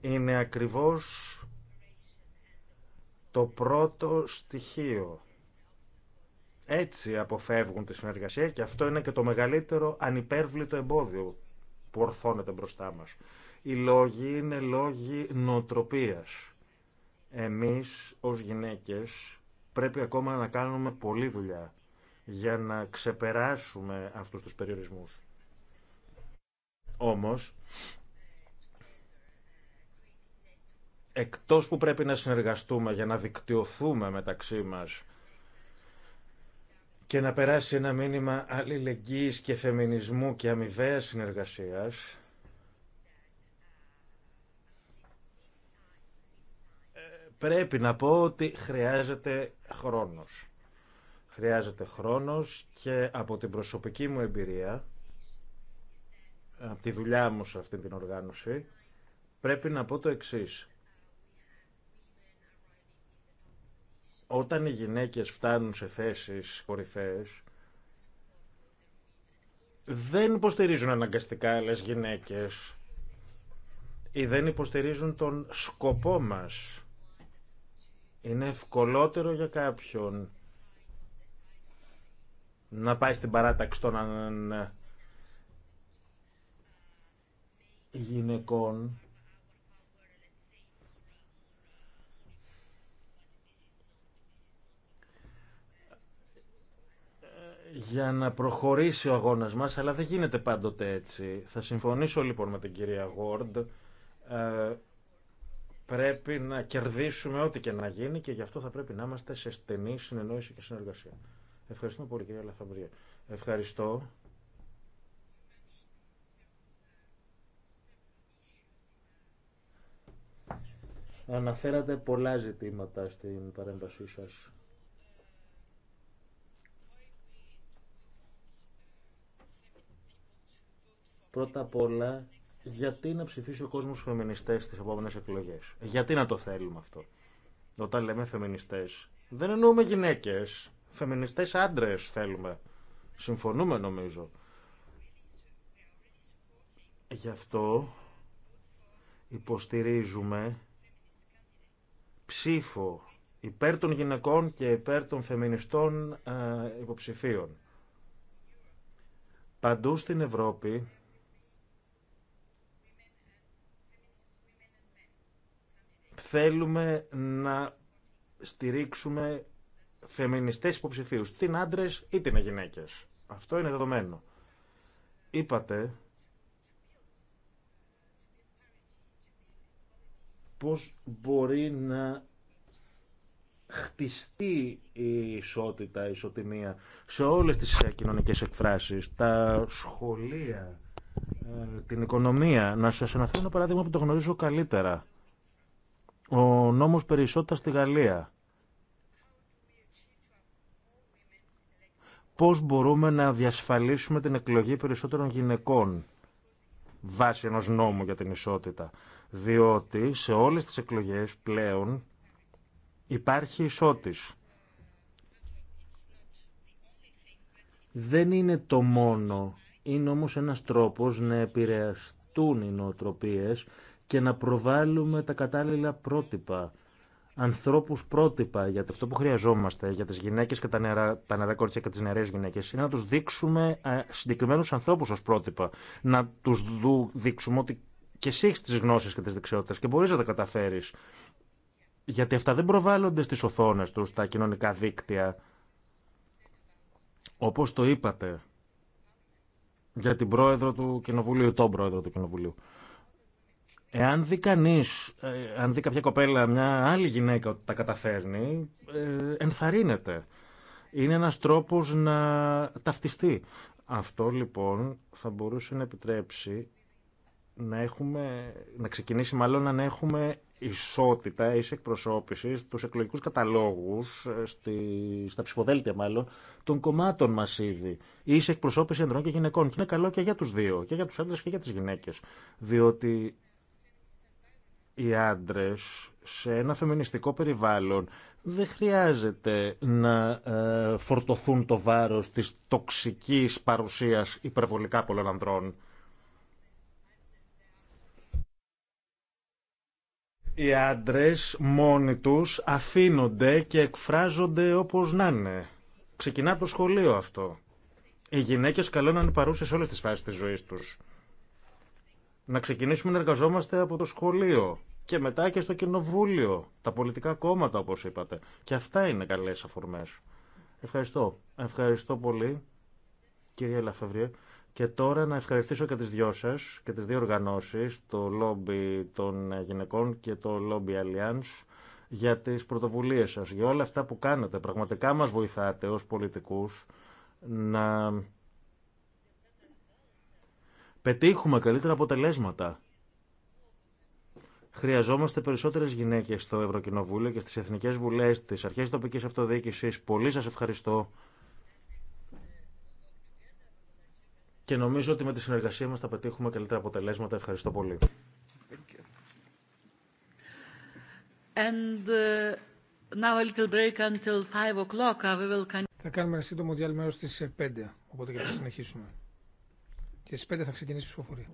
Είναι ακριβώς το πρώτο στοιχείο. Έτσι αποφεύγουν τη συνεργασία και αυτό είναι και το μεγαλύτερο ανυπέρβλητο εμπόδιο που ορθώνεται μπροστά μας. Οι λόγοι είναι λόγοι νοοτροπίας. Εμείς ως γυναίκες πρέπει ακόμα να κάνουμε πολλή δουλειά για να ξεπεράσουμε αυτούς τους περιορισμούς. Όμως, εκτός που πρέπει να συνεργαστούμε για να δικτυωθούμε μεταξύ μας και να περάσει ένα μήνυμα αλληλεγγύης και φεμινισμού και αμοιβαίας συνεργασίας, πρέπει να πω ότι χρειάζεται χρόνος. Χρειάζεται χρόνος και από την προσωπική μου εμπειρία, από τη δουλειά μου σε αυτή την οργάνωση, πρέπει να πω το εξής. Όταν οι γυναίκες φτάνουν σε θέσεις κορυφαίες, δεν υποστηρίζουν αναγκαστικά άλλες γυναίκες ή δεν υποστηρίζουν τον σκοπό μας. Είναι ευκολότερο για κάποιον να πάει στην παράταξη των ε, γυναικών για να προχωρήσει ο αγώνας μας, αλλά δεν γίνεται πάντοτε έτσι. Θα συμφωνήσω λοιπόν με την κυρία Γόρντ, ε, πρέπει να κερδίσουμε ό,τι και να γίνει και γι' αυτό θα πρέπει να είμαστε σε στενή συνεννόηση και συνεργασία. Ευχαριστούμε πολύ κυρία Λαφαμπρία. Ευχαριστώ. Αναφέρατε πολλά ζητήματα στην παρέμβασή σας. Πρώτα απ' όλα, γιατί να ψηφίσει ο κόσμος φεμινιστές στις επόμενες εκλογές. Γιατί να το θέλουμε αυτό. Όταν λέμε φεμινιστές, δεν εννοούμε γυναίκες. Φεμινιστές άντρες θέλουμε. Συμφωνούμε νομίζω. Γι' αυτό υποστηρίζουμε ψήφο υπέρ των γυναικών και υπέρ των φεμινιστών ε, υποψηφίων. Παντού στην Ευρώπη θέλουμε να στηρίξουμε φεμινιστές υποψηφίου, την άντρε ή την γυναίκες. Αυτό είναι δεδομένο. Είπατε πώς μπορεί να χτιστεί η ισότητα, η ισοτιμία σε όλες τις κοινωνικές εκφράσεις, τα σχολεία, ε, την οικονομία. Να σας αναφέρω ένα παράδειγμα που το γνωρίζω καλύτερα. Ο νόμος περί στη Γαλλία πώς μπορούμε να διασφαλίσουμε την εκλογή περισσότερων γυναικών βάσει ενός νόμου για την ισότητα. Διότι σε όλες τις εκλογές πλέον υπάρχει ισότης. Δεν είναι το μόνο, είναι όμως ένας τρόπος να επηρεαστούν οι νοοτροπίες και να προβάλλουμε τα κατάλληλα πρότυπα Ανθρώπου πρότυπα γιατί αυτό που χρειαζόμαστε για τι γυναίκες και τα νερά, τα νερά κορίτσια και τι νεαρές γυναίκες είναι να τους δείξουμε συγκεκριμένου συγκεκριμένους ανθρώπους ως πρότυπα να τους δείξουμε ότι και εσύ έχεις τις γνώσεις και τις δεξιότητες και μπορείς να τα καταφέρεις γιατί αυτά δεν προβάλλονται στις οθόνες του στα κοινωνικά δίκτυα Όπω το είπατε για την πρόεδρο του Κοινοβουλίου, τον πρόεδρο του Κοινοβουλίου. Εάν δει κανεί, ε, αν δει κάποια κοπέλα, μια άλλη γυναίκα ότι τα καταφέρνει, ε, ενθαρρύνεται. Είναι ένας τρόπος να ταυτιστεί. Αυτό λοιπόν θα μπορούσε να επιτρέψει να, έχουμε, να ξεκινήσει μάλλον να έχουμε ισότητα ή εκπροσώπηση στους εκλογικούς καταλόγους, ε, στη, στα ψηφοδέλτια μάλλον, των κομμάτων μας ήδη. σε εκπροσώπηση ανδρών και γυναικών. Και είναι καλό και για τους δύο, και για τους άντρες και για τις γυναίκες. Διότι οι άντρες σε ένα φεμινιστικό περιβάλλον δεν χρειάζεται να ε, φορτωθούν το βάρος της τοξικής παρουσίας υπερβολικά πολλών ανδρών. Οι άντρες μόνοι τους αφήνονται και εκφράζονται όπως να είναι. Ξεκινά από το σχολείο αυτό. Οι γυναίκες καλό να είναι παρούσες σε όλες τις φάσεις της ζωής τους να ξεκινήσουμε να εργαζόμαστε από το σχολείο και μετά και στο κοινοβούλιο, τα πολιτικά κόμματα όπως είπατε. Και αυτά είναι καλές αφορμές. Ευχαριστώ. Ευχαριστώ πολύ, κυρία Λαφευρία. Και τώρα να ευχαριστήσω και τις δυο σας και τις δύο οργανώσεις, το λόμπι των γυναικών και το λόμπι Αλιανς, για τις πρωτοβουλίες σας, για όλα αυτά που κάνετε. Πραγματικά μας βοηθάτε ως πολιτικούς να πετύχουμε καλύτερα αποτελέσματα. Χρειαζόμαστε περισσότερε γυναίκε στο Ευρωκοινοβούλιο και στι Εθνικέ Βουλέ, στι αρχέ Τοπικής Αυτοδιοίκησης. Πολύ σα ευχαριστώ. Και νομίζω ότι με τη συνεργασία μα θα πετύχουμε καλύτερα αποτελέσματα. Ευχαριστώ πολύ. Θα κάνουμε ένα σύντομο διάλειμμα έως τις 5, ε, οπότε και θα συνεχίσουμε. Και στι 5 θα ξεκινήσει η ψηφοφορία.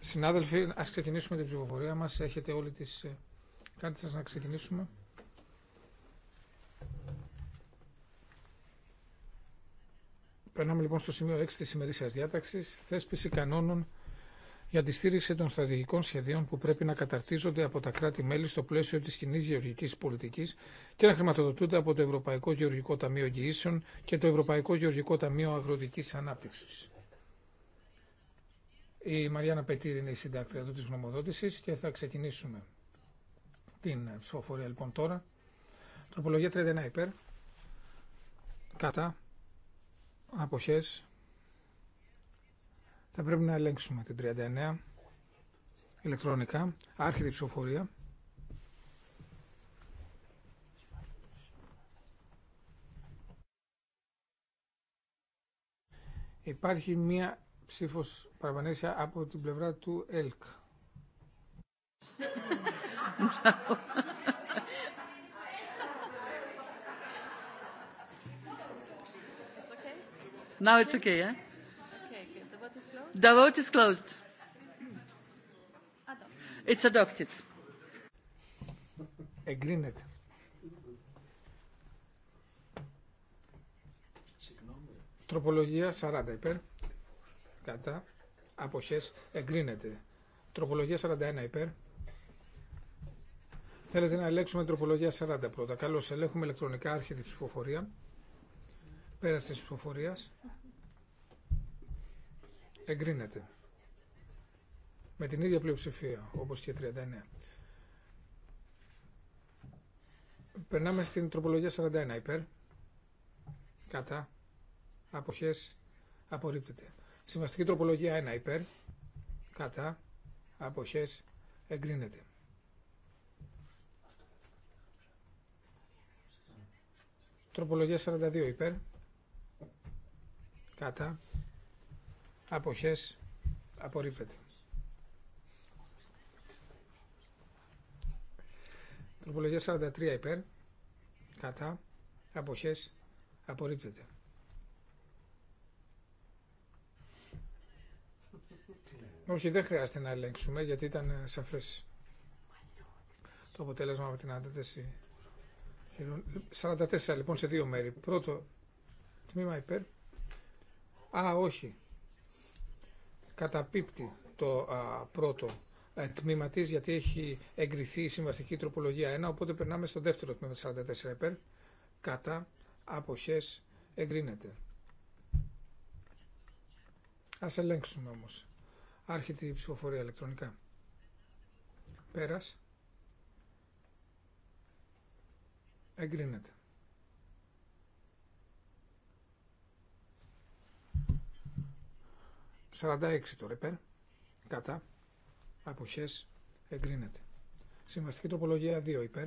Συνάδελφοι, ας ξεκινήσουμε την ψηφοφορία μας. Έχετε όλοι τις ε, κάρτες σας να ξεκινήσουμε. Περνάμε λοιπόν στο σημείο 6 της ημερήσιας διάταξης. Θέσπιση κανόνων για τη στήριξη των στρατηγικών σχεδίων που πρέπει να καταρτίζονται από τα κράτη-μέλη στο πλαίσιο τη κοινή γεωργική πολιτική και να χρηματοδοτούνται από το Ευρωπαϊκό Γεωργικό Ταμείο Εγγυήσεων και το Ευρωπαϊκό Γεωργικό Ταμείο Αγροτική Ανάπτυξη. Η Μαριάννα Πετήρη είναι η συντάκτρια του τη γνωμοδότηση και θα ξεκινήσουμε την ψηφοφορία λοιπόν τώρα. Τροπολογία 31 υπέρ. Κατά. Αποχές. Θα πρέπει να ελέγξουμε την 39 ηλεκτρονικά. άρχιτη ψηφοφορία. Υπάρχει μία ψήφος παραπανέσια από την πλευρά του ΕΛΚ. Now it's okay, yeah? The vote is closed. It's adopted. Εγκρίνεται. Τροπολογία 40 υπέρ. Κατά. Αποχές. Εγκρίνεται. Τροπολογία 41 υπέρ. Θέλετε να ελέγξουμε τροπολογία 40 πρώτα. Καλώς ελέγχουμε ηλεκτρονικά άρχη ψηφοφορία. Πέραση της ψηφοφορίας εγκρίνεται. Με την ίδια πλειοψηφία, όπως και 39. Περνάμε στην τροπολογία 41 υπέρ. Κατά. Αποχές. Απορρίπτεται. Συμβαστική τροπολογία 1 υπέρ. Κατά. Αποχές. Εγκρίνεται. Τροπολογία 42 υπέρ. Κατά αποχές απορρίπτεται. Τροπολογία 43 υπέρ, κατά, αποχές απορρίπτεται. Όχι, δεν χρειάζεται να ελέγξουμε γιατί ήταν ε, σαφές το αποτέλεσμα από την αντίθεση. 44 λοιπόν σε δύο μέρη. Πρώτο τμήμα υπέρ. Α, όχι καταπίπτει το πρώτο ε, τμήμα της γιατί έχει εγκριθεί η συμβαστική τροπολογία 1 οπότε περνάμε στο δεύτερο τμήμα 44 επερ κατά αποχές εγκρίνεται. Ας ελέγξουμε όμως. Άρχεται η ψηφοφορία ηλεκτρονικά. Πέρας. Εγκρίνεται. 46 τώρα υπέρ, κατά, αποχές, εγκρίνεται. Συμβαστική τροπολογία 2 υπέρ,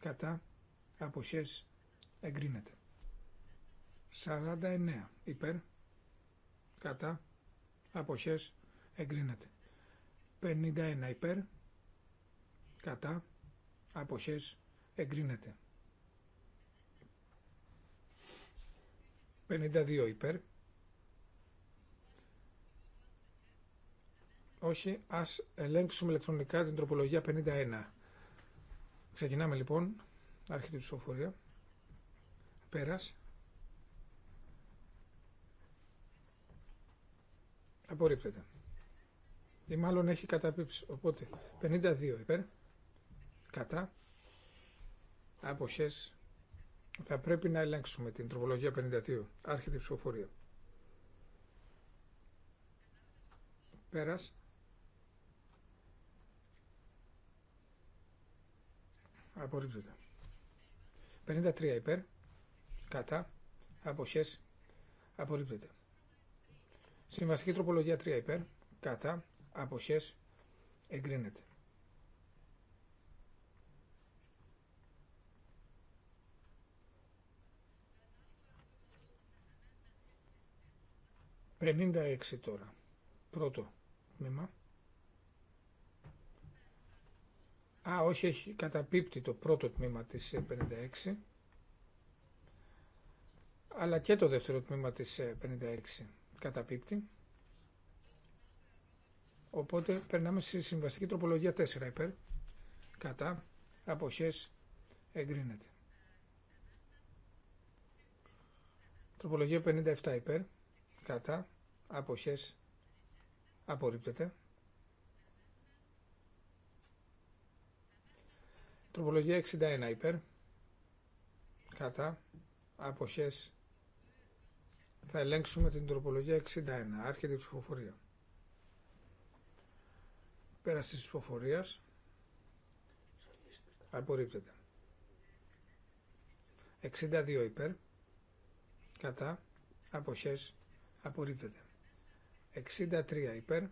κατά, αποχές, εγκρίνεται. 49 υπέρ, κατά, αποχές, εγκρίνεται. 51 υπέρ, κατά, αποχές, εγκρίνεται. 52 υπέρ, όχι, ας ελέγξουμε ηλεκτρονικά την τροπολογία 51. Ξεκινάμε λοιπόν, άρχεται ψηφοφορία. Πέρας. Απορρίπτεται. Ή μάλλον έχει καταπίψει. Οπότε 52 υπέρ. Κατά. Αποχές. Θα πρέπει να ελέγξουμε την τροπολογία 52. Άρχεται η ψηφοφορία. Πέρας. απορρίπτεται. 53 υπέρ, κατά, αποχές, απορρίπτεται. Συμβαστική τροπολογία 3 υπέρ, κατά, αποχές, εγκρίνεται. 56 τώρα. Πρώτο τμήμα. Α, όχι, έχει καταπίπτει το πρώτο τμήμα της 56, ε, αλλά και το δεύτερο τμήμα της 56 ε, καταπίπτει. Οπότε περνάμε στη συμβαστική τροπολογία 4 υπέρ, κατά, αποχές, εγκρίνεται. Τροπολογία 57 υπέρ, κατά, αποχές, απορρίπτεται. Τροπολογία 61 υπέρ. Κατά. Αποχές. Θα ελέγξουμε την τροπολογία 61. Άρχεται η ψηφοφορία. Πέραση της ψηφοφορίας. Απορρίπτεται. 62 υπέρ. Κατά. Αποχές. Απορρίπτεται. 63 υπέρ.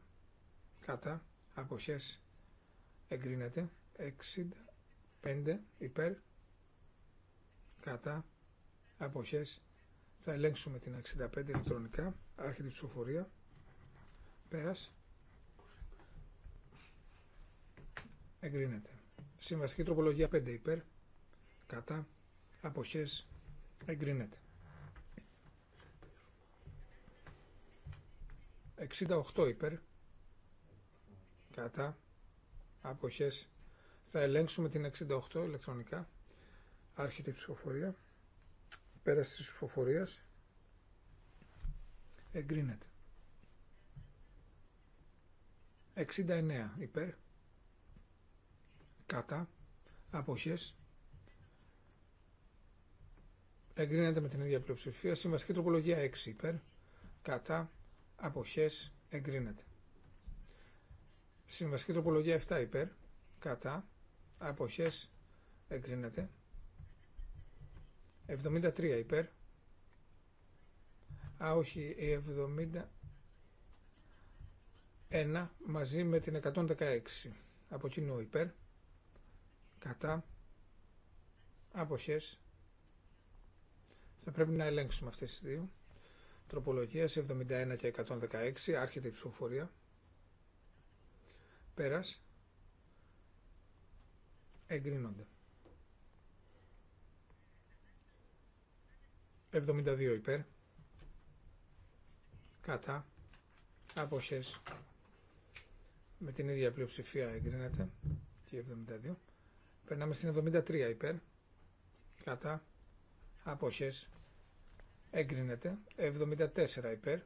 Κατά. Αποχές. Εγκρίνεται. 60 5 υπέρ κατά αποχές θα ελέγξουμε την 65 ηλεκτρονικά άρχεται ψηφοφορία πέρας εγκρίνεται συμβαστική τροπολογία 5 υπέρ κατά αποχές εγκρίνεται 68 υπέρ κατά αποχές θα ελέγξουμε την 68 ηλεκτρονικά. Άρχεται η ψηφοφορία. Πέραση της ψηφοφορίας. Εγκρίνεται. 69 υπέρ. Κατά. Αποχές. Εγκρίνεται με την ίδια πλειοψηφία. Συμβασική τροπολογία 6 υπέρ. Κατά. Αποχές. Εγκρίνεται. Συμβασική τροπολογία 7 υπέρ. Κατά αποχές εγκρίνεται 73 υπέρ α όχι 71 μαζί με την 116 από κοινού υπέρ κατά αποχές θα πρέπει να ελέγξουμε αυτές τις δύο τροπολογίες 71 και 116 άρχεται η ψηφοφορία πέρας εγκρίνονται. 72 υπέρ κατά άποχες με την ίδια πλειοψηφία εγκρίνεται και 72 περνάμε στην 73 υπέρ κατά άποχες εγκρίνεται 74 υπέρ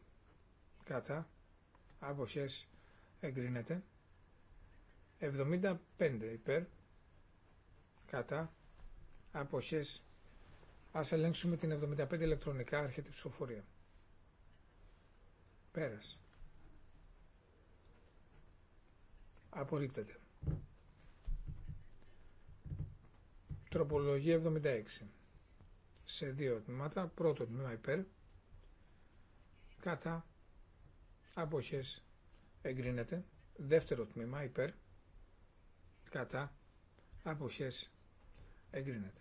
κατά άποχες εγκρίνεται 75 υπέρ κατά αποχές ας ελέγξουμε την 75 ηλεκτρονικά άρχεται ψηφοφορία πέρας απορρίπτεται τροπολογία 76 σε δύο τμήματα πρώτο τμήμα υπέρ κατά αποχές εγκρίνεται δεύτερο τμήμα υπέρ κατά αποχές Εγκρίνεται.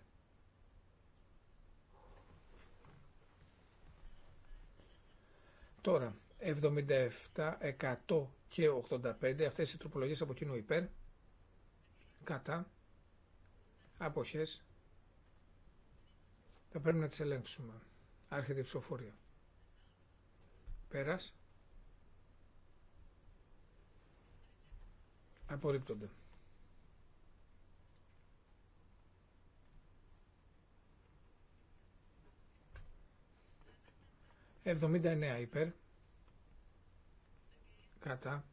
Τώρα, 77, 100 και 85, αυτές οι τροπολογίες από κοινού υπέρ, κατά, αποχές, θα πρέπει να τις ελέγξουμε. Άρχεται η ψηφοφορία. Πέρας. Απορρίπτονται. 79 υπέρ κατά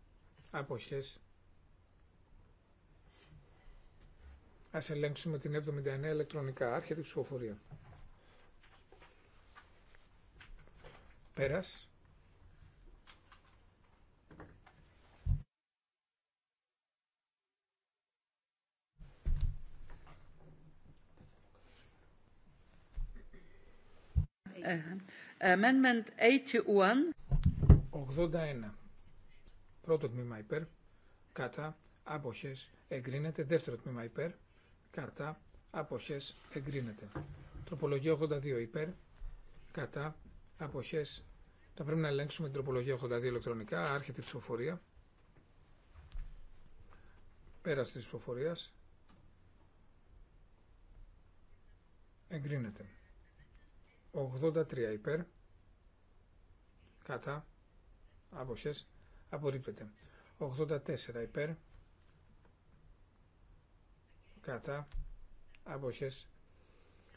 αποχές Ας ελέγξουμε την 79 ηλεκτρονικά. Άρχεται η ψηφοφορία. Πέρας. Ε, Amendment 81. 81. Πρώτο τμήμα υπέρ. Κατά. Αποχές. Εγκρίνεται. Δεύτερο τμήμα υπέρ. Κατά. Αποχές. Εγκρίνεται. Τροπολογία 82 υπέρ. Κατά. Αποχές. Θα πρέπει να ελέγξουμε την τροπολογία 82 ηλεκτρονικά. Άρχεται η ψηφοφορία. Πέρα τη ψηφοφορίας. Εγκρίνεται. 83 υπέρ κατά αποχές απορρίπτεται 84 υπέρ κατά αποχές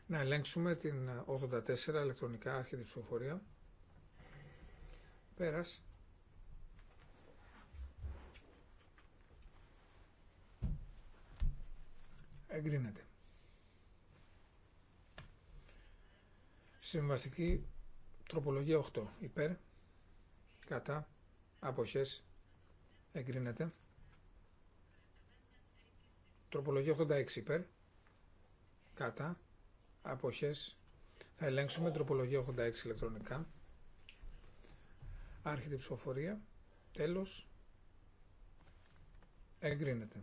να ελέγξουμε την 84 ηλεκτρονικά άρχη της ψηφοφορία πέρας εγκρίνεται Συμβαστική τροπολογία 8. Υπέρ, κατά, αποχές, εγκρίνεται. Τροπολογία 86 υπέρ, κατά, αποχές. Θα ελέγξουμε τροπολογία 86 ηλεκτρονικά. Άρχεται ψηφοφορία. Τέλος. Εγκρίνεται.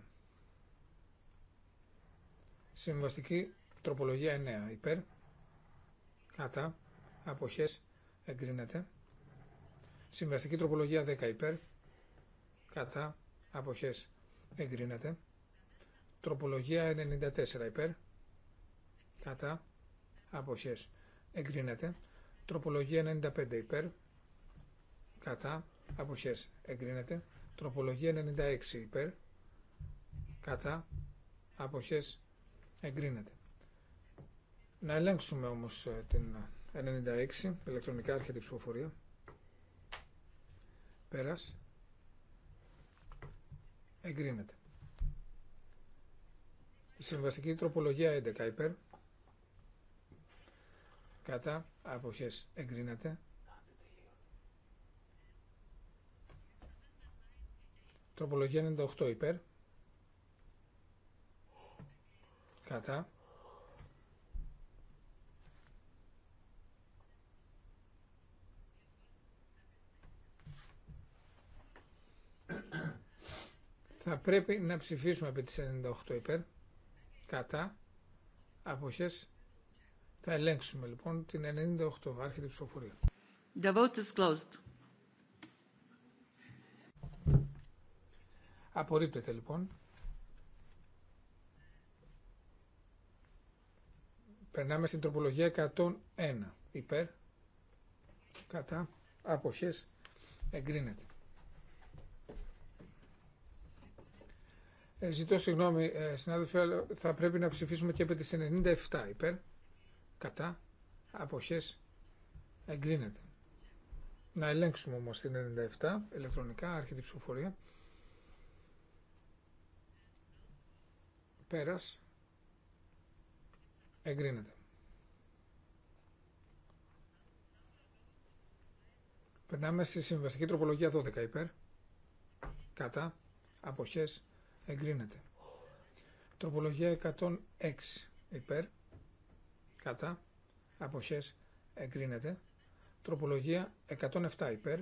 Συμβαστική τροπολογία 9 υπέρ, κατά αποχές εγκρίνεται. Συμβαστική τροπολογία 10 υπέρ κατά αποχές εγκρίνεται. Τροπολογία 94 υπέρ κατά αποχές εγκρίνεται. Τροπολογία 95 υπέρ κατά αποχές εγκρίνεται. Τροπολογία 96 υπέρ κατά αποχές εγκρίνεται. Να ελέγξουμε όμως ε, την 96, ε, ηλεκτρονικά έρχεται η ψηφοφορία. Πέρας. Εγκρίνεται. Η συμβαστική τροπολογία 11 υπέρ. Κατά αποχές εγκρίνεται. Τροπολογία 98 υπέρ. Κατά θα πρέπει να ψηφίσουμε από τις 98 υπέρ, κατά, αποχές. Θα ελέγξουμε λοιπόν την 98, άρχη ψηφοφορία. The vote is closed. Απορρίπτεται λοιπόν. Περνάμε στην τροπολογία 101. Υπέρ, κατά, αποχές, εγκρίνεται. Ε, ζητώ συγγνώμη, ε, συνάδελφοι, θα πρέπει να ψηφίσουμε και επί της 97 υπέρ, κατά, αποχές, εγκρίνεται. Να ελέγξουμε όμως την 97 ηλεκτρονικά, άρχεται ψηφοφορία. Πέρας, εγκρίνεται. Περνάμε στη συμβαστική τροπολογία 12 υπέρ, κατά, αποχές, εγκρίνεται. Τροπολογία 106 υπέρ, κατά, αποχές, εγκρίνεται. Τροπολογία 107 υπέρ,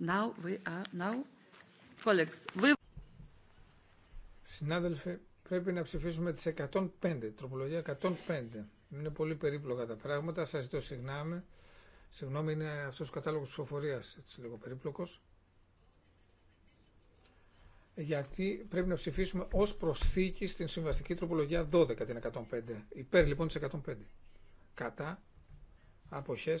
Now we are now. Συνάδελφοι, πρέπει να ψηφίσουμε τις 105, τροπολογία 105. Είναι πολύ περίπλοκα τα πράγματα. Σα ζητώ συγγνώμη. Συγγνώμη, είναι αυτό ο κατάλογο ψηφοφορία λίγο περίπλοκο. Γιατί πρέπει να ψηφίσουμε ω προσθήκη στην συμβαστική τροπολογία 12 την 105. Υπέρ λοιπόν τη 105. Κατά αποχέ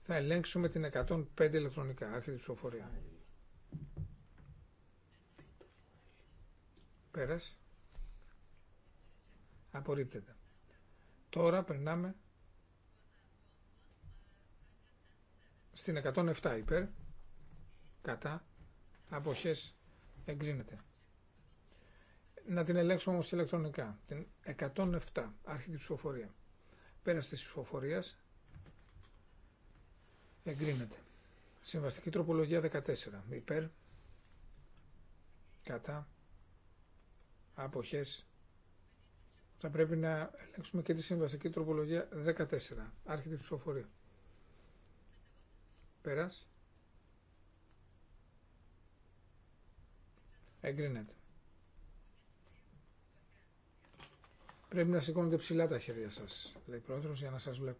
θα ελέγξουμε την 105 ηλεκτρονικά. Άρχεται η ψηφοφορία. Πέρασε. Απορρίπτεται. Τώρα περνάμε στην 107 υπέρ, κατά, αποχές εγκρίνεται. Να την ελέγξουμε όμως ηλεκτρονικά. Την 107, άρχιτη ψηφοφορία. Πέρας της ψηφοφορίας εγκρίνεται. Συμβαστική τροπολογία 14, υπέρ, κατά, αποχές θα πρέπει να ελέγξουμε και τη συμβαστική τροπολογία 14. Άρχεται η ψηφοφορία. Πέρας. Εγκρίνεται. Πρέπει να σηκώνετε ψηλά τα χέρια σας, λέει πρόεδρος, για να σας βλέπω.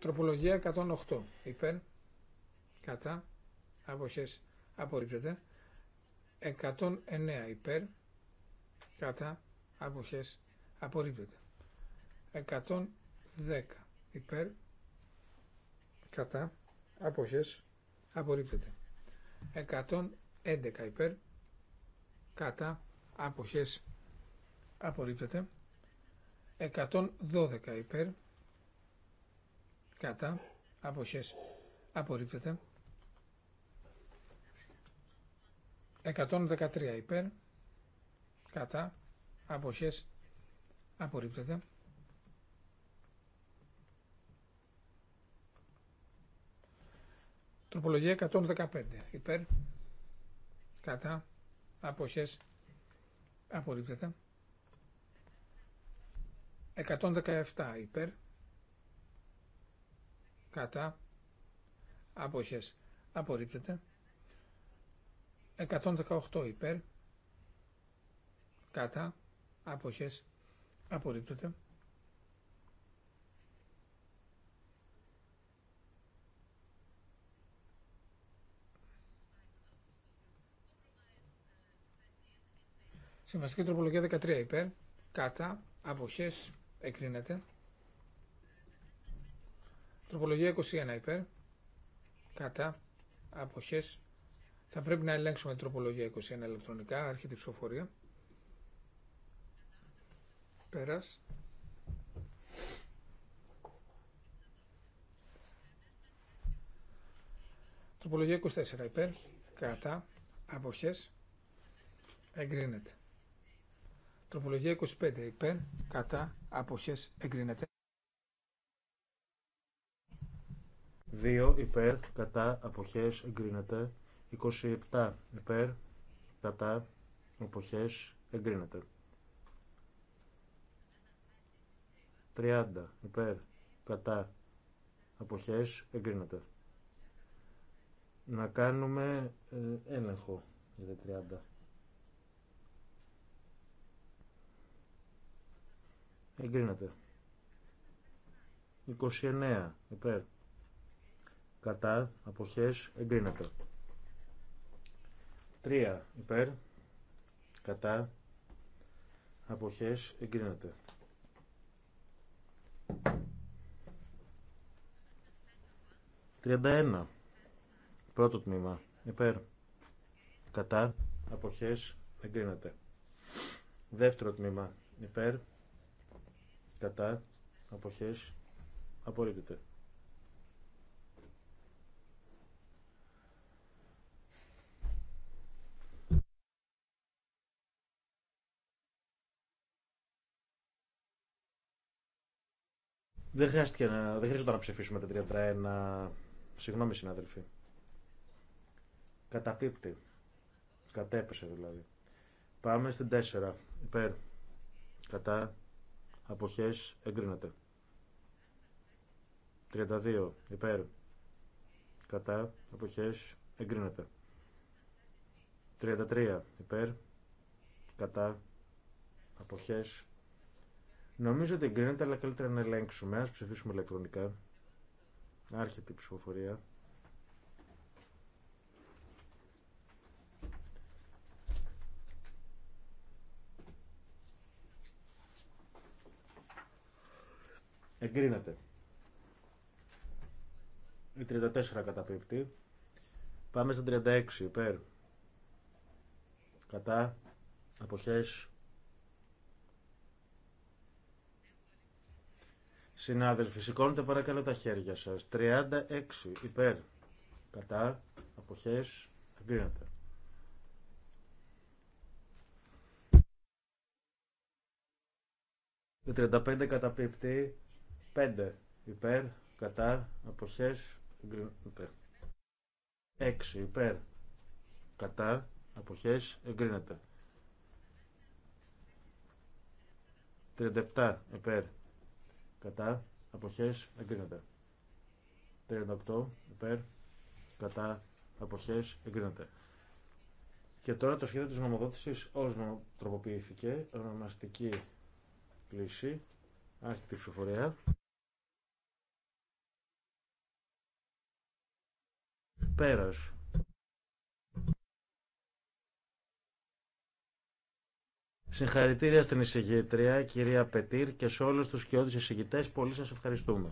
Τροπολογία 108. Υπέρ, κατά, αποχές απορρίπτεται 109 υπέρ κατά αποχές απορρίπτεται 110 υπέρ κατά αποχές απορρίπτεται 111 υπέρ κατά αποχές απορρίπτεται 112 υπέρ κατά αποχές απορρίπτεται 113 υπέρ, κατά, αποχές, απορρίπτεται. Τροπολογία 115 υπέρ, κατά, αποχές, απορρίπτεται. 117 υπέρ, κατά, αποχές, απορρίπτεται. 118 υπέρ κατά αποχές απορρίπτεται. Συμβαστική τροπολογία 13 υπέρ, κατά, αποχές, εκρίνεται. Τροπολογία 21 υπέρ, κατά, αποχές, θα πρέπει να ελέγξουμε την τροπολογία 21 ηλεκτρονικά, άρχεται η ψηφοφορία. Πέρας. Τροπολογία 24 υπέρ, κατά, αποχές, εγκρίνεται. Τροπολογία 25 υπέρ, κατά, αποχές, εγκρίνεται. 2 υπέρ, κατά, αποχές, εγκρίνεται. 27 υπέρ, κατά, εποχές, εγκρίνεται. 30 υπέρ, κατά, εποχές, εγκρίνεται. Να κάνουμε έλεγχο για τα 30. Εγκρίνεται. 29 υπέρ. Κατά, αποχές, εγκρίνεται. 3 υπέρ κατά αποχές εγκρίνεται. 31 πρώτο τμήμα υπέρ κατά αποχές εγκρίνεται. Δεύτερο τμήμα υπέρ κατά αποχές απορρίπτεται. Δεν, χρειάστηκε να, δεν χρειάζεται να ψηφίσουμε τα 31. Συγγνώμη, συναδελφοί. Καταπίπτει. Κατέπεσε δηλαδή. Πάμε στην 4. Υπέρ. Κατά. Αποχές. Εγκρίνεται. 32. Υπέρ. Κατά. Αποχές. Εγκρίνεται. 33. Υπέρ. Κατά. Αποχές. Νομίζω ότι εγκρίνεται, αλλά καλύτερα να ελέγξουμε. Ας ψηφίσουμε ηλεκτρονικά. Άρχεται η ψηφοφορία. Εγκρίνεται. Η 34 καταπίπτει. Πάμε στα 36 υπέρ. Κατά. Αποχές. Συνάδελφοι, σηκώνετε παρακαλώ τα χέρια σας. 36 υπέρ. Κατά. Αποχές. Εγκρίνεται. 35 35 καταπίπτει. 5 υπέρ. Κατά. Αποχές. Εγκρίνεται. 6 υπέρ. Κατά. Αποχές. Εγκρίνεται. 37 υπέρ κατά, αποχές, εγκρίνεται. 38 υπέρ, κατά, αποχές, εγκρίνεται. Και τώρα το σχέδιο της νομοδότησης ως τροποποιήθηκε, ονομαστική κλίση, άρχιτη ψηφοφορία. Πέρας. Συγχαρητήρια στην εισηγήτρια, κυρία Πετήρ και σε όλους τους κοιόδους εισηγητές. Πολύ σας ευχαριστούμε.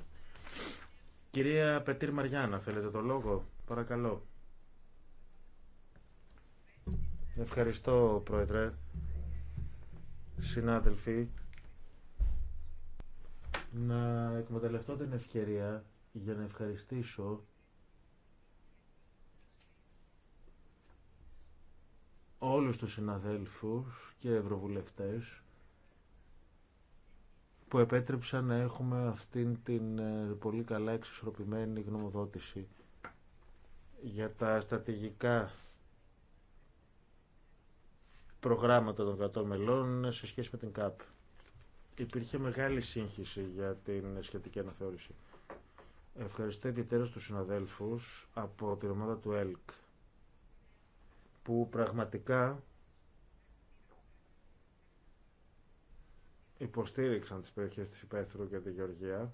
Κυρία Πετήρ Μαριάννα, θέλετε το λόγο. Παρακαλώ. Ευχαριστώ, Πρόεδρε. Συνάδελφοι, να εκμεταλλευτώ την ευκαιρία για να ευχαριστήσω όλους τους συναδέλφους και ευρωβουλευτές που επέτρεψαν να έχουμε αυτήν την ε, πολύ καλά εξισορροπημένη γνωμοδότηση για τα στρατηγικά προγράμματα των κρατών μελών σε σχέση με την ΚΑΠ. Υπήρχε μεγάλη σύγχυση για την σχετική αναθεώρηση. Ευχαριστώ ιδιαίτερα τους συναδέλφους από την ομάδα του ΕΛΚ που πραγματικά υποστήριξαν τις περιοχές της Υπέθρου και τη Γεωργία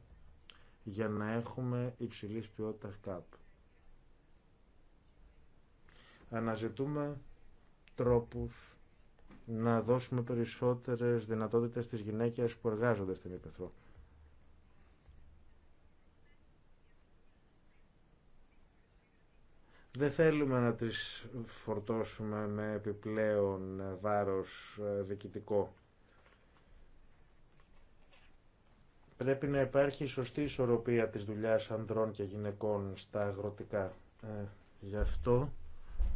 για να έχουμε υψηλής ποιότητας ΚΑΠ. Αναζητούμε τρόπους να δώσουμε περισσότερες δυνατότητες στις γυναίκες που εργάζονται στην Υπέθρου. Δεν θέλουμε να τις φορτώσουμε με επιπλέον βάρος ε, διοικητικό. Πρέπει να υπάρχει σωστή ισορροπία της δουλειάς ανδρών και γυναικών στα αγροτικά. Ε, γι' αυτό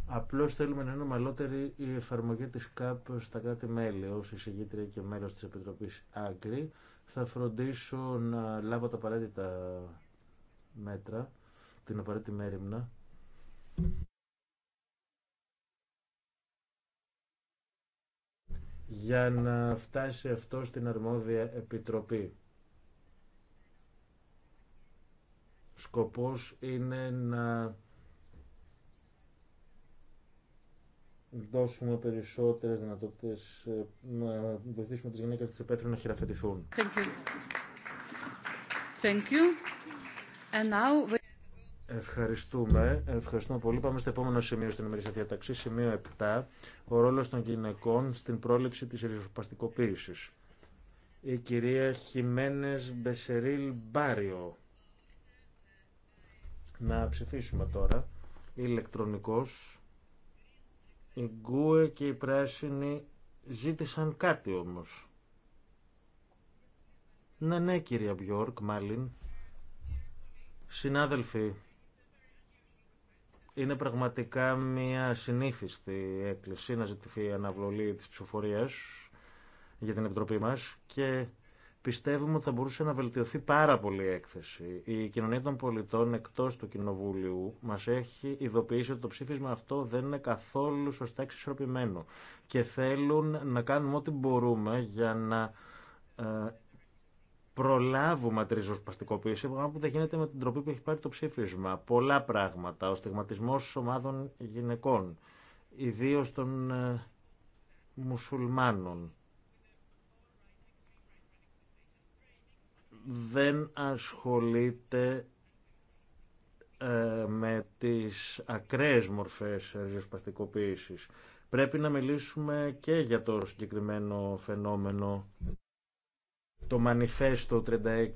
απλώς θέλουμε να είναι ομαλότερη η εφαρμογή της ΚΑΠ στα κράτη-μέλη. Ως εισηγήτρια και μέλος της Επιτροπής Άγκρη θα φροντίσω να λάβω τα απαραίτητα μέτρα, την απαραίτητη μέρημνα, για να φτάσει αυτό στην αρμόδια επιτροπή. Σκοπός είναι να δώσουμε περισσότερες δυνατότητες, να βοηθήσουμε τις γυναίκες της επέτρου να χειραφετηθούν. Thank you. Thank you. And now... Ευχαριστούμε. Ευχαριστούμε πολύ. Πάμε στο επόμενο σημείο στην ημερήσια διαταξή. Σημείο 7. Ο ρόλο των γυναικών στην πρόληψη τη ριζοσπαστικοποίηση. Η κυρία Χιμένες Μπεσερίλ Μπάριο. Να ψηφίσουμε τώρα ηλεκτρονικός. Η Γκούε και η Πράσινοι ζήτησαν κάτι όμως. Ναι, ναι, κυρία Μπιόρκ, μάλλον. Συνάδελφοι, είναι πραγματικά μια συνήθιστη έκκληση να ζητηθεί η αναβολή της ψηφοφορίας για την Επιτροπή μας και πιστεύουμε ότι θα μπορούσε να βελτιωθεί πάρα πολύ η έκθεση. Η κοινωνία των πολιτών εκτός του Κοινοβουλίου μας έχει ειδοποιήσει ότι το ψήφισμα αυτό δεν είναι καθόλου σωστά εξισορροπημένο και θέλουν να κάνουμε ό,τι μπορούμε για να ε, προλάβουμε τη ριζοσπαστικοποίηση, που δεν γίνεται με την τροπή που έχει πάρει το ψήφισμα. Πολλά πράγματα. Ο στιγματισμό ομάδων γυναικών, ιδίω των ε, μουσουλμάνων. Δεν ασχολείται ε, με τις ακραίες μορφές ριζοσπαστικοποίησης. Πρέπει να μιλήσουμε και για το συγκεκριμένο φαινόμενο το μανιφέστο 36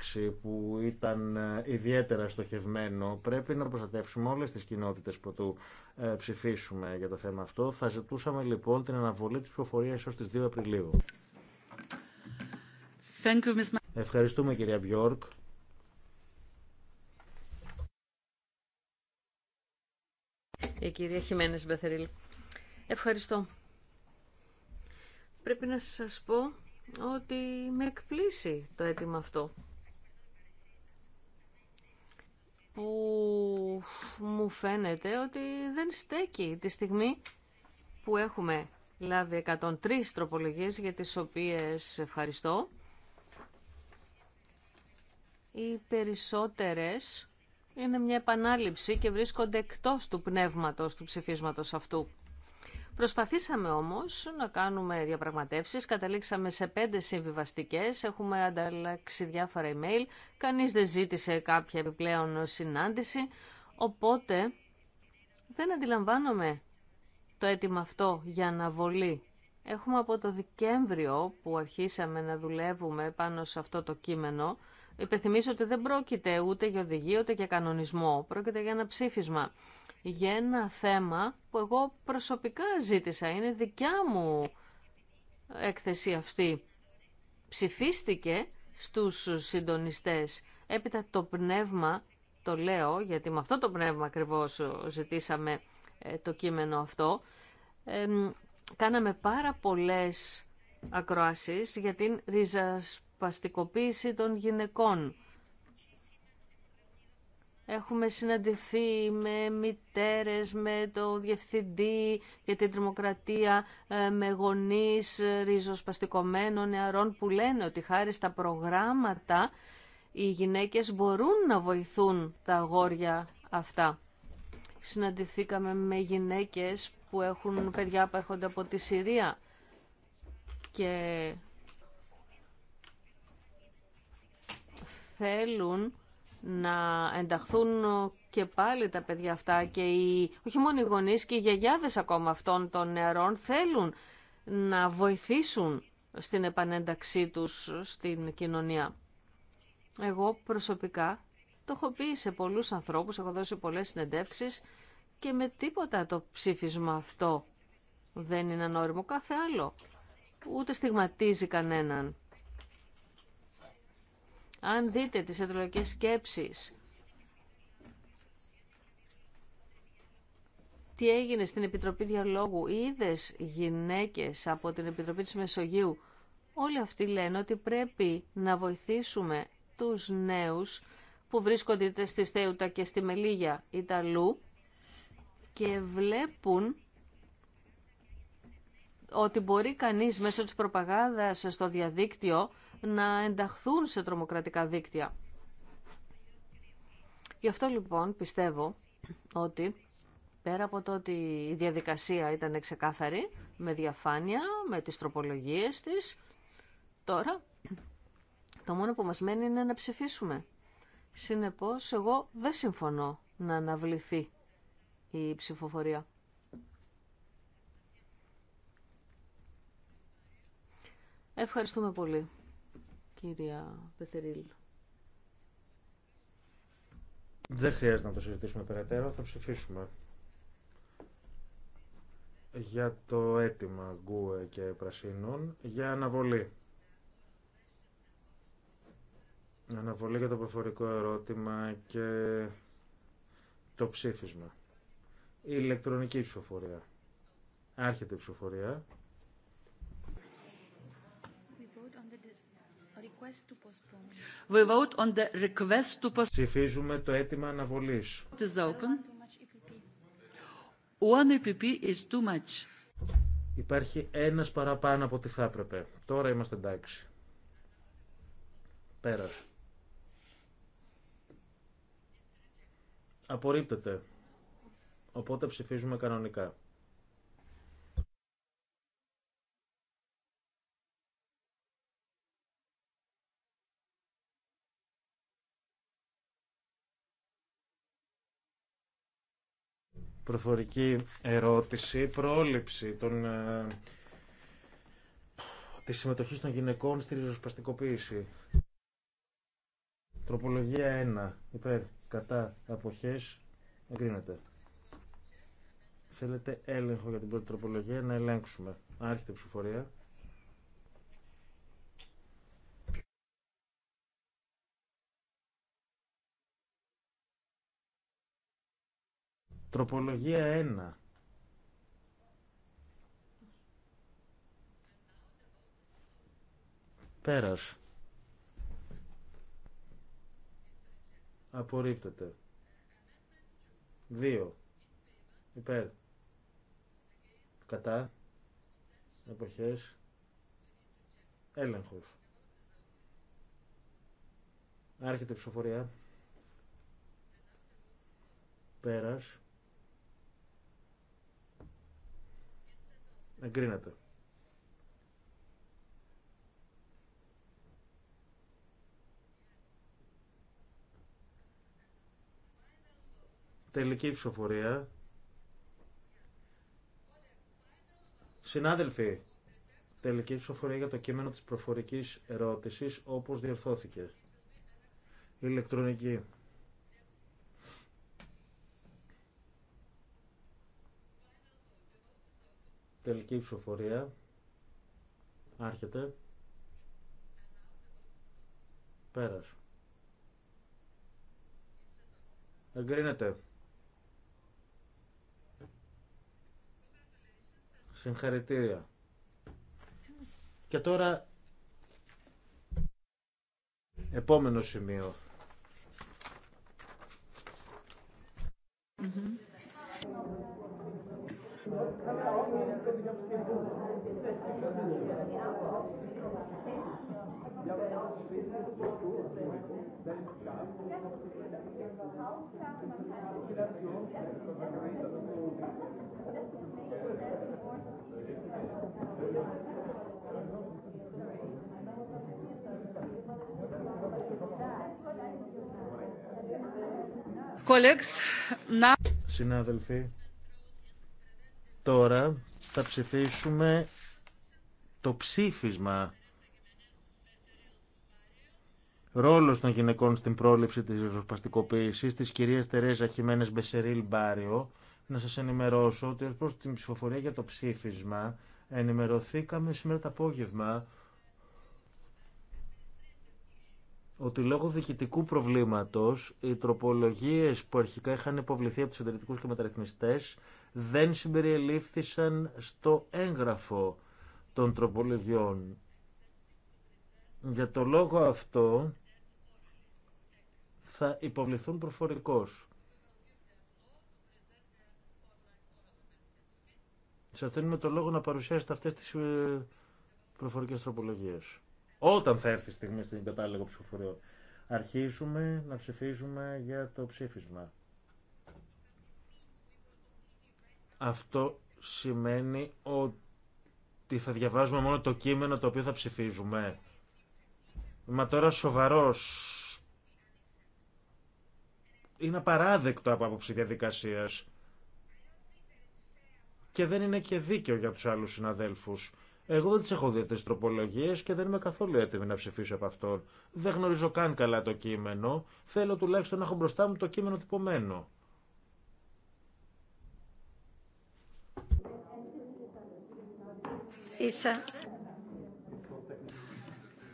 που ήταν ε, ιδιαίτερα στοχευμένο πρέπει να προστατεύσουμε όλες τις κοινότητες που του ε, ψηφίσουμε για το θέμα αυτό. Θα ζητούσαμε λοιπόν την αναβολή της ψηφοφορίας έως τις 2 Απριλίου. you, Ms. Ευχαριστούμε κυρία Μπιόρκ. Η κυρία Χιμένες Μπεθερίλ. Ευχαριστώ. Πρέπει να σας πω ότι με εκπλήσει το αίτημα αυτό που μου φαίνεται ότι δεν στέκει τη στιγμή που έχουμε λάβει 103 τροπολογίες για τις οποίες ευχαριστώ. Οι περισσότερες είναι μια επανάληψη και βρίσκονται εκτός του πνεύματος του ψηφίσματος αυτού. Προσπαθήσαμε όμως να κάνουμε διαπραγματεύσεις, καταλήξαμε σε πέντε συμβιβαστικές, έχουμε ανταλλάξει διάφορα email, κανείς δεν ζήτησε κάποια επιπλέον συνάντηση, οπότε δεν αντιλαμβάνομαι το αίτημα αυτό για αναβολή. Έχουμε από το Δεκέμβριο που αρχίσαμε να δουλεύουμε πάνω σε αυτό το κείμενο. Υπενθυμίζω ότι δεν πρόκειται ούτε για οδηγία ούτε για κανονισμό, πρόκειται για ένα ψήφισμα για ένα θέμα που εγώ προσωπικά ζήτησα. Είναι δικιά μου έκθεση αυτή. Ψηφίστηκε στους συντονιστές. Έπειτα το πνεύμα, το λέω, γιατί με αυτό το πνεύμα ακριβώς ζητήσαμε ε, το κείμενο αυτό, κάναμε πάρα πολλές ακροάσεις για την ριζασπαστικοποίηση των γυναικών Έχουμε συναντηθεί με μητέρες, με το διευθυντή για την τρομοκρατία, ε, με γονείς ε, ριζοσπαστικομένων νεαρών που λένε ότι χάρη στα προγράμματα οι γυναίκες μπορούν να βοηθούν τα αγόρια αυτά. Συναντηθήκαμε με γυναίκες που έχουν παιδιά που έρχονται από τη Συρία και θέλουν να ενταχθούν και πάλι τα παιδιά αυτά και οι, όχι μόνο οι γονείς και οι γιαγιάδες ακόμα αυτών των νεαρών θέλουν να βοηθήσουν στην επανένταξή τους στην κοινωνία. Εγώ προσωπικά το έχω πει σε πολλούς ανθρώπους, έχω δώσει πολλές συνεντεύξεις και με τίποτα το ψήφισμα αυτό δεν είναι ανώριμο κάθε άλλο. Ούτε στιγματίζει κανέναν. Αν δείτε τις εντρολογικές σκέψεις, τι έγινε στην Επιτροπή Διαλόγου, είδε γυναίκες από την Επιτροπή της Μεσογείου, όλοι αυτοί λένε ότι πρέπει να βοηθήσουμε τους νέους που βρίσκονται είτε στη Στέουτα και στη Μελίγια Ιταλού και βλέπουν ότι μπορεί κανείς μέσω της προπαγάνδας στο διαδίκτυο να ενταχθούν σε τρομοκρατικά δίκτυα. Γι' αυτό λοιπόν πιστεύω ότι πέρα από το ότι η διαδικασία ήταν ξεκάθαρη, με διαφάνεια, με τις τροπολογίες της, τώρα το μόνο που μας μένει είναι να ψηφίσουμε. Συνεπώς, εγώ δεν συμφωνώ να αναβληθεί η ψηφοφορία. Ευχαριστούμε πολύ κυρία Πεθερίλ. Δεν χρειάζεται να το συζητήσουμε περαιτέρω, θα ψηφίσουμε. Για το αίτημα Γκούε και Πρασίνων, για αναβολή. Αναβολή για το προφορικό ερώτημα και το ψήφισμα. Η ηλεκτρονική ψηφοφορία. Άρχεται η ψηφοφορία. We vote on the request to Ψηφίζουμε το αίτημα αναβολής. is too much. Υπάρχει ένας παραπάνω από ό,τι θα έπρεπε. Τώρα είμαστε εντάξει. Πέρας. Απορρίπτεται. Οπότε ψηφίζουμε κανονικά. προφορική ερώτηση, πρόληψη των, ε, της συμμετοχής των γυναικών στη ριζοσπαστικοποίηση. Τροπολογία 1. Υπέρ, κατά, αποχές, εγκρίνεται. Θέλετε έλεγχο για την πρώτη τροπολογία, να ελέγξουμε. Άρχεται η ψηφορία. Τροπολογία 1. Πέρας. Απορρίπτεται. 2. Υπέρ. Κατά. Εποχές. Έλεγχος. Άρχεται η ψηφοφορία. Πέρας. Εγκρίνεται. Τελική ψηφοφορία. Συνάδελφοι, τελική ψηφοφορία για το κείμενο της προφορικής ερώτησης όπως διορθώθηκε. Ηλεκτρονική. Τελική ψηφοφορία. Άρχεται. Πέρας. Εγκρίνεται. Συγχαρητήρια. Και τώρα επόμενο σημείο. Συνάδελφοι, τώρα θα ψηφίσουμε το ψήφισμα ρόλο των γυναικών στην πρόληψη τη ριζοσπαστικοποίηση τη κυρία Τερέζα Χιμένε Μπεσερίλ Μπάριο, να σα ενημερώσω ότι ω προ την ψηφοφορία για το ψήφισμα ενημερωθήκαμε σήμερα το απόγευμα ότι λόγω διοικητικού προβλήματος οι τροπολογίες που αρχικά είχαν υποβληθεί από τους συντηρητικούς και μεταρρυθμιστές δεν συμπεριελήφθησαν στο έγγραφο των τροπολογιών. Για το λόγο αυτό θα υποβληθούν προφορικώς. Σας δίνουμε το λόγο να παρουσιάσετε αυτές τις ε, προφορικές τροπολογίες. Όταν θα έρθει η στιγμή στην κατάλληλο ψηφοφορία. Αρχίζουμε να ψηφίζουμε για το ψήφισμα. Αυτό σημαίνει ότι θα διαβάζουμε μόνο το κείμενο το οποίο θα ψηφίζουμε. Μα τώρα σοβαρός είναι απαράδεκτο από άποψη διαδικασία. Και δεν είναι και δίκαιο για του άλλου συναδέλφου. Εγώ δεν τι έχω δει αυτέ τι τροπολογίε και δεν είμαι καθόλου έτοιμη να ψηφίσω από αυτόν. Δεν γνωρίζω καν καλά το κείμενο. Θέλω τουλάχιστον να έχω μπροστά μου το κείμενο τυπωμένο.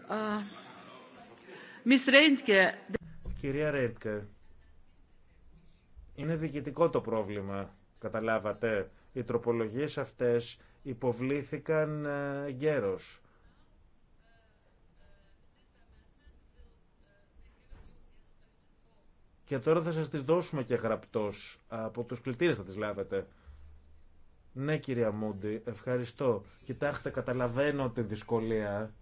Uh, Miss Κυρία Ρέντκε, είναι διοικητικό το πρόβλημα, καταλάβατε. Οι τροπολογίες αυτές υποβλήθηκαν ε, γέρος. Και τώρα θα σας τις δώσουμε και γραπτός. Από τους κλητήρες θα τις λάβετε. Ναι, κυρία Μούντι, ευχαριστώ. Κοιτάξτε, καταλαβαίνω τη δυσκολία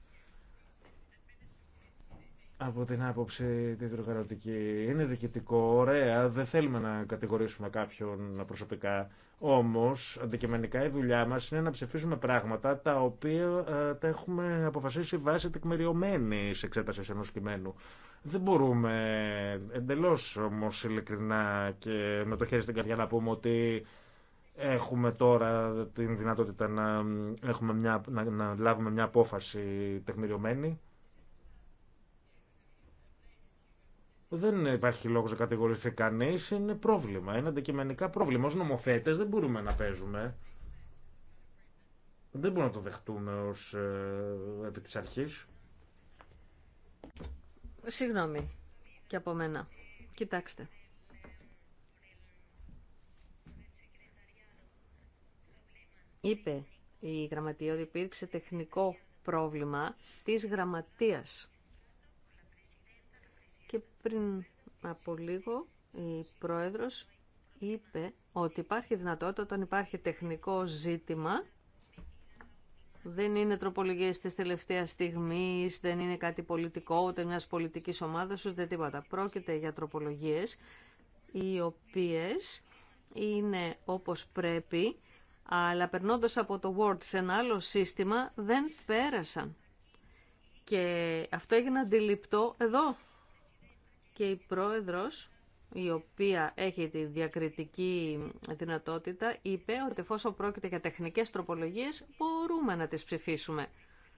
από την άποψη τη διοργανωτική. Είναι διοικητικό, ωραία, δεν θέλουμε να κατηγορήσουμε κάποιον προσωπικά. Όμω, αντικειμενικά η δουλειά μα είναι να ψηφίσουμε πράγματα τα οποία ε, τα έχουμε αποφασίσει βάσει τεκμηριωμένη εξέταση ενό κειμένου. Δεν μπορούμε εντελώ όμω ειλικρινά και με το χέρι στην καρδιά να πούμε ότι έχουμε τώρα την δυνατότητα να, έχουμε να λάβουμε μια απόφαση τεκμηριωμένη. Δεν υπάρχει λόγο να κατηγορηθεί κανεί. Είναι πρόβλημα. Είναι αντικειμενικά πρόβλημα. Ω νομοθέτε δεν μπορούμε να παίζουμε. Δεν μπορούμε να το δεχτούμε ω ε, επί τη αρχή. Συγγνώμη και από μένα. Κοιτάξτε. Είπε η γραμματεία ότι υπήρξε τεχνικό πρόβλημα της γραμματείας πριν από λίγο η Πρόεδρος είπε ότι υπάρχει δυνατότητα όταν υπάρχει τεχνικό ζήτημα δεν είναι τροπολογίες της τελευταίας στιγμής, δεν είναι κάτι πολιτικό, ούτε μιας πολιτικής ομάδας, ούτε τίποτα. Πρόκειται για τροπολογίες οι οποίες είναι όπως πρέπει, αλλά περνώντας από το Word σε ένα άλλο σύστημα δεν πέρασαν. Και αυτό έγινε αντιληπτό εδώ και η πρόεδρος η οποία έχει τη διακριτική δυνατότητα, είπε ότι εφόσον πρόκειται για τεχνικές τροπολογίες, μπορούμε να τις ψηφίσουμε.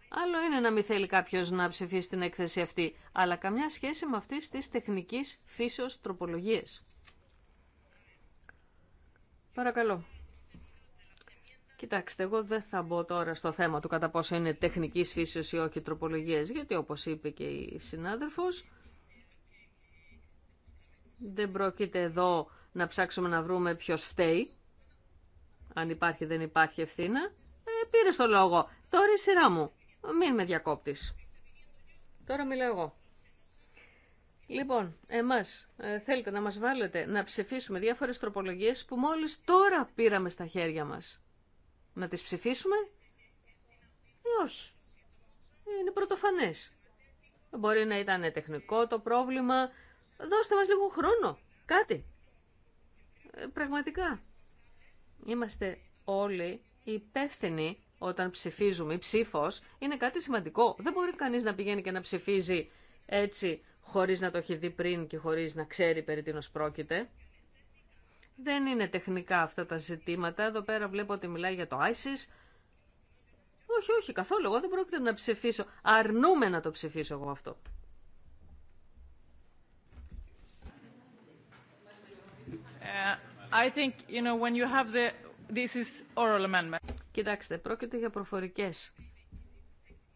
Άλλο είναι να μην θέλει κάποιο να ψηφίσει την έκθεση αυτή, αλλά καμιά σχέση με αυτή τη τεχνική φύσεω τροπολογίε. Παρακαλώ. Κοιτάξτε, εγώ δεν θα μπω τώρα στο θέμα του κατά πόσο είναι τεχνική φύσεω ή όχι τροπολογίε, γιατί όπω είπε και η συνάδελφο, δεν πρόκειται εδώ να ψάξουμε να βρούμε ποιος φταίει. Αν υπάρχει δεν υπάρχει ευθύνα. Ε, πήρε το λόγο. Τώρα η σειρά μου. Μην με διακόπτεις. Τώρα μιλάω εγώ. Λοιπόν, εμάς ε, θέλετε να μας βάλετε να ψηφίσουμε διάφορες τροπολογίες που μόλις τώρα πήραμε στα χέρια μας. Να τις ψηφίσουμε ή ε, όχι. Είναι πρωτοφανές. Μπορεί να ήταν τεχνικό το πρόβλημα, Δώστε μας λίγο χρόνο. Κάτι. Ε, πραγματικά. Είμαστε όλοι υπεύθυνοι όταν ψηφίζουμε. Η ψήφος είναι κάτι σημαντικό. Δεν μπορεί κανείς να πηγαίνει και να ψηφίζει έτσι χωρίς να το έχει δει πριν και χωρίς να ξέρει περί τίνος πρόκειται. Δεν είναι τεχνικά αυτά τα ζητήματα. Εδώ πέρα βλέπω ότι μιλάει για το ISIS. Όχι, όχι, καθόλου. Εγώ δεν πρόκειται να ψηφίσω. Αρνούμε να το ψηφίσω εγώ αυτό. Κοιτάξτε, πρόκειται για προφορικές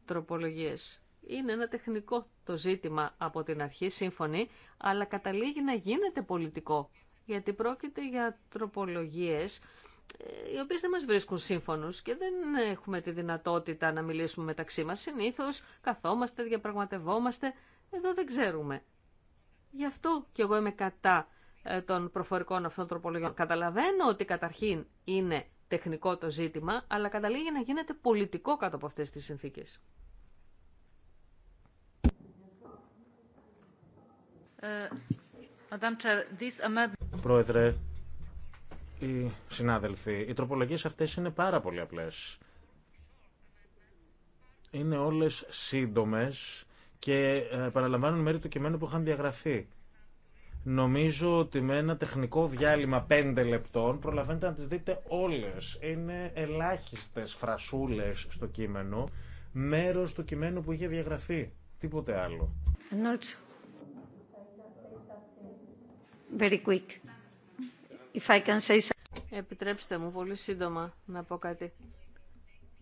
τροπολογίες. Είναι ένα τεχνικό το ζήτημα από την αρχή, σύμφωνη, αλλά καταλήγει να γίνεται πολιτικό, γιατί πρόκειται για τροπολογίες ε, οι οποίες δεν μας βρίσκουν σύμφωνους και δεν έχουμε τη δυνατότητα να μιλήσουμε μεταξύ μας. Συνήθως καθόμαστε, διαπραγματευόμαστε, εδώ δεν ξέρουμε. Γι' αυτό κι εγώ είμαι κατά ε, των προφορικών αυτών τροπολογιών. Καταλαβαίνω ότι καταρχήν είναι τεχνικό το ζήτημα, αλλά καταλήγει να γίνεται πολιτικό κάτω από αυτές τις συνθήκες. Ε, Πρόεδρε, οι συνάδελφοι, οι τροπολογίες αυτές είναι πάρα πολύ απλές. Είναι όλες σύντομες και ε, παραλαμβάνουν μέρη του κειμένου που είχαν διαγραφεί. Νομίζω ότι με ένα τεχνικό διάλειμμα 5 λεπτών προλαβαίνετε να τις δείτε όλες. Είναι ελάχιστες φρασούλες στο κείμενο, μέρος του κειμένου που είχε διαγραφεί. Τίποτε άλλο. Very quick. If I Επιτρέψτε μου πολύ σύντομα να πω κάτι.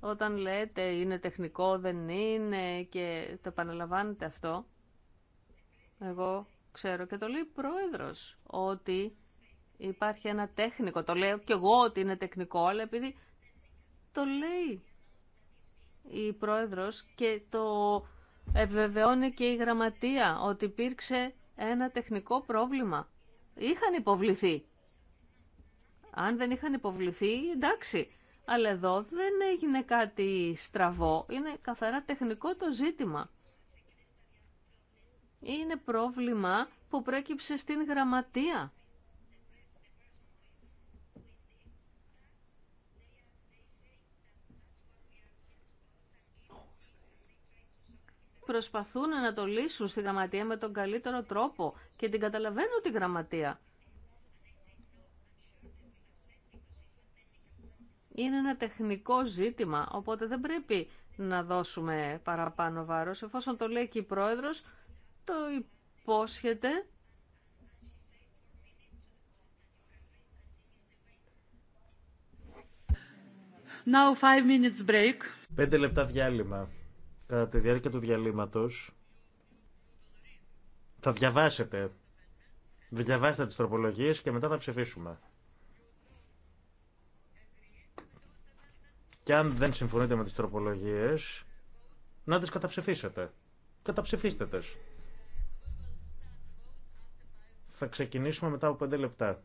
Όταν λέτε είναι τεχνικό, δεν είναι και το επαναλαμβάνετε αυτό, εγώ ξέρω και το λέει πρόεδρος ότι υπάρχει ένα τέχνικο. Το λέω και εγώ ότι είναι τεχνικό, αλλά επειδή το λέει η πρόεδρος και το επιβεβαιώνει και η γραμματεία ότι υπήρξε ένα τεχνικό πρόβλημα. Είχαν υποβληθεί. Αν δεν είχαν υποβληθεί, εντάξει. Αλλά εδώ δεν έγινε κάτι στραβό. Είναι καθαρά τεχνικό το ζήτημα είναι πρόβλημα που προέκυψε στην γραμματεία. Προσπαθούν να το λύσουν στη γραμματεία με τον καλύτερο τρόπο και την καταλαβαίνουν τη γραμματεία. Είναι ένα τεχνικό ζήτημα, οπότε δεν πρέπει να δώσουμε παραπάνω βάρος. Εφόσον το λέει και η Πρόεδρος, το υπόσχεται Now five minutes break. Πέντε λεπτά διάλειμμα. Κατά τη διάρκεια του διαλύματος θα διαβάσετε. Διαβάστε τις τροπολογίες και μετά θα ψηφίσουμε. Και αν δεν συμφωνείτε με τις τροπολογίες, να τις καταψηφίσετε. Καταψηφίστε τες. Θα ξεκινήσουμε μετά από 5 λεπτά.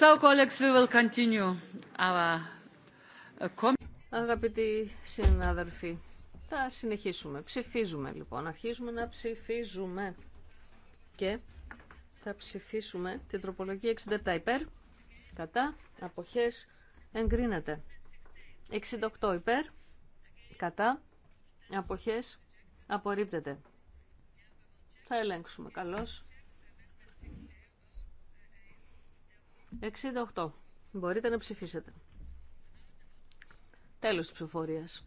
Uh, Αγαπητοί συνάδελφοι, θα συνεχίσουμε. Ψηφίζουμε λοιπόν. Αρχίζουμε να ψηφίζουμε και θα ψηφίσουμε την τροπολογία 67 υπέρ, κατά, αποχές, εγκρίνεται. 68 υπέρ, κατά, αποχές, απορρίπτεται. Θα ελέγξουμε καλώς. 68. Μπορείτε να ψηφίσετε. Τέλος της ψηφοφορίας.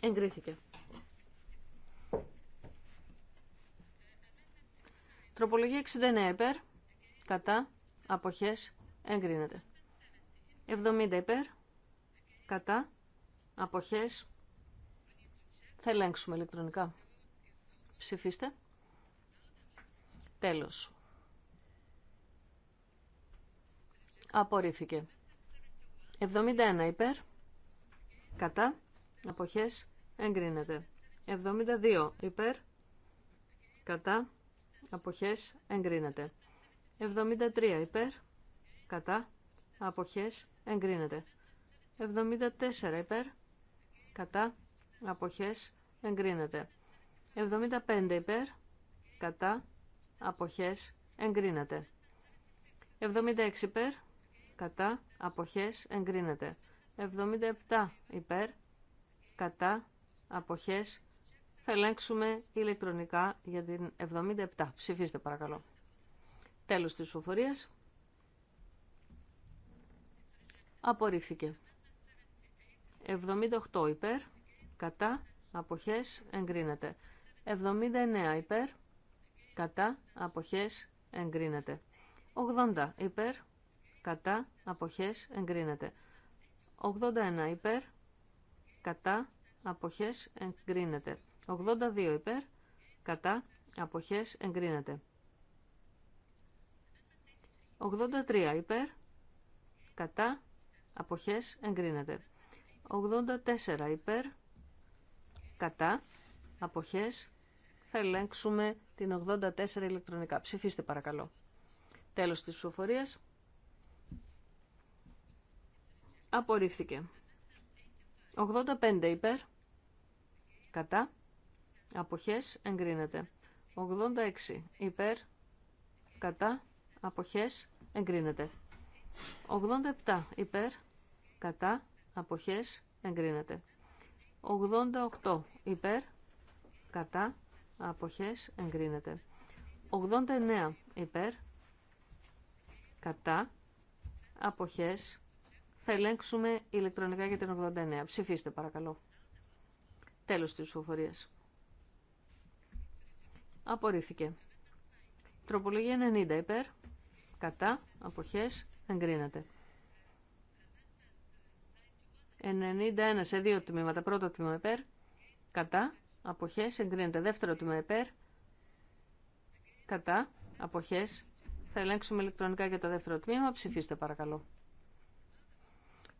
Εγκρίθηκε. Τροπολογία 69 υπέρ, κατά, αποχές, εγκρίνεται. 70 υπέρ, κατά, αποχές, θα ελέγξουμε ηλεκτρονικά. Ψηφίστε. Τέλος. Απορρίφθηκε. 71 υπέρ. Κατά. Αποχές. Εγκρίνεται. 72 υπέρ. Κατά. Αποχές. Εγκρίνεται. 73 υπέρ. Κατά. Αποχές. Εγκρίνεται. 74 υπέρ. Κατά. Αποχές. Εγκρίνεται. 75 υπέρ. Κατά. Αποχές. Εγκρίνεται. 76 υπέρ κατά, αποχές, εγκρίνεται. 77 υπέρ, κατά, αποχές, θα ελέγξουμε ηλεκτρονικά για την 77. Ψηφίστε παρακαλώ. Τέλος της ψηφοφορίας. Απορρίφθηκε. 78 υπέρ, κατά, αποχές, εγκρίνεται. 79 υπέρ, κατά, αποχές, εγκρίνεται. 80 υπέρ, κατά, αποχές, εγκρίνεται. 81 υπέρ, κατά, αποχές, εγκρίνεται. 82 υπέρ, κατά, αποχές, εγκρίνεται. 83 υπέρ, κατά, αποχές, εγκρίνεται. 84 υπέρ, κατά, αποχές, θα ελέγξουμε την 84 ηλεκτρονικά. Ψηφίστε παρακαλώ. Τέλος της ψηφοφορίας. Απορρίφθηκε. 85 υπέρ. Κατά. Αποχές εγκρίνεται. 86 υπέρ. Κατά. Αποχές εγκρίνεται. 87 υπέρ. Κατά. Αποχές εγκρίνεται. 88 υπέρ. Κατά. Αποχές εγκρίνεται. 89 υπέρ. Κατά. Αποχές θα ελέγξουμε ηλεκτρονικά για την 89. Ψηφίστε παρακαλώ. Τέλος της ψηφοφορίας. Απορρίφθηκε. Τροπολογία 90 υπέρ. Κατά. Αποχές. Εγκρίνεται. 91 σε δύο τμήματα. Πρώτο τμήμα υπέρ. Κατά. Αποχές. Εγκρίνεται. Δεύτερο τμήμα υπέρ. Κατά. Αποχές. Θα ελέγξουμε ηλεκτρονικά για το δεύτερο τμήμα. Ψηφίστε παρακαλώ.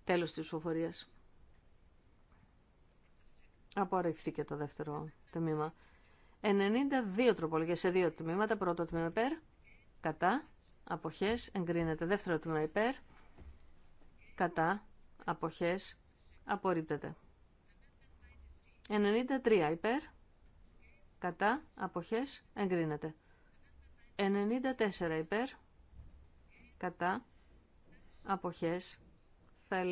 Τέλος της ψηφοφορίας. Απορριφθήκε το δεύτερο τμήμα. 92 τροπολογίες σε δύο τμήματα. Πρώτο τμήμα υπέρ, κατά, αποχές, εγκρίνεται. Δεύτερο τμήμα υπέρ, κατά, αποχές, απορρίπτεται. 93 υπέρ, κατά, αποχές, εγκρίνεται. 94 υπέρ, κατά, αποχές, θα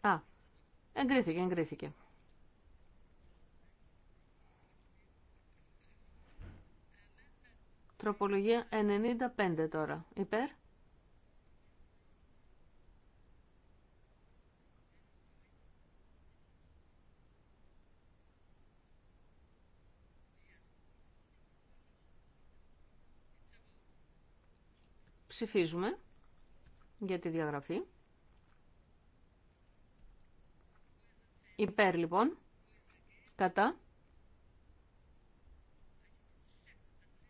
Α, εγκρίθηκε, εγκρίθηκε. Τροπολογία 95 τώρα. Υπέρ. Ψηφίζουμε για τη διαγραφή. Υπέρ λοιπόν. Κατά.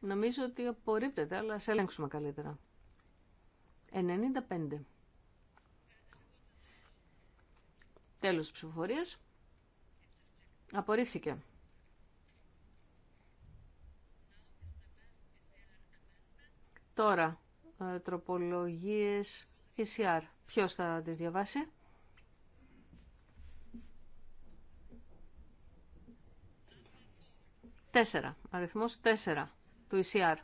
Νομίζω ότι απορρίπτεται, αλλά σε ελέγξουμε καλύτερα. 95. Τέλος ψηφοφορίας. Απορρίφθηκε. Τώρα, ε, τροπολογίες PCR. Ποιος θα τις διαβάσει. 4. Αριθμός 4 του ECR.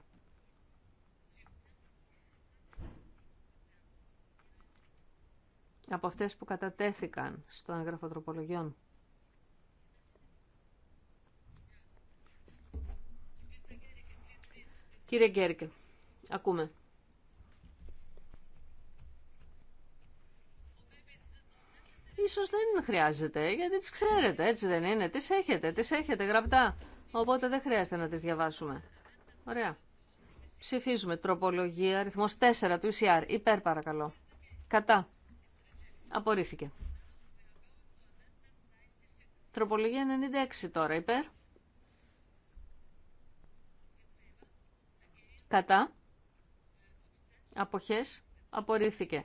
Από αυτές που κατατέθηκαν στο έγγραφο τροπολογιών. Κύριε Γκέρκε, ακούμε. Ίσως δεν χρειάζεται, γιατί τις ξέρετε, έτσι δεν είναι. Τις έχετε, τις έχετε γραπτά. Οπότε δεν χρειάζεται να τις διαβάσουμε. Ωραία. Ψηφίζουμε τροπολογία αριθμός 4 του ECR. Υπέρ παρακαλώ. Κατά. Απορρίφθηκε. Τροπολογία 96 τώρα. Υπέρ. Κατά. Αποχές. Απορρίφθηκε.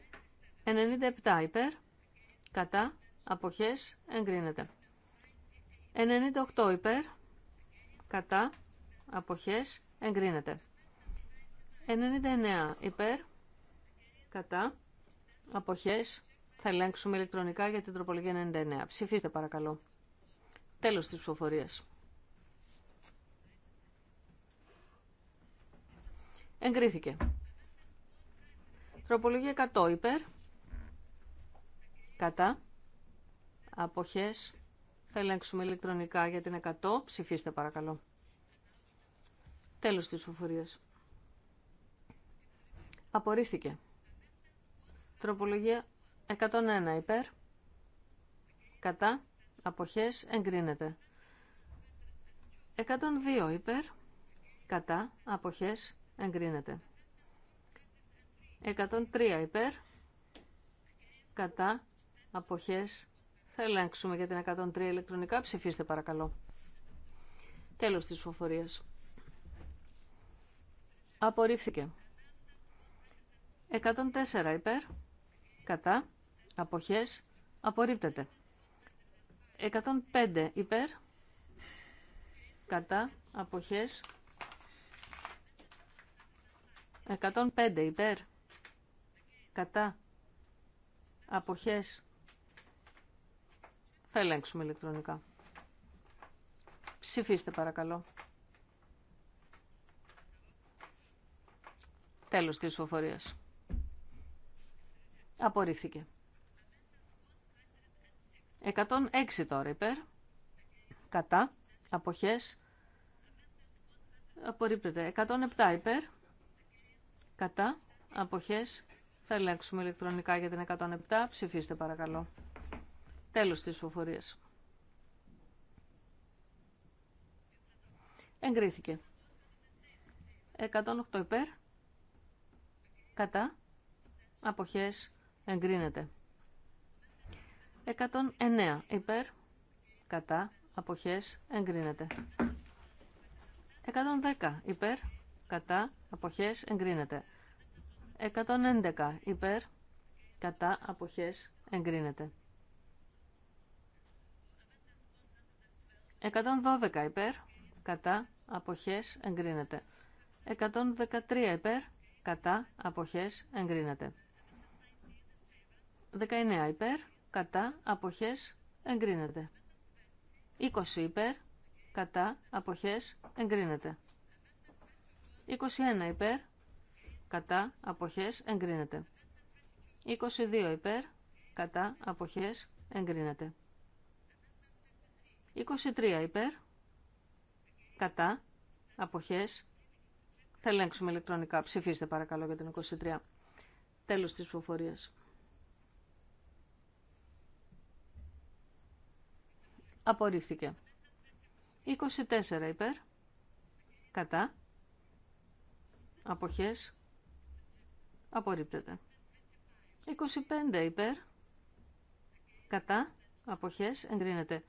97 υπέρ. Κατά. Αποχές. Εγκρίνεται. 98 υπέρ κατά, αποχές, εγκρίνεται. 99 υπέρ, κατά, αποχές, θα ελέγξουμε ηλεκτρονικά για την τροπολογία 99. Ψηφίστε παρακαλώ. Τέλος της ψηφοφορίας. Εγκρίθηκε. Τροπολογία 100 υπέρ, κατά, αποχές, θα ελέγξουμε ηλεκτρονικά για την 100. Ψηφίστε παρακαλώ. Τέλος της φοφορίας. Απορρίφθηκε. Τροπολογία 101 υπέρ. Κατά. Αποχές εγκρίνεται. 102 υπέρ. Κατά. Αποχές εγκρίνεται. 103 υπέρ. Κατά. Αποχές θα ελέγξουμε για την 103 ηλεκτρονικά. Ψηφίστε παρακαλώ. Τέλος της φοφορίας. Απορρίφθηκε. 104 υπέρ. Κατά. Αποχές. Απορρίπτεται. 105 υπέρ. Κατά. Αποχές. 105 υπέρ. Κατά. Αποχές. Θα ελέγξουμε ηλεκτρονικά. Ψηφίστε παρακαλώ. Τέλος της φοφορίας. Απορρίφθηκε. 106 τώρα υπέρ. Κατά. Αποχές. Απορρίπτεται. 107 υπέρ. Κατά. Αποχές. Θα ελέγξουμε ηλεκτρονικά για την 107. Ψηφίστε παρακαλώ. Τέλος της υποφορίας. Εγκρίθηκε. 108 υπέρ. Κατά. Αποχές. Εγκρίνεται. 109 υπέρ. Κατά. Αποχές. Εγκρίνεται. 110 υπέρ. Κατά. Αποχές. Εγκρίνεται. 111 υπέρ. Κατά. Αποχές. Εγκρίνεται. 112 υπέρ, κατά, αποχές, εγκρίνεται. 113 υπέρ, κατά, αποχές, εγκρίνεται. 19 υπέρ, κατά, αποχές, εγκρίνεται. 20 υπέρ, κατά, αποχές, εγκρίνεται. 21 υπέρ, κατά, αποχές, εγκρίνεται. 22 υπέρ, κατά, αποχές, εγκρίνεται. 23 υπέρ, κατά, αποχές. Θα ελέγξουμε ηλεκτρονικά. Ψηφίστε παρακαλώ για την 23. Τέλος της ψηφοφορίας. Απορρίφθηκε. 24 υπέρ, κατά, αποχές, απορρίπτεται. 25 υπέρ, κατά, αποχές, εγκρίνεται.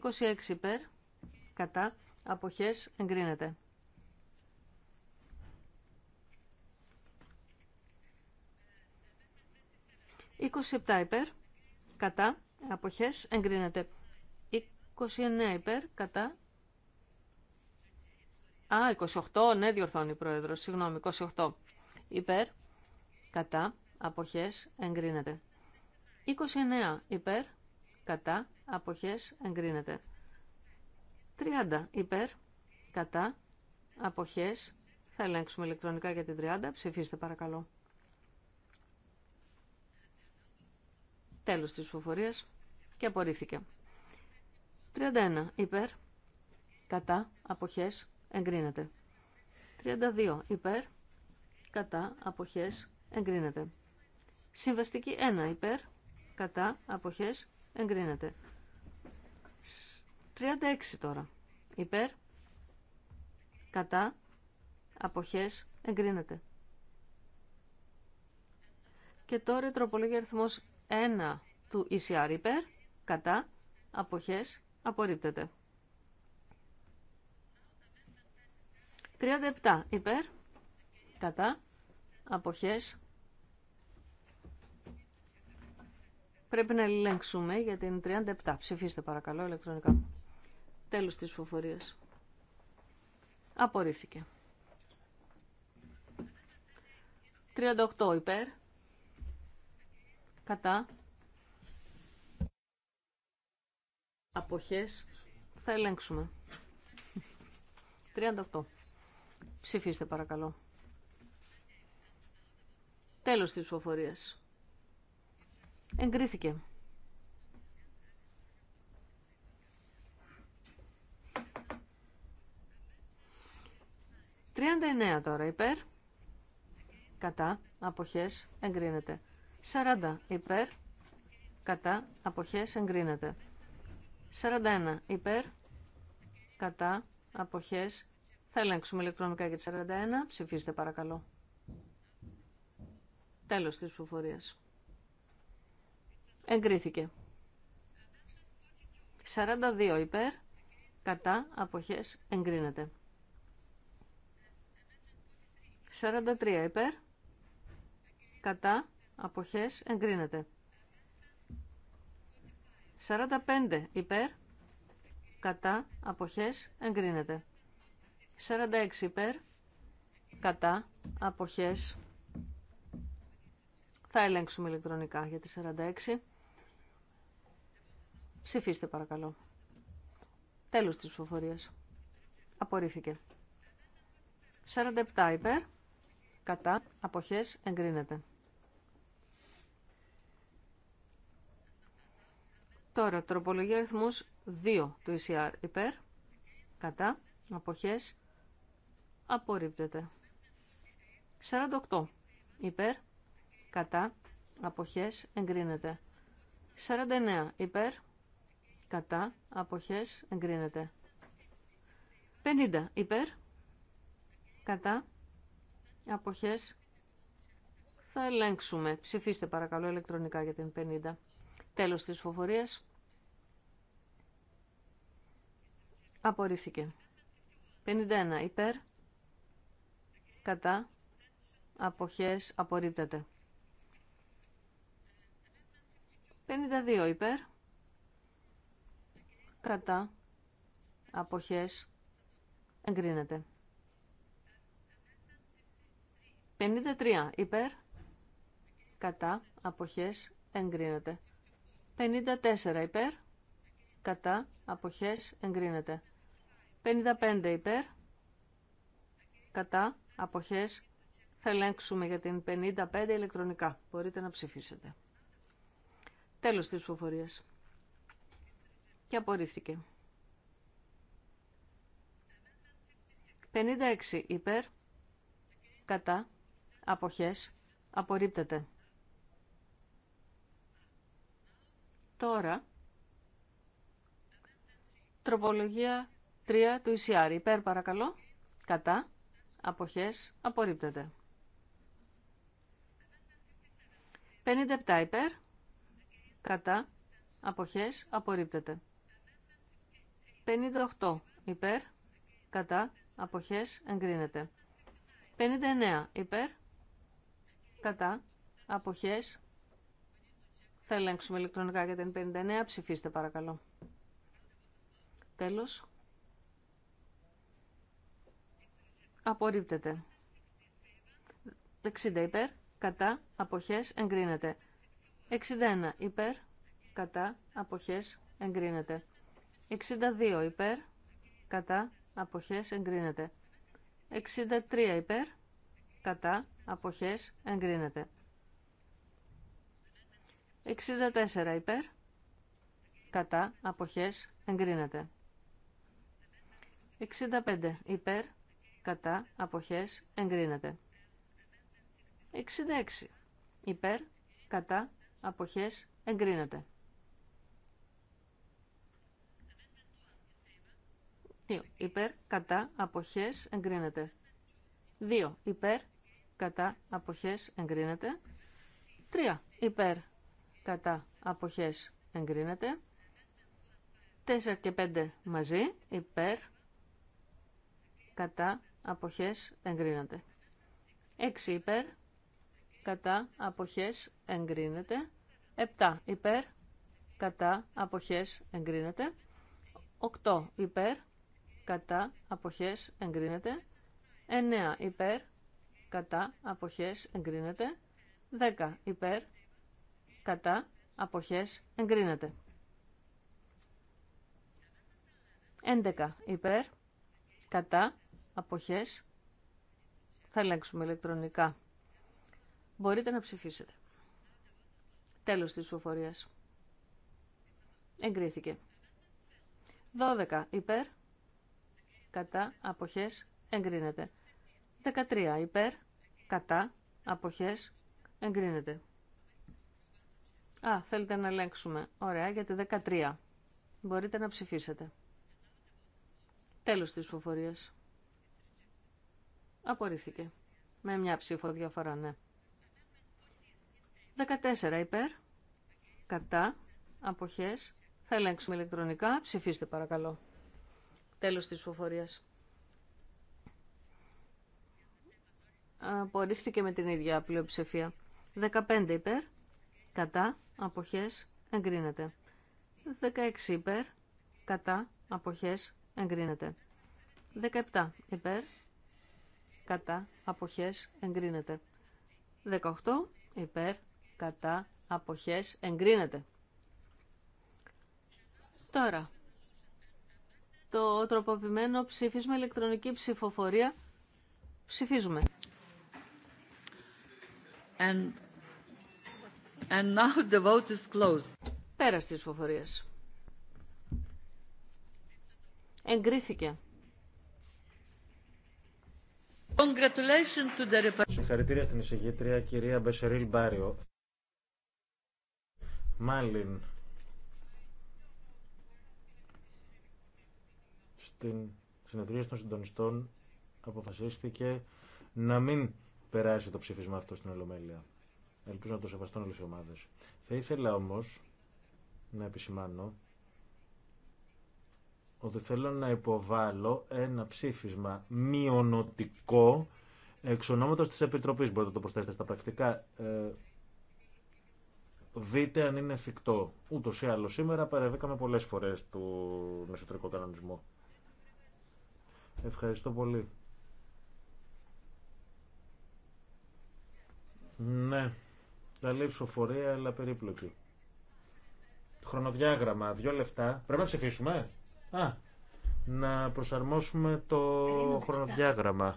26 υπέρ, κατά, αποχές, εγκρίνεται. 27 υπέρ, κατά, αποχές, εγκρίνεται. 29 υπέρ, κατά. Α, 28, ναι, διορθώνει η πρόεδρος, συγγνώμη, 28 υπέρ, κατά, αποχές, εγκρίνεται. 29 υπέρ, κατά, αποχές, εγκρίνεται. 30 υπέρ, κατά, αποχές, θα ελέγξουμε ηλεκτρονικά για την 30, ψηφίστε παρακαλώ. Τέλος της ψηφοφορίας και απορρίφθηκε. 31 υπέρ, κατά, αποχές, εγκρίνεται. 32 υπέρ, κατά, αποχές, εγκρίνεται. Συμβαστική 1 υπέρ, κατά, αποχές, Εγκρίνεται. 36 τώρα. Υπέρ. Κατά. Αποχές. Εγκρίνεται. Και τώρα η τροπολογία αριθμός 1 του ECR υπέρ. Κατά. Αποχές. Απορρίπτεται. 37 υπέρ. Κατά. Αποχές. πρέπει να ελέγξουμε για την 37. Ψηφίστε παρακαλώ ηλεκτρονικά. Τέλος της φοφορίας Απορρίφθηκε. 38 υπέρ. Κατά. Αποχές. Θα ελέγξουμε. 38. Ψηφίστε παρακαλώ. Τέλος της φοφορίας Εγκρίθηκε. Τριάντα εννέα τώρα υπέρ. Κατά. Αποχές. Εγκρίνεται. Σαράντα υπέρ. Κατά. Αποχές. Εγκρίνεται. Σαράντα ένα υπέρ. Κατά. Αποχές. Θα ελέγξουμε ηλεκτρονικά για τη 41. Ψηφίστε παρακαλώ. Τέλος της ψηφοφορίας. Εγκρίθηκε. 42 υπέρ, κατά, αποχές, εγκρίνεται. 43 υπέρ, κατά, αποχές, εγκρίνεται. 45 υπέρ, κατά, αποχές, εγκρίνεται. 46 υπέρ, κατά, αποχές, θα ελέγξουμε ηλεκτρονικά για τη 46. Ψηφίστε παρακαλώ. Τέλος της ψηφοφορίας. Απορρίφθηκε. 47 υπέρ. Κατά. Αποχές. Εγκρίνεται. Τώρα, τροπολογία αριθμούς 2 του ECR υπέρ. Κατά. Αποχές. Απορρίπτεται. 48 υπέρ. Κατά. Αποχές. Εγκρίνεται. 49 υπέρ κατά, αποχές, εγκρίνεται. 50 υπέρ, κατά, αποχές, θα ελέγξουμε. Ψηφίστε παρακαλώ ηλεκτρονικά για την 50. Τέλος της φοφορίας. Απορρίφθηκε. 51 υπέρ, κατά, αποχές, απορρίπτεται. 52 υπέρ, κατά αποχές εγκρίνεται. 53 υπέρ κατά αποχές εγκρίνεται. 54 υπέρ κατά αποχές εγκρίνεται. 55 υπέρ κατά αποχές θα ελέγξουμε για την 55 ηλεκτρονικά. Μπορείτε να ψηφίσετε. Τέλος της ψηφοφορίας και απορρίφθηκε. 56 υπέρ, κατά, αποχές, απορρίπτεται. Τώρα, τροπολογία 3 του ΙΣΙΑΡ. Υπέρ παρακαλώ, κατά, αποχές, απορρίπτεται. 57 υπέρ, κατά, αποχές, απορρίπτεται. 58 υπέρ, κατά, αποχές, εγκρίνεται. 59 υπέρ, κατά, αποχές, θα ελέγξουμε ηλεκτρονικά για την 59, ψηφίστε παρακαλώ. Τέλος. Απορρίπτεται. 60 υπέρ, κατά, αποχές, εγκρίνεται. 61 υπέρ, κατά, αποχές, εγκρίνεται. 62 υπέρ, κατά, αποχές εγκρίνεται. 63 υπέρ, κατά, αποχές εγκρίνεται. 64 υπέρ, κατά, αποχές εγκρίνεται. 65 υπέρ, κατά, αποχές εγκρίνεται. 66 υπέρ, κατά, αποχές εγκρίνεται. 2. Υπέρ, κατά, αποχές, εγκρίνεται. 2. Υπέρ, κατά, αποχές, εγκρίνεται. 3. Υπέρ, κατά, αποχές, εγκρίνεται. 4 και 5 μαζί, υπέρ, κατά, αποχές, εγκρίνεται. 6 υπέρ, κατά, αποχές, εγκρίνεται. 7 υπέρ, κατά, αποχές, εγκρίνεται. 8 υπέρ, κατά αποχές εγκρίνεται. 9 υπέρ κατά αποχές εγκρίνεται. 10 υπέρ κατά αποχές εγκρίνεται. 11 υπέρ κατά αποχές θα ελέγξουμε ηλεκτρονικά. Μπορείτε να ψηφίσετε. Τέλος της ψηφοφορίας. Εγκρίθηκε. 12 υπέρ κατά, αποχές, εγκρίνεται. 13 υπέρ, κατά, αποχές, εγκρίνεται. Α, θέλετε να ελέγξουμε. Ωραία, για τη 13. Μπορείτε να ψηφίσετε. Τέλος της ψηφοφορίας. Απορρίφθηκε. Με μια ψήφο διαφορά, ναι. 14 υπέρ, κατά, αποχές, θα ελέγξουμε ηλεκτρονικά. Ψηφίστε παρακαλώ. Τέλος της ψηφοφορίας. Απορρίφθηκε με την ίδια πλειοψηφία. 15 υπέρ, κατά, αποχές, εγκρίνεται. 16 υπέρ, κατά, αποχές, εγκρίνεται. 17 υπέρ, κατά, αποχές, εγκρίνεται. 18 υπέρ, κατά, αποχές, εγκρίνεται. Τώρα, το τροποποιημένο ψήφισμα ηλεκτρονική ψηφοφορία. Ψηφίζουμε. And, and now the vote is closed. Πέρας της ψηφοφορίας. Εγκρίθηκε. Συγχαρητήρια στην εισηγήτρια κυρία Μπεσερίλ Μπάριο. Μάλιν. στην συνεδρία των συντονιστών αποφασίστηκε να μην περάσει το ψήφισμα αυτό στην Ολομέλεια. Ελπίζω να το σεβαστούν όλες οι ομάδες. Θα ήθελα όμω να επισημάνω ότι θέλω να υποβάλω ένα ψήφισμα μειονοτικό εξ ονόματος της Επιτροπής. Μπορείτε να το προσθέσετε στα πρακτικά. Ε, δείτε αν είναι εφικτό. Ούτως ή άλλως σήμερα παρεβήκαμε πολλές φορές του μεσοτρικό κανονισμού. Ευχαριστώ πολύ. Ναι, καλή ψηφοφορία, αλλά περίπλοκη. Χρονοδιάγραμμα, δύο λεφτά. Πρέπει να ψηφίσουμε. Α, να προσαρμόσουμε το χρονοδιάγραμμα.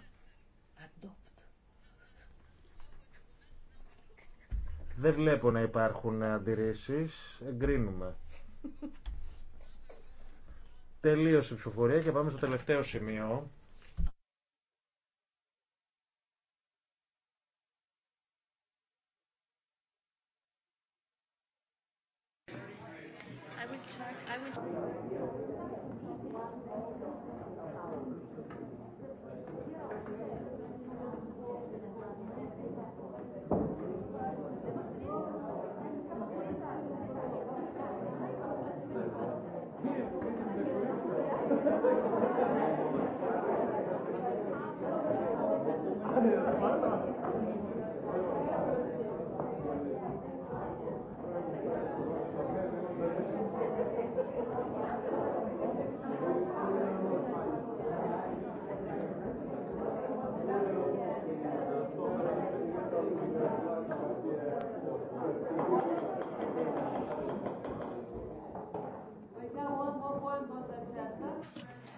Δεν βλέπω να υπάρχουν αντιρρήσεις. Εγκρίνουμε. Τελείωσε η ψηφοφορία και πάμε στο τελευταίο σημείο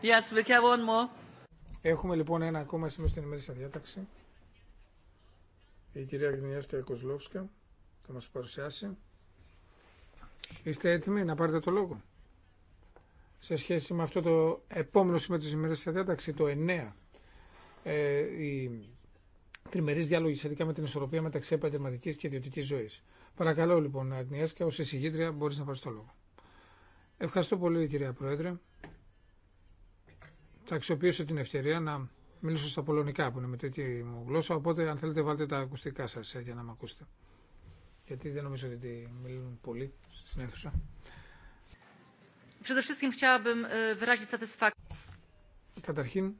Yes, we have Έχουμε λοιπόν ένα ακόμα σήμερα στην ημερήσια διάταξη. Η κυρία Γνιέστα Κοσλόφσκα θα μας παρουσιάσει. Είστε έτοιμοι να πάρετε το λόγο. Σε σχέση με αυτό το επόμενο σημείο της ημερήσιας διάταξη, το 9, ε, η τριμερής διάλογη σχετικά με την ισορροπία μεταξύ επαγγελματική και ιδιωτική ζωής. Παρακαλώ λοιπόν, Αγνιάσκα, ω εισηγήτρια μπορείς να πάρει το λόγο. Ευχαριστώ πολύ κυρία Πρόεδρε θα αξιοποιήσω την ευκαιρία να μιλήσω στα πολωνικά που είναι με τέτοιου μου γλώσσα, οπότε αν θέλετε βάλτε τα ακουστικά σας ε, για να με ακούσετε. Γιατί δεν νομίζω ότι μιλούν πολύ στην αίθουσα. E, Καταρχήν,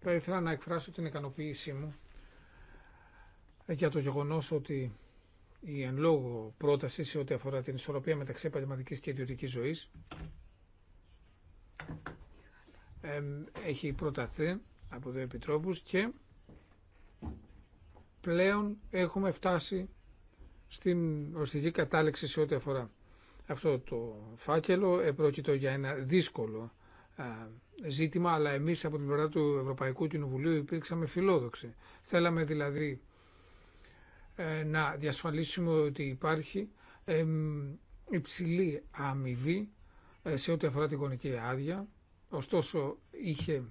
θα ήθελα να εκφράσω την ικανοποίησή μου για το γεγονός ότι η εν λόγω πρόταση σε ό,τι αφορά την ισορροπία μεταξύ επαγγελματική και ιδιωτική ζωή έχει προταθεί από δύο Επιτρόπους και πλέον έχουμε φτάσει στην οριστική κατάληξη σε ό,τι αφορά αυτό το φάκελο. Επρόκειτο για ένα δύσκολο ζήτημα, αλλά εμείς από την πλευρά του Ευρωπαϊκού Κοινοβουλίου υπήρξαμε φιλόδοξοι. Θέλαμε δηλαδή ε, να διασφαλίσουμε ότι υπάρχει υψηλή αμοιβή ε, σε ό,τι αφορά την γονική άδεια Ωστόσο είχε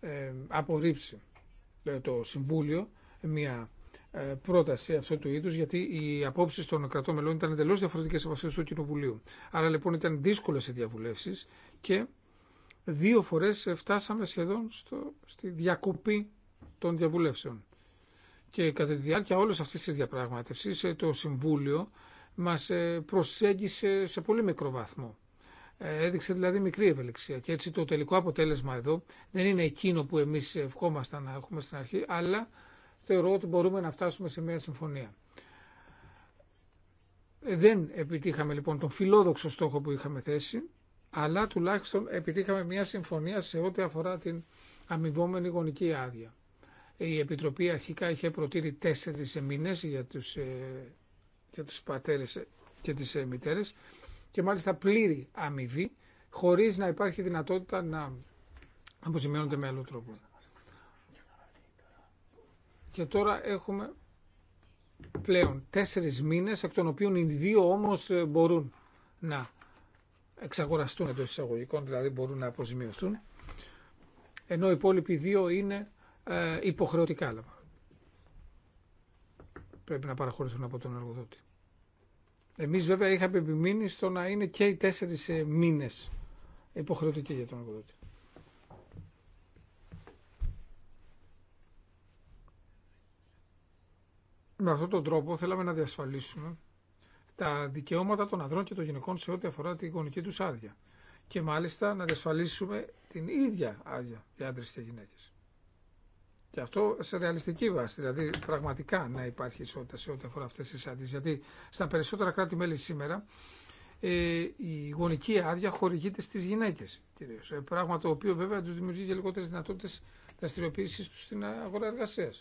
ε, απορρίψει το Συμβούλιο μια ε, πρόταση αυτού του είδους γιατί οι απόψει των κρατών μελών ήταν εντελώ διαφορετικέ από αυτές του Κοινοβουλίου. Άρα λοιπόν ήταν δύσκολες οι διαβουλεύσεις και δύο φορέ φτάσαμε σχεδόν στο, στη διακοπή των διαβουλεύσεων. Και κατά τη διάρκεια όλη αυτή τη διαπραγμάτευση ε, το Συμβούλιο μα προσέγγισε σε πολύ μικρό βαθμό. Ε, έδειξε δηλαδή μικρή ευελιξία και έτσι το τελικό αποτέλεσμα εδώ δεν είναι εκείνο που εμείς ευχόμασταν να έχουμε στην αρχή, αλλά θεωρώ ότι μπορούμε να φτάσουμε σε μια συμφωνία. Δεν επιτύχαμε λοιπόν τον φιλόδοξο στόχο που είχαμε θέσει, αλλά τουλάχιστον επιτύχαμε μια συμφωνία σε ό,τι αφορά την αμοιβόμενη γονική άδεια. Η Επιτροπή αρχικά είχε προτείνει τέσσερις μήνες για τους, ε, για τους πατέρες και τις ε, μητέρες και μάλιστα πλήρη αμοιβή χωρί να υπάρχει δυνατότητα να αποζημιώνονται με άλλο τρόπο. Και τώρα έχουμε πλέον τέσσερι μήνε εκ των οποίων οι δύο όμω ε, μπορούν να εξαγοραστούν εντό εισαγωγικών, δηλαδή μπορούν να αποζημιωθούν, ενώ οι υπόλοιποι δύο είναι ε, υποχρεωτικά. Πρέπει να παραχωρηθούν από τον εργοδότη. Εμείς βέβαια είχαμε επιμείνει στο να είναι και οι τέσσερις ε, μήνες υποχρεωτικοί για τον εργοδότη. Με αυτόν τον τρόπο θέλαμε να διασφαλίσουμε τα δικαιώματα των ανδρών και των γυναικών σε ό,τι αφορά την γονική τους άδεια. Και μάλιστα να διασφαλίσουμε την ίδια άδεια για άντρες και γυναίκες. Και αυτό σε ρεαλιστική βάση, δηλαδή πραγματικά να υπάρχει ισότητα σε ό,τι αφορά αυτέ τι άδειε. Γιατί στα περισσότερα κράτη-μέλη σήμερα ε, η γονική άδεια χορηγείται στι γυναίκε κυρίω. Ε, πράγμα το οποίο βέβαια του δημιουργεί και λιγότερε δυνατότητε δραστηριοποίηση του στην αγορά εργασία.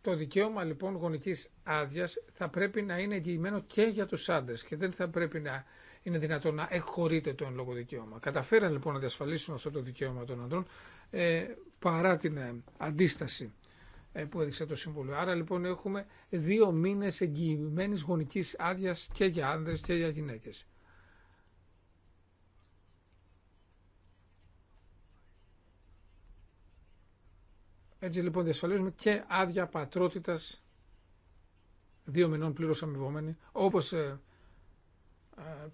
Το δικαίωμα λοιπόν γονική άδεια θα πρέπει να είναι εγγυημένο και για του άντρε και δεν θα πρέπει να είναι δυνατόν να εκχωρείται το εν λόγω δικαίωμα. Καταφέραν λοιπόν να διασφαλίσουν αυτό το δικαίωμα των ανδρών ε, παρά την ε, αντίσταση ε, που έδειξε το Συμβούλιο. Άρα λοιπόν έχουμε δύο μήνες εγγυημένης γονικής άδειας και για άνδρες και για γυναίκες. Έτσι λοιπόν διασφαλίζουμε και άδεια πατρότητας δύο μηνών πλήρως αμοιβόμενη, όπως ε,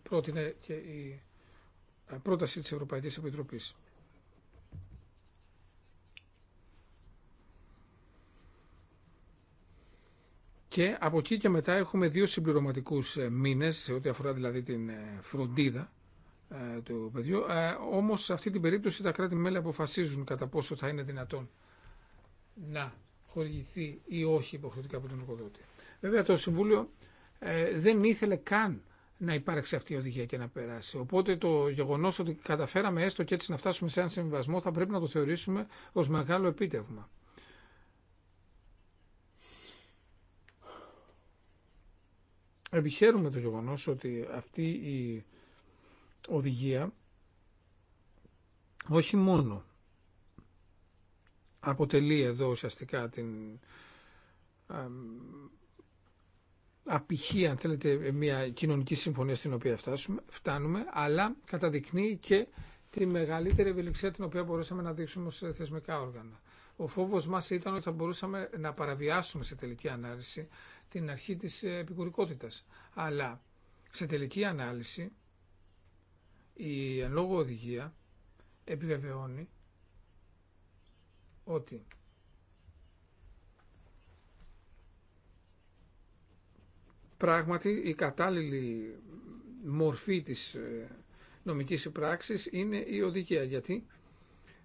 πρότεινε και η πρόταση της Ευρωπαϊκής Επιτροπής. Και από εκεί και μετά έχουμε δύο συμπληρωματικούς ε, μήνες, σε ό,τι αφορά δηλαδή την ε, φροντίδα ε, του παιδιού. Όμως σε αυτή την περίπτωση τα κράτη-μέλη αποφασίζουν κατά πόσο θα είναι δυνατόν να χορηγηθεί ή όχι υποχρεωτικά από τον οικοδότη. Βέβαια το Συμβούλιο δεν ήθελε καν να υπάρξει αυτή η οδηγία και να περάσει. Οπότε το γεγονό ότι καταφέραμε έστω και έτσι να φτάσουμε σε έναν συμβιβασμό θα πρέπει να το θεωρήσουμε ω μεγάλο επίτευγμα. επιχαίρουμε το γεγονός ότι αυτή η οδηγία όχι μόνο αποτελεί εδώ ουσιαστικά την απηχή, αν θέλετε, μια κοινωνική συμφωνία στην οποία φτάσουμε, φτάνουμε, αλλά καταδεικνύει και τη μεγαλύτερη ευελιξία την οποία μπορούσαμε να δείξουμε σε θεσμικά όργανα. Ο φόβο μας ήταν ότι θα μπορούσαμε να παραβιάσουμε σε τελική ανάλυση την αρχή της επικουρικότητα. Αλλά σε τελική ανάλυση η εν λόγω οδηγία επιβεβαιώνει ότι πράγματι η κατάλληλη μορφή της ε, νομικής πράξης είναι η οδηγία. Γιατί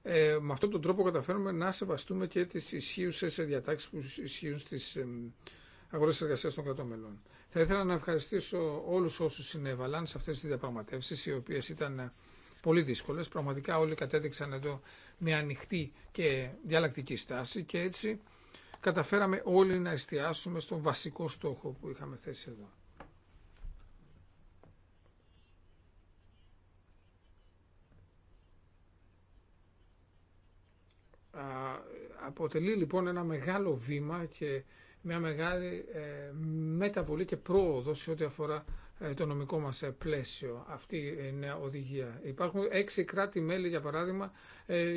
ε, με αυτόν τον τρόπο καταφέρουμε να σεβαστούμε και τις ισχύουσε διατάξεις που ισχύουν στις ε, αγορές εργασίας των κρατών μελών. Θα ήθελα να ευχαριστήσω όλους όσους συνέβαλαν σε αυτές τις διαπραγματεύσεις, οι οποίες ήταν πολύ δύσκολες. Πραγματικά όλοι κατέδειξαν εδώ μια ανοιχτή και διαλλακτική στάση και έτσι καταφέραμε όλοι να εστιάσουμε στον βασικό στόχο που είχαμε θέσει εδώ. αποτελεί λοιπόν ένα μεγάλο βήμα και μια μεγάλη ε, μεταβολή και πρόοδο σε ό,τι αφορά ε, το νομικό μας ε, πλαίσιο, αυτή η νέα οδηγία. Υπάρχουν έξι κράτη-μέλη, για παράδειγμα,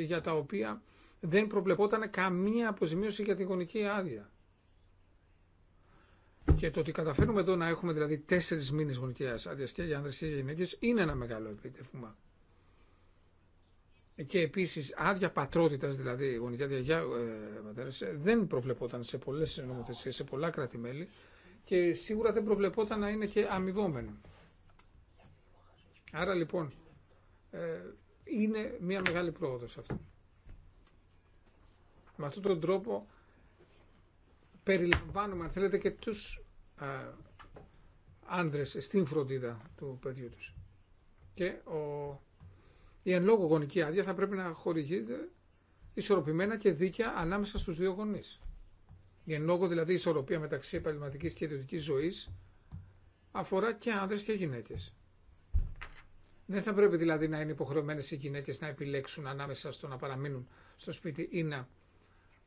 για τα οποία δεν προβλεπόταν καμία αποζημίωση για τη γονική άδεια. Και το ότι καταφέρνουμε εδώ να έχουμε δηλαδή τέσσερι μήνες γονική άδεια και για άνδρες και για γυναίκε είναι ένα μεγάλο επίτευγμα και επίση άδεια πατρότητα, δηλαδή γονιά, διαγιά ε, ε, δεν προβλεπόταν σε πολλές νομοθεσίες, σε πολλά κράτη-μέλη και σίγουρα δεν προβλεπόταν να είναι και αμοιβόμενο. Άρα λοιπόν, ε, είναι μια μεγάλη πρόοδος αυτή. Με αυτόν τον τρόπο περιλαμβάνουμε, αν θέλετε, και τους ε, άνδρες στην φροντίδα του παιδιού τους. Και ο η εν λόγω γονική άδεια θα πρέπει να χορηγείται ισορροπημένα και δίκαια ανάμεσα στου δύο γονεί. Η εν λόγω δηλαδή ισορροπία μεταξύ επαγγελματική και ιδιωτική ζωή αφορά και άνδρε και γυναίκε. Δεν θα πρέπει δηλαδή να είναι υποχρεωμένε οι γυναίκε να επιλέξουν ανάμεσα στο να παραμείνουν στο σπίτι ή να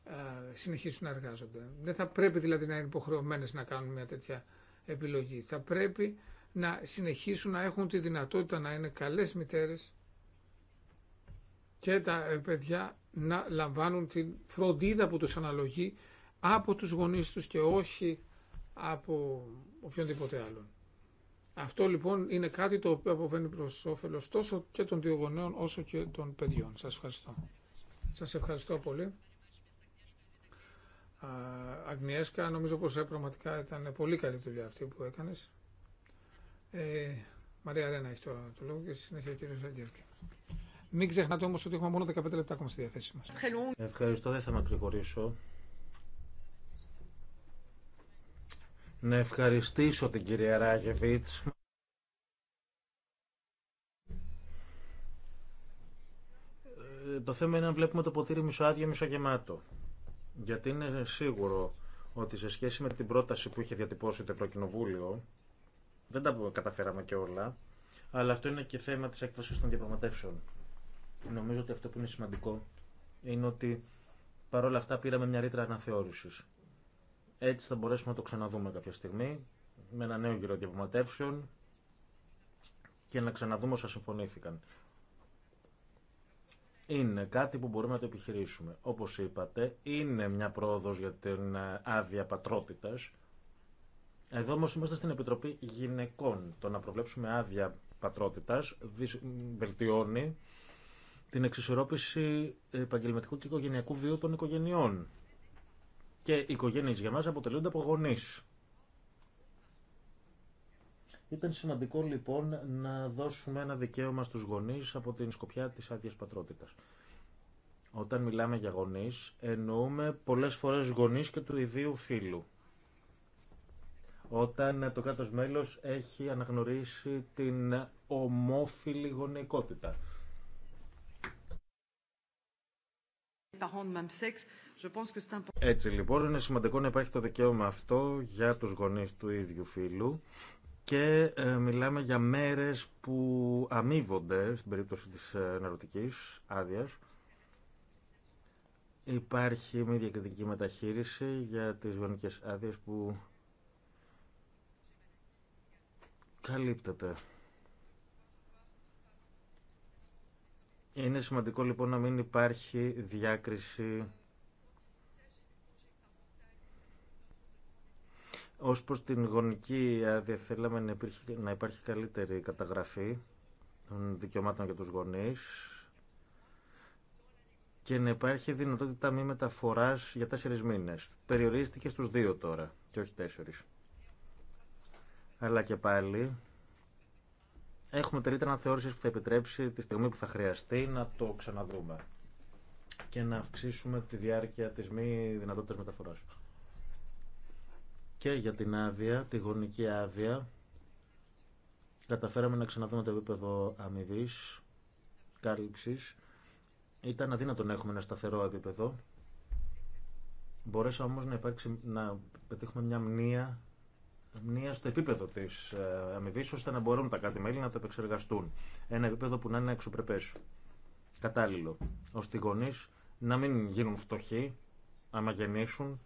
ε, συνεχίσουν να εργάζονται. Δεν θα πρέπει δηλαδή να είναι υποχρεωμένε να κάνουν μια τέτοια επιλογή. Θα πρέπει να συνεχίσουν να έχουν τη δυνατότητα να είναι καλέ μητέρες και τα ε, παιδιά να λαμβάνουν την φροντίδα που τους αναλογεί από τους γονείς τους και όχι από οποιονδήποτε άλλον. Αυτό λοιπόν είναι κάτι το οποίο αποβαίνει προς όφελος τόσο και των δύο γονέων όσο και των παιδιών. Σας ευχαριστώ. Σας ευχαριστώ πολύ. Αγνιέσκα, νομίζω πως ε, πραγματικά ήταν πολύ καλή δουλειά αυτή που έκανες. Ε, Μαρία Ρένα έχει τώρα το λόγο και συνέχεια ο κύριος Αγγέλκη. Μην ξεχνάτε όμω ότι έχουμε μόνο 15 λεπτά ακόμα στη διαθέση μα. Ευχαριστώ, δεν θα μακρηγορήσω. Να ευχαριστήσω την κυρία Ράγεβιτ. Ε, το θέμα είναι να βλέπουμε το ποτήρι μισοάδια μισογεμάτο. Γιατί είναι σίγουρο ότι σε σχέση με την πρόταση που είχε διατυπώσει το Ευρωκοινοβούλιο, δεν τα καταφέραμε και όλα, αλλά αυτό είναι και θέμα της έκφρασης των διαπραγματεύσεων. Νομίζω ότι αυτό που είναι σημαντικό είναι ότι παρόλα αυτά πήραμε μια ρήτρα αναθεώρηση. Έτσι θα μπορέσουμε να το ξαναδούμε κάποια στιγμή με ένα νέο γύρο διαπραγματεύσεων και να ξαναδούμε όσα συμφωνήθηκαν. Είναι κάτι που μπορούμε να το επιχειρήσουμε. Όπως είπατε, είναι μια πρόοδο για την ε, άδεια πατρότητας. Εδώ όμω είμαστε στην Επιτροπή Γυναικών. Το να προβλέψουμε άδεια πατρότητας βελτιώνει την εξισορρόπηση επαγγελματικού και οικογενειακού βίου των οικογενειών. Και οι οικογένειε για μα αποτελούνται από γονεί. Ήταν σημαντικό λοιπόν να δώσουμε ένα δικαίωμα στους γονεί από την σκοπιά της άδεια πατρότητας. Όταν μιλάμε για γονεί, εννοούμε πολλέ φορές γονεί και του ιδίου φίλου. Όταν το κράτος μέλος έχει αναγνωρίσει την ομόφιλη γονεϊκότητα. Έτσι λοιπόν είναι σημαντικό να υπάρχει το δικαίωμα αυτό για τους γονείς του ίδιου φίλου και ε, μιλάμε για μέρες που αμείβονται στην περίπτωση της ε, νερωτικής άδειας. Υπάρχει μια διακριτική μεταχείριση για τις γονικές άδειες που καλύπτεται. Είναι σημαντικό λοιπόν να μην υπάρχει διάκριση ως προς την γονική άδεια θέλαμε να, να υπάρχει καλύτερη καταγραφή των δικαιωμάτων για τους γονείς και να υπάρχει δυνατότητα μη μεταφοράς για τέσσερις μήνες. Περιορίστηκε στους δύο τώρα και όχι τέσσερις. Αλλά και πάλι έχουμε τη να αναθεώρηση που θα επιτρέψει τη στιγμή που θα χρειαστεί να το ξαναδούμε και να αυξήσουμε τη διάρκεια της μη δυνατότητας μεταφοράς. Και για την άδεια, τη γονική άδεια, καταφέραμε να ξαναδούμε το επίπεδο αμοιβή, κάλυψης. Ήταν αδύνατο να έχουμε ένα σταθερό επίπεδο. Μπορέσαμε όμως να, να πετύχουμε μια μνήα μία στο επίπεδο τη ε, αμοιβή, ώστε να μπορούν τα κρατη μέλη να το επεξεργαστούν. Ένα επίπεδο που να είναι εξωπρεπέ. Κατάλληλο. ώστε οι γονεί να μην γίνουν φτωχοί, άμα γεννήσουν.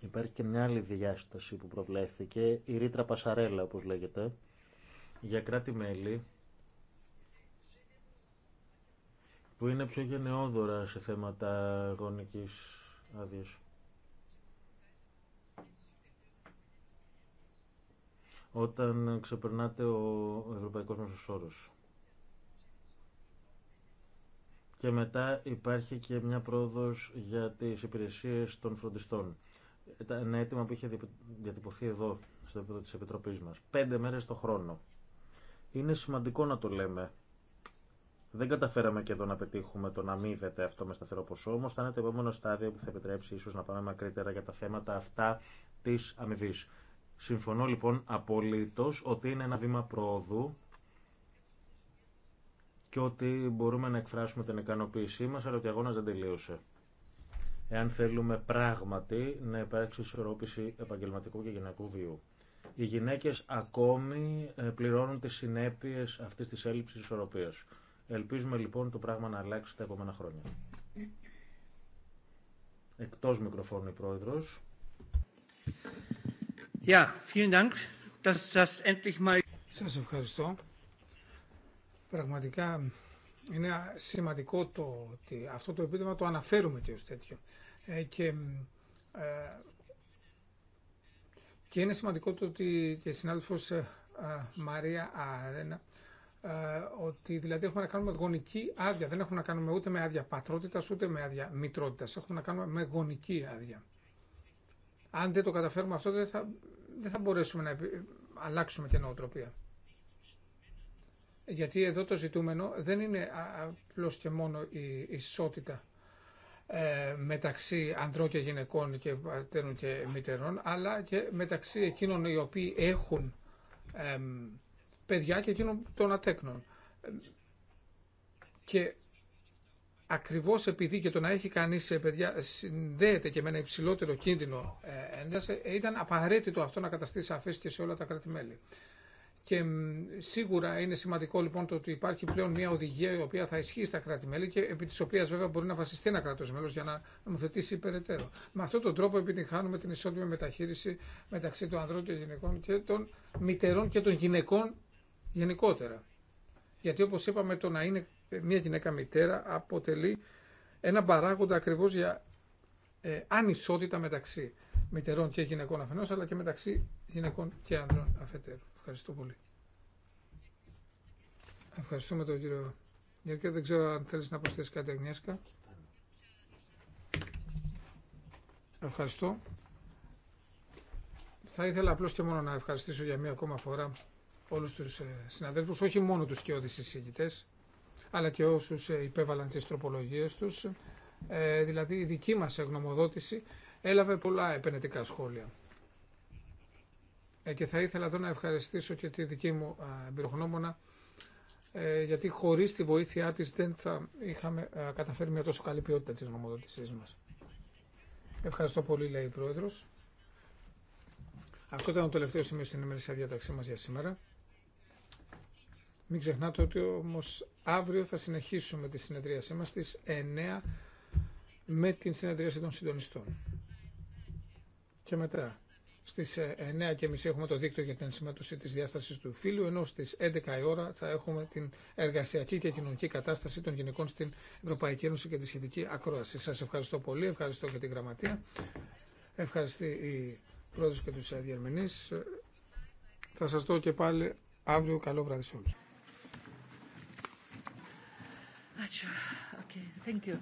Υπάρχει και μια άλλη διάσταση που προβλέφθηκε, η ρήτρα Πασαρέλα, όπως λέγεται, για κράτη-μέλη που είναι πιο γενναιόδωρα σε θέματα γονικής άδειας. όταν ξεπερνάτε ο ευρωπαϊκός μέσος Και μετά υπάρχει και μια πρόοδος για τις υπηρεσίες των φροντιστών. ένα αίτημα που είχε διατυπωθεί εδώ, στο επίπεδο της Επιτροπής μας. Πέντε μέρες το χρόνο. Είναι σημαντικό να το λέμε. Δεν καταφέραμε και εδώ να πετύχουμε το να βετε αυτό με σταθερό ποσό, όμω θα είναι το επόμενο στάδιο που θα επιτρέψει ίσω να πάμε μακρύτερα για τα θέματα αυτά τη αμοιβή. Συμφωνώ λοιπόν απολύτως ότι είναι ένα βήμα πρόοδου και ότι μπορούμε να εκφράσουμε την ικανοποίησή μας, αλλά ότι ο αγώνας δεν τελείωσε. Εάν θέλουμε πράγματι να υπάρξει ισορρόπηση επαγγελματικού και γυναικού βιού. Οι γυναίκες ακόμη ε, πληρώνουν τις συνέπειες αυτής της έλλειψης ισορροπίας. Ελπίζουμε λοιπόν το πράγμα να αλλάξει τα επόμενα χρόνια. Εκτός μικροφώνου η Πρόεδρος. Σας ευχαριστώ. Πραγματικά είναι σημαντικό το ότι αυτό το επίδομα το αναφέρουμε και ως τέτοιο. Ε, ε, και, είναι σημαντικό το ότι και η συνάδελφος ε, Μαρία Αρένα ε, ότι δηλαδή έχουμε να κάνουμε γονική άδεια. Δεν έχουμε να κάνουμε ούτε με άδεια πατρότητας ούτε με άδεια μητρότητας. Έχουμε να κάνουμε με γονική άδεια. Αν δεν το καταφέρουμε αυτό δεν θα δεν θα μπορέσουμε να αλλάξουμε την νοοτροπία. Γιατί εδώ το ζητούμενο δεν είναι απλώς και μόνο η ισότητα ε, μεταξύ ανδρών και γυναικών και πατέρων και μητερών, αλλά και μεταξύ εκείνων οι οποίοι έχουν παιδιά και εκείνων των ατέκνων. Ε, και Ακριβώ επειδή και το να έχει κανείς ε, παιδιά συνδέεται και με ένα υψηλότερο κίνδυνο ε, ένταση, ε, ήταν απαραίτητο αυτό να καταστεί σαφές και σε όλα τα κράτη-μέλη. Και σίγουρα είναι σημαντικό λοιπόν το ότι υπάρχει πλέον μια οδηγία η οποία θα ισχύει στα κράτη-μέλη και επί τη οποία βέβαια μπορεί να βασιστεί ένα κράτο μέλο για να νομοθετήσει υπεραιτέρω. Με αυτόν τον τρόπο επιτυγχάνουμε την ισότιμη μεταχείριση μεταξύ των ανδρών και γυναικών και των μητερών και των γυναικών γενικότερα. Γιατί όπω είπαμε το να είναι ε, μια γυναίκα μητέρα αποτελεί ένα παράγοντα ακριβώς για ε, ανισότητα μεταξύ μητερών και γυναικών αφενός, αλλά και μεταξύ γυναικών και άντρων αφετέρου. Ευχαριστώ πολύ. Ευχαριστούμε τον κύριο Γερκέ. Δεν ξέρω αν θέλεις να προσθέσεις κάτι, Αγνιέσκα. Ευχαριστώ. Θα ήθελα απλώς και μόνο να ευχαριστήσω για μία ακόμα φορά όλους τους ε, συναδέλφους, όχι μόνο τους και όδης αλλά και όσους ε, υπέβαλαν τις τροπολογίες τους. Ε, δηλαδή η δική μας γνωμοδότηση έλαβε πολλά επενετικά σχόλια. Ε, και θα ήθελα εδώ να ευχαριστήσω και τη δική μου εμπειρογνώμονα, γιατί χωρίς τη βοήθειά της δεν θα είχαμε καταφέρει μια τόσο καλή ποιότητα της γνωμοδότησής μας. Ευχαριστώ πολύ, λέει η Πρόεδρος. Αυτό ήταν το τελευταίο σημείο στην ημερήσια διάταξή μας για σήμερα. Μην ξεχνάτε ότι όμως Αύριο θα συνεχίσουμε τη συνεδρίασή μας στις 9 με την συνεδρίαση των συντονιστών. Και μετά στις 9.30 ε, έχουμε το δίκτυο για την ενσημάτωση της διάστασης του φύλου, ενώ στις 11 η ώρα θα έχουμε την εργασιακή και κοινωνική κατάσταση των γυναικών στην Ευρωπαϊκή Ένωση και τη σχετική ακρόαση. Σας ευχαριστώ πολύ, ευχαριστώ και την Γραμματεία, ευχαριστώ η Πρόεδρος και τους ε, διερμηνείς. Θα σας δω και πάλι αύριο. Καλό βράδυ σε όλους. Ah, sure. Okay. Thank you.